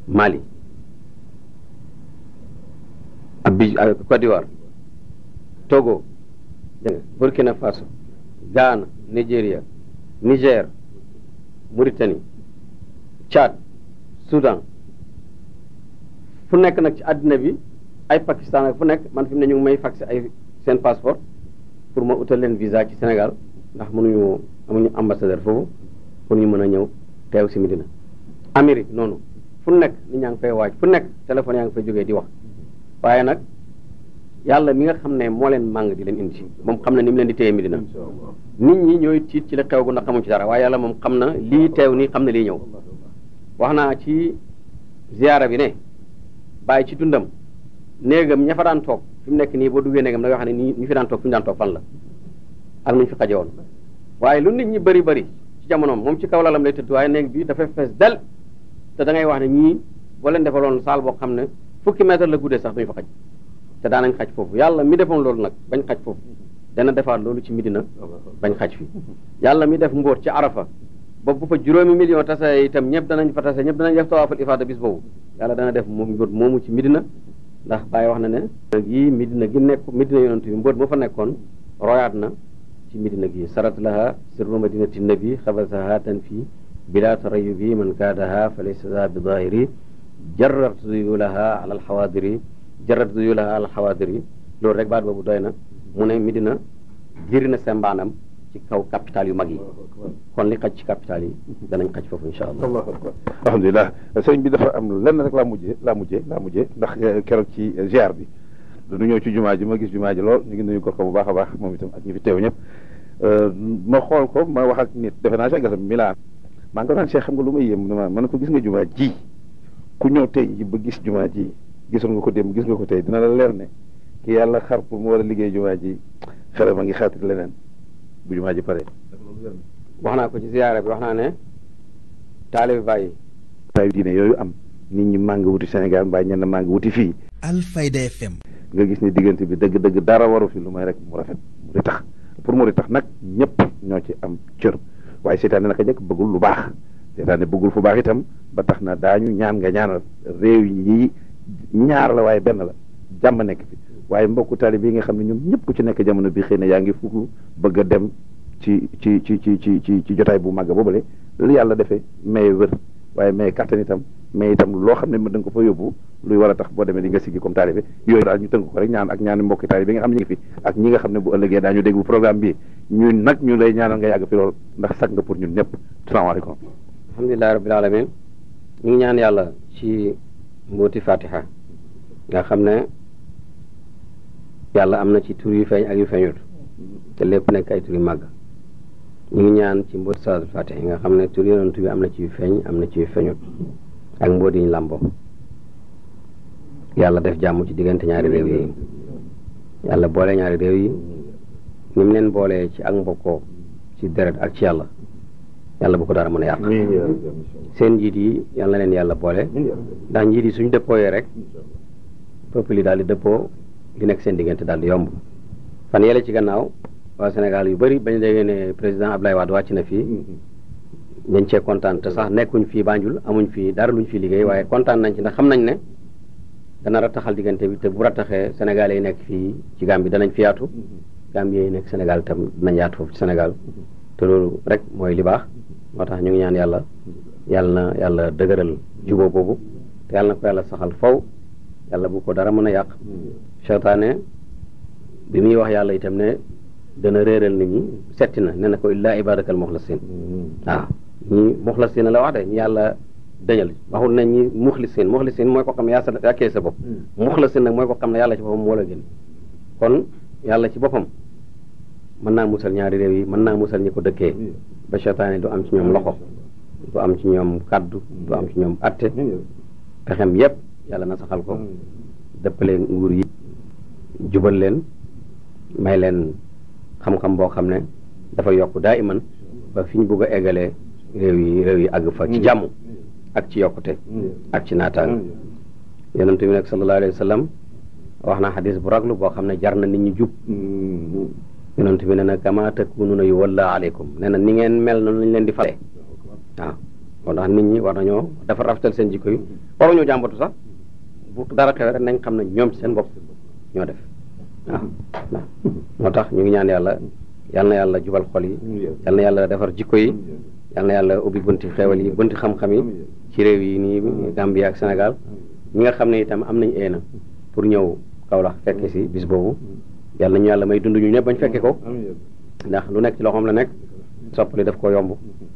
Mali Abidjan ak Côte d'Ivoire Togo Burkina Faso Ghana Nigeria Niger Mauritanie Tchad Soudan fu nekk nag ci àddina bi ay Pakistan ak fu nekk man fi mu ne ñu may may fax ay seen passeport pour ma utal leen visa ci Sénégal ndax mënuñu amuñu ambassadeur foofu pour ñu mën a ñëw teew si Medina Amérique noonu fu nekk nit ñaa ngi fay waaj fu nekk téléphone yaa ngi fay jógee di wax waaye nag yàlla mi nga xam ne moo leen màng di leen indi moom xam na ni mu leen di téye Medina nit ñi ñooy tiit ci li xew gu ndax xamuñ ci dara waaye yàlla moom xam na lii teew nii xam na lii ñëw wax naa ci ziyaara bi ne bàyyi ci dundam néegam ña fa daan toog fi mu nekk nii boo duggee néegam da nga xam ne nii ñu fi daan toog fi mu daan toog fan la ak nu fi fi woon waaye lu nit ñi bëri bari ci jamonoom moom ci kaw lalam lay tëdd waaye néeg bi dafay fees del te da ngay wax ne ñii boo defaloon saal boo xam ne fukki mètre la guddee sax duñu fa xaj te daanañ xaj foofu yàlla mi defoon loolu nag bañ xaj foofu dana defaat loolu ci Medina bañ xaj fi yàlla mi def mbóot ci arafa ba bu fa juróomi million tase itam ñëpp danañ fa tase ñëpp danañ def tawaaful ifaada bis boobu yàlla dana def moom mbóot moomu ci Medina ndax Baye wax na ne nag yi Medina gi nekk Medina yonent bi mbóot moo fa nekkoon royaat na ci Medina gi sarat laha sirru madinati nabi xabasaha tan fii bila tarayubi man kaadaha fa laysa za bi zahiri jarat zuyulaha ala alxawadiri jarat zuyulaha ala alxawadiri loolu rek baat boobu doy na mu ne Medina giri na sembaanam ci kaw capital yu mag yi kon li xaj ci capital yi danañ xaj foofu incha allah alhamdulilah sëriñ bi dafa am lenn rek laa mujjee laa mujjee laa mujjee ndax eh, keroog ci eh, ziar bi dañu ñëw ci jumaa ji ma gis jumaa ji lool ñu ngi nuyu ko bu baax baax moom itam ak ñi fi teew ñëpp eh, ma xool ko ma wax ak nit defe naa Cheikh Gassam Milan maa ngi ko naan xam nga lu ma yem ne ma man ne ko gis nga jumaa ji ku ñëw tey ji ba gis jumaa ji gisoon nga ko dem gis nga ko tey dina la leer ne ki yàlla xar pour mu war a liggéey jumaa ji xelam a ngi xaatir leneen bu jumaa ji pare wax naa ko ci ziyaara bi wax naa ne taalibe bàyyi taalibe diine yooyu am nit ñi maa ngi wuti Sénégal mbaa ñenn maa ngi wuti fii Alfayda FM nga gis ni diggante bi dëgg dëgg dara waru fi lu may rek mu rafet mu di tax pour mu di tax nag ñëpp ñoo ci am cër waaye seetaane naka njëkk bëggul lu baax seetaane bëggul fu baax itam ba tax na daañu ñaan nga ñaanal réew yi ñaar la waaye benn la jàmm nekk fi waaye mbokku taalibe yi nga xam ne ñoom ñëpp ko ci nekk jamono bi xëy na yaa ngi fukk bëgg dem ci ci ci ci ci jotaay bu màgg boobale lu yàlla defee may wër waaye may kattan itam mais itam loo xam ne mën danga ko fa yóbbu luy war a tax boo demee di nga siggi comme taalibe yooyu daal ñu tënk ko rek ñaan ak ñaani mbokki taalibe yi nga xam ne ñu ngi fi ak ñi nga xam ne bu ëllëgee daañu déglu programme bi ñu nag ñu lay ñaanal nga yàgg fi lool ndax sag nga pour ñun ñëpp salaamaaleykum alhamdulilahi rabbil alamin yàlla ci mbooti fatiha nga xam yàlla am na ci tur yu feeñ ak yu feeñut te lépp nag ay tur yu màgg ñu ñaan ci mboot salaatul faatiha yi nga xam ne tur yonent bi am na ci yu feeñ am na ci yu feeñut ak mboot yi ñu làmboo yàlla def jàmm ci diggante ñaari réew yi yàlla boole ñaari réew yi ni mu leen boole ci ak mbokkoo ci deret ak ci yàlla yàlla bu ko dara mën a yàq seen njiit yi yàlla na leen yàlla boole ndax njiit yi suñu dëppooyee rek peuple yi daal di dëppoo gi nekk seen diggante daal di yomb fan yële ci gannaaw waa Sénégal yu bari bañ déggee ne président Abdoulaye Wade wàcc na fii mm-hmm. dañ cee kontaan te sax nekkuñ fii Banjul amuñ fii dara luñ fii liggéey waaye kontaan nañ ci ndax xam nañ ne dana rattaxal diggante bi te bu rattaxee Sénégalais yi nekk fii ci bi danañ fi yaatu mm-hmm. Gambie yi nekk Sénégal tam danañ yaatu foofu ci mm-hmm. te loolu rek mooy li baax moo tax ñu ngi ñaan yàlla yàlla na yàlla dëgëral juboo boobu te saxal faw yàlla bu ko dara mën a yàq seytaane bi muy wax yàlla itam ne dana réeral nit ñi setti na ne na ko illaa ibadakal muxlasin mm. waaw ñi muxlasin la wax de ñu yàlla dañal waxul nañ ñi muxlisin muxlisin mooy ko xam ne yaa sa yaa sa bopp mm. muxlasin nag mooy ko xam ne yàlla ci boppam moo la gën kon yàlla ci boppam mën naa musal ñaari réew yi mën naa musal ñi ko dëkkee mm. ba seytaane du am ci ñoom loxo du am ci ñoom kàddu du am ci ñoom atte pexem yépp yàlla na saxal ko dëppale nguur yi jubal leen may leen xam-xam boo xam ne dafa yokk daa iman ba fi ñu bugg a eggalee réew yi réew yi àgg fa ci mm. jàmm ak ci yokkute mm. ak ci naataan mm. yonent bi nag sallallahu alayhi wa sallam wax na xadis bu raglu boo xam ne jar na nit ñi jub yonent bi ne na kama takununa yu walla aleykum nee na ni ngeen mel noonu lañ leen di fale waaw moo nit ñi war nañoo dafa rafetal seen jikko yi waruñoo jàmbatu sax bu dara xewee rek nañ xam ne ñoom seen bopp ñoo def waaw moo tax ñu ngi ñaan yàlla yal yàlla jubal xol yi yal yàlla defar jikko yi yàlla na yàlla ubbi bunti xeewal yi bunti xam-xam yi ci réew yi nii Gambie ak Sénégal ñi nga xam ne itam am nañ eena pour ñëw Kaolack fekke si bis boobu yàlla ñu yàlla may dund ñu ñëpp bañ fekkee ko ndax lu nekk ci loxoom la nekk soppali def koo yomb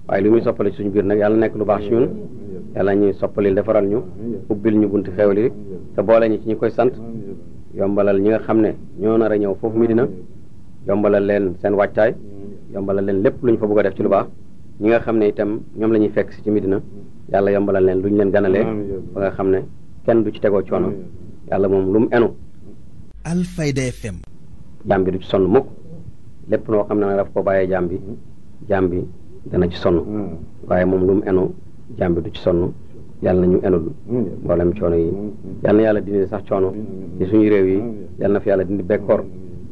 waaye lu muy soppalee ci suñu biir nag yàlla nekk lu baax ci ñun yàlla ñuy soppalil defaral ñu ubbil ñu bunt xeewal yi te boole ñu koy yombalal ñi nga xam ne ñoo nar a ñëw foofu Medina yombalal leen seen wàccaay yombalal leen lépp lu ñu fa bëgg a def ci lu baax ñi nga xam ne itam ñoom la ñuy fekk si ci Medina yàlla yombalal leen lu ñu leen ganalee ba nga xam ne kenn du ci tegoo coono yàlla moom lu mu enu Alfayda FM jaam du ci sonn mukk lépp noo xam ne nag daf bi jaam bi dana ci sonn hmm. moom lu enu jaam du ci sonn yàlla na ñu enul mboolem coono yi yàlla yàlla dindi sax coono ci suñu réew yi yàlla na fi yàlla dindi bekkoor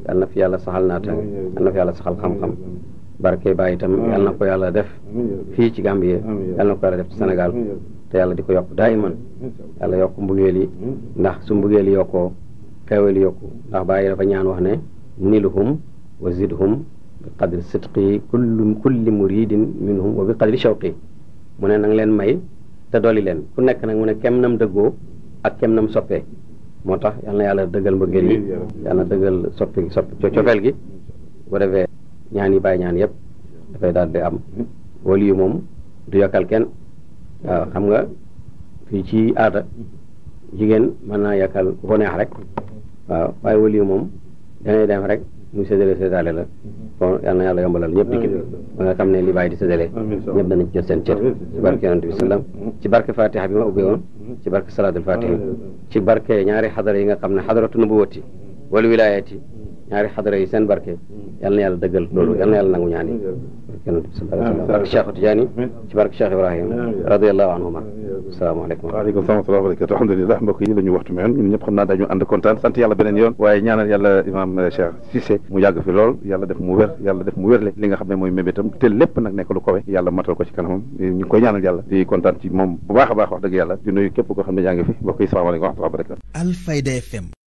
yàlla saxal naata yàlla fi yàlla saxal xam-xam barke bàyyi itam yàlla na ko yàlla def fii ci Gambie yàlla def ci senegal te yàlla di ko yokk daayiman yàlla yokk mbugeel yi ndax su mbugeel yi yokkoo xeeweel yokku ndax bàyyi dafa ñaan wax ne niluhum wa zidhum bi qadri sidqi kulli kulli muridin minhum wa bi qadri shawqi mu ne nang leen may te dolli leen ku nekk nag mu ne kem nam dëggoo ak kem nam soppee moo tax yal na yàlla dëggal mbëggeel yi yal na dëggal soppi soppi cofeel gi bu defee ñaan yi bàyyi ñaan yëpp dafay daal di am wali yu moom du yokkal kenn waaw xam nga fii ci aada jigéen mën naa yokkal ko neex rek waaw waaye wali moom danay dem rek muy séddale séddale la kon mhm. yal na yombalal ñëpp dikki ba nga xam ne li bàyyi di séddale ñëpp danañ jot seen cër ci barke yonent bi sallam mhm. ci barke fatiha bi ma ubbee woon mhm. ci barke salaatul fatiha ci barke ñaari xadara yi nga xam ne xadaratu nubuwati wal wilayati ñaari xadara yi seen barke yal na yàlla dëggal loolu yal na yàlla nangu ñaan yi barke Cheikh Tidiane ci barke Cheikh Ibrahim radiallahu anhuma asalaamaaleykum waaleykum salaam wa barakatu alhamdulilah mbokk yi la ñu waxtu meen ñun ñëpp xam naa dañu ànd kontaan sant yàlla beneen yoon waaye ñaanal yàlla imam eh, Cheikh mu yàgg fi lool yàlla def mu wér yàlla li nga xam ne mooy mébétam te lépp nag nekk lu kowe yàlla matal ko ci kanamam eh, ñu ngi koy ñaanal yàlla di moom bu baax a baax wax dëgg yàlla di nuyu képp koo xam ne yaa ngi fi mbokk yi salaamaaleykum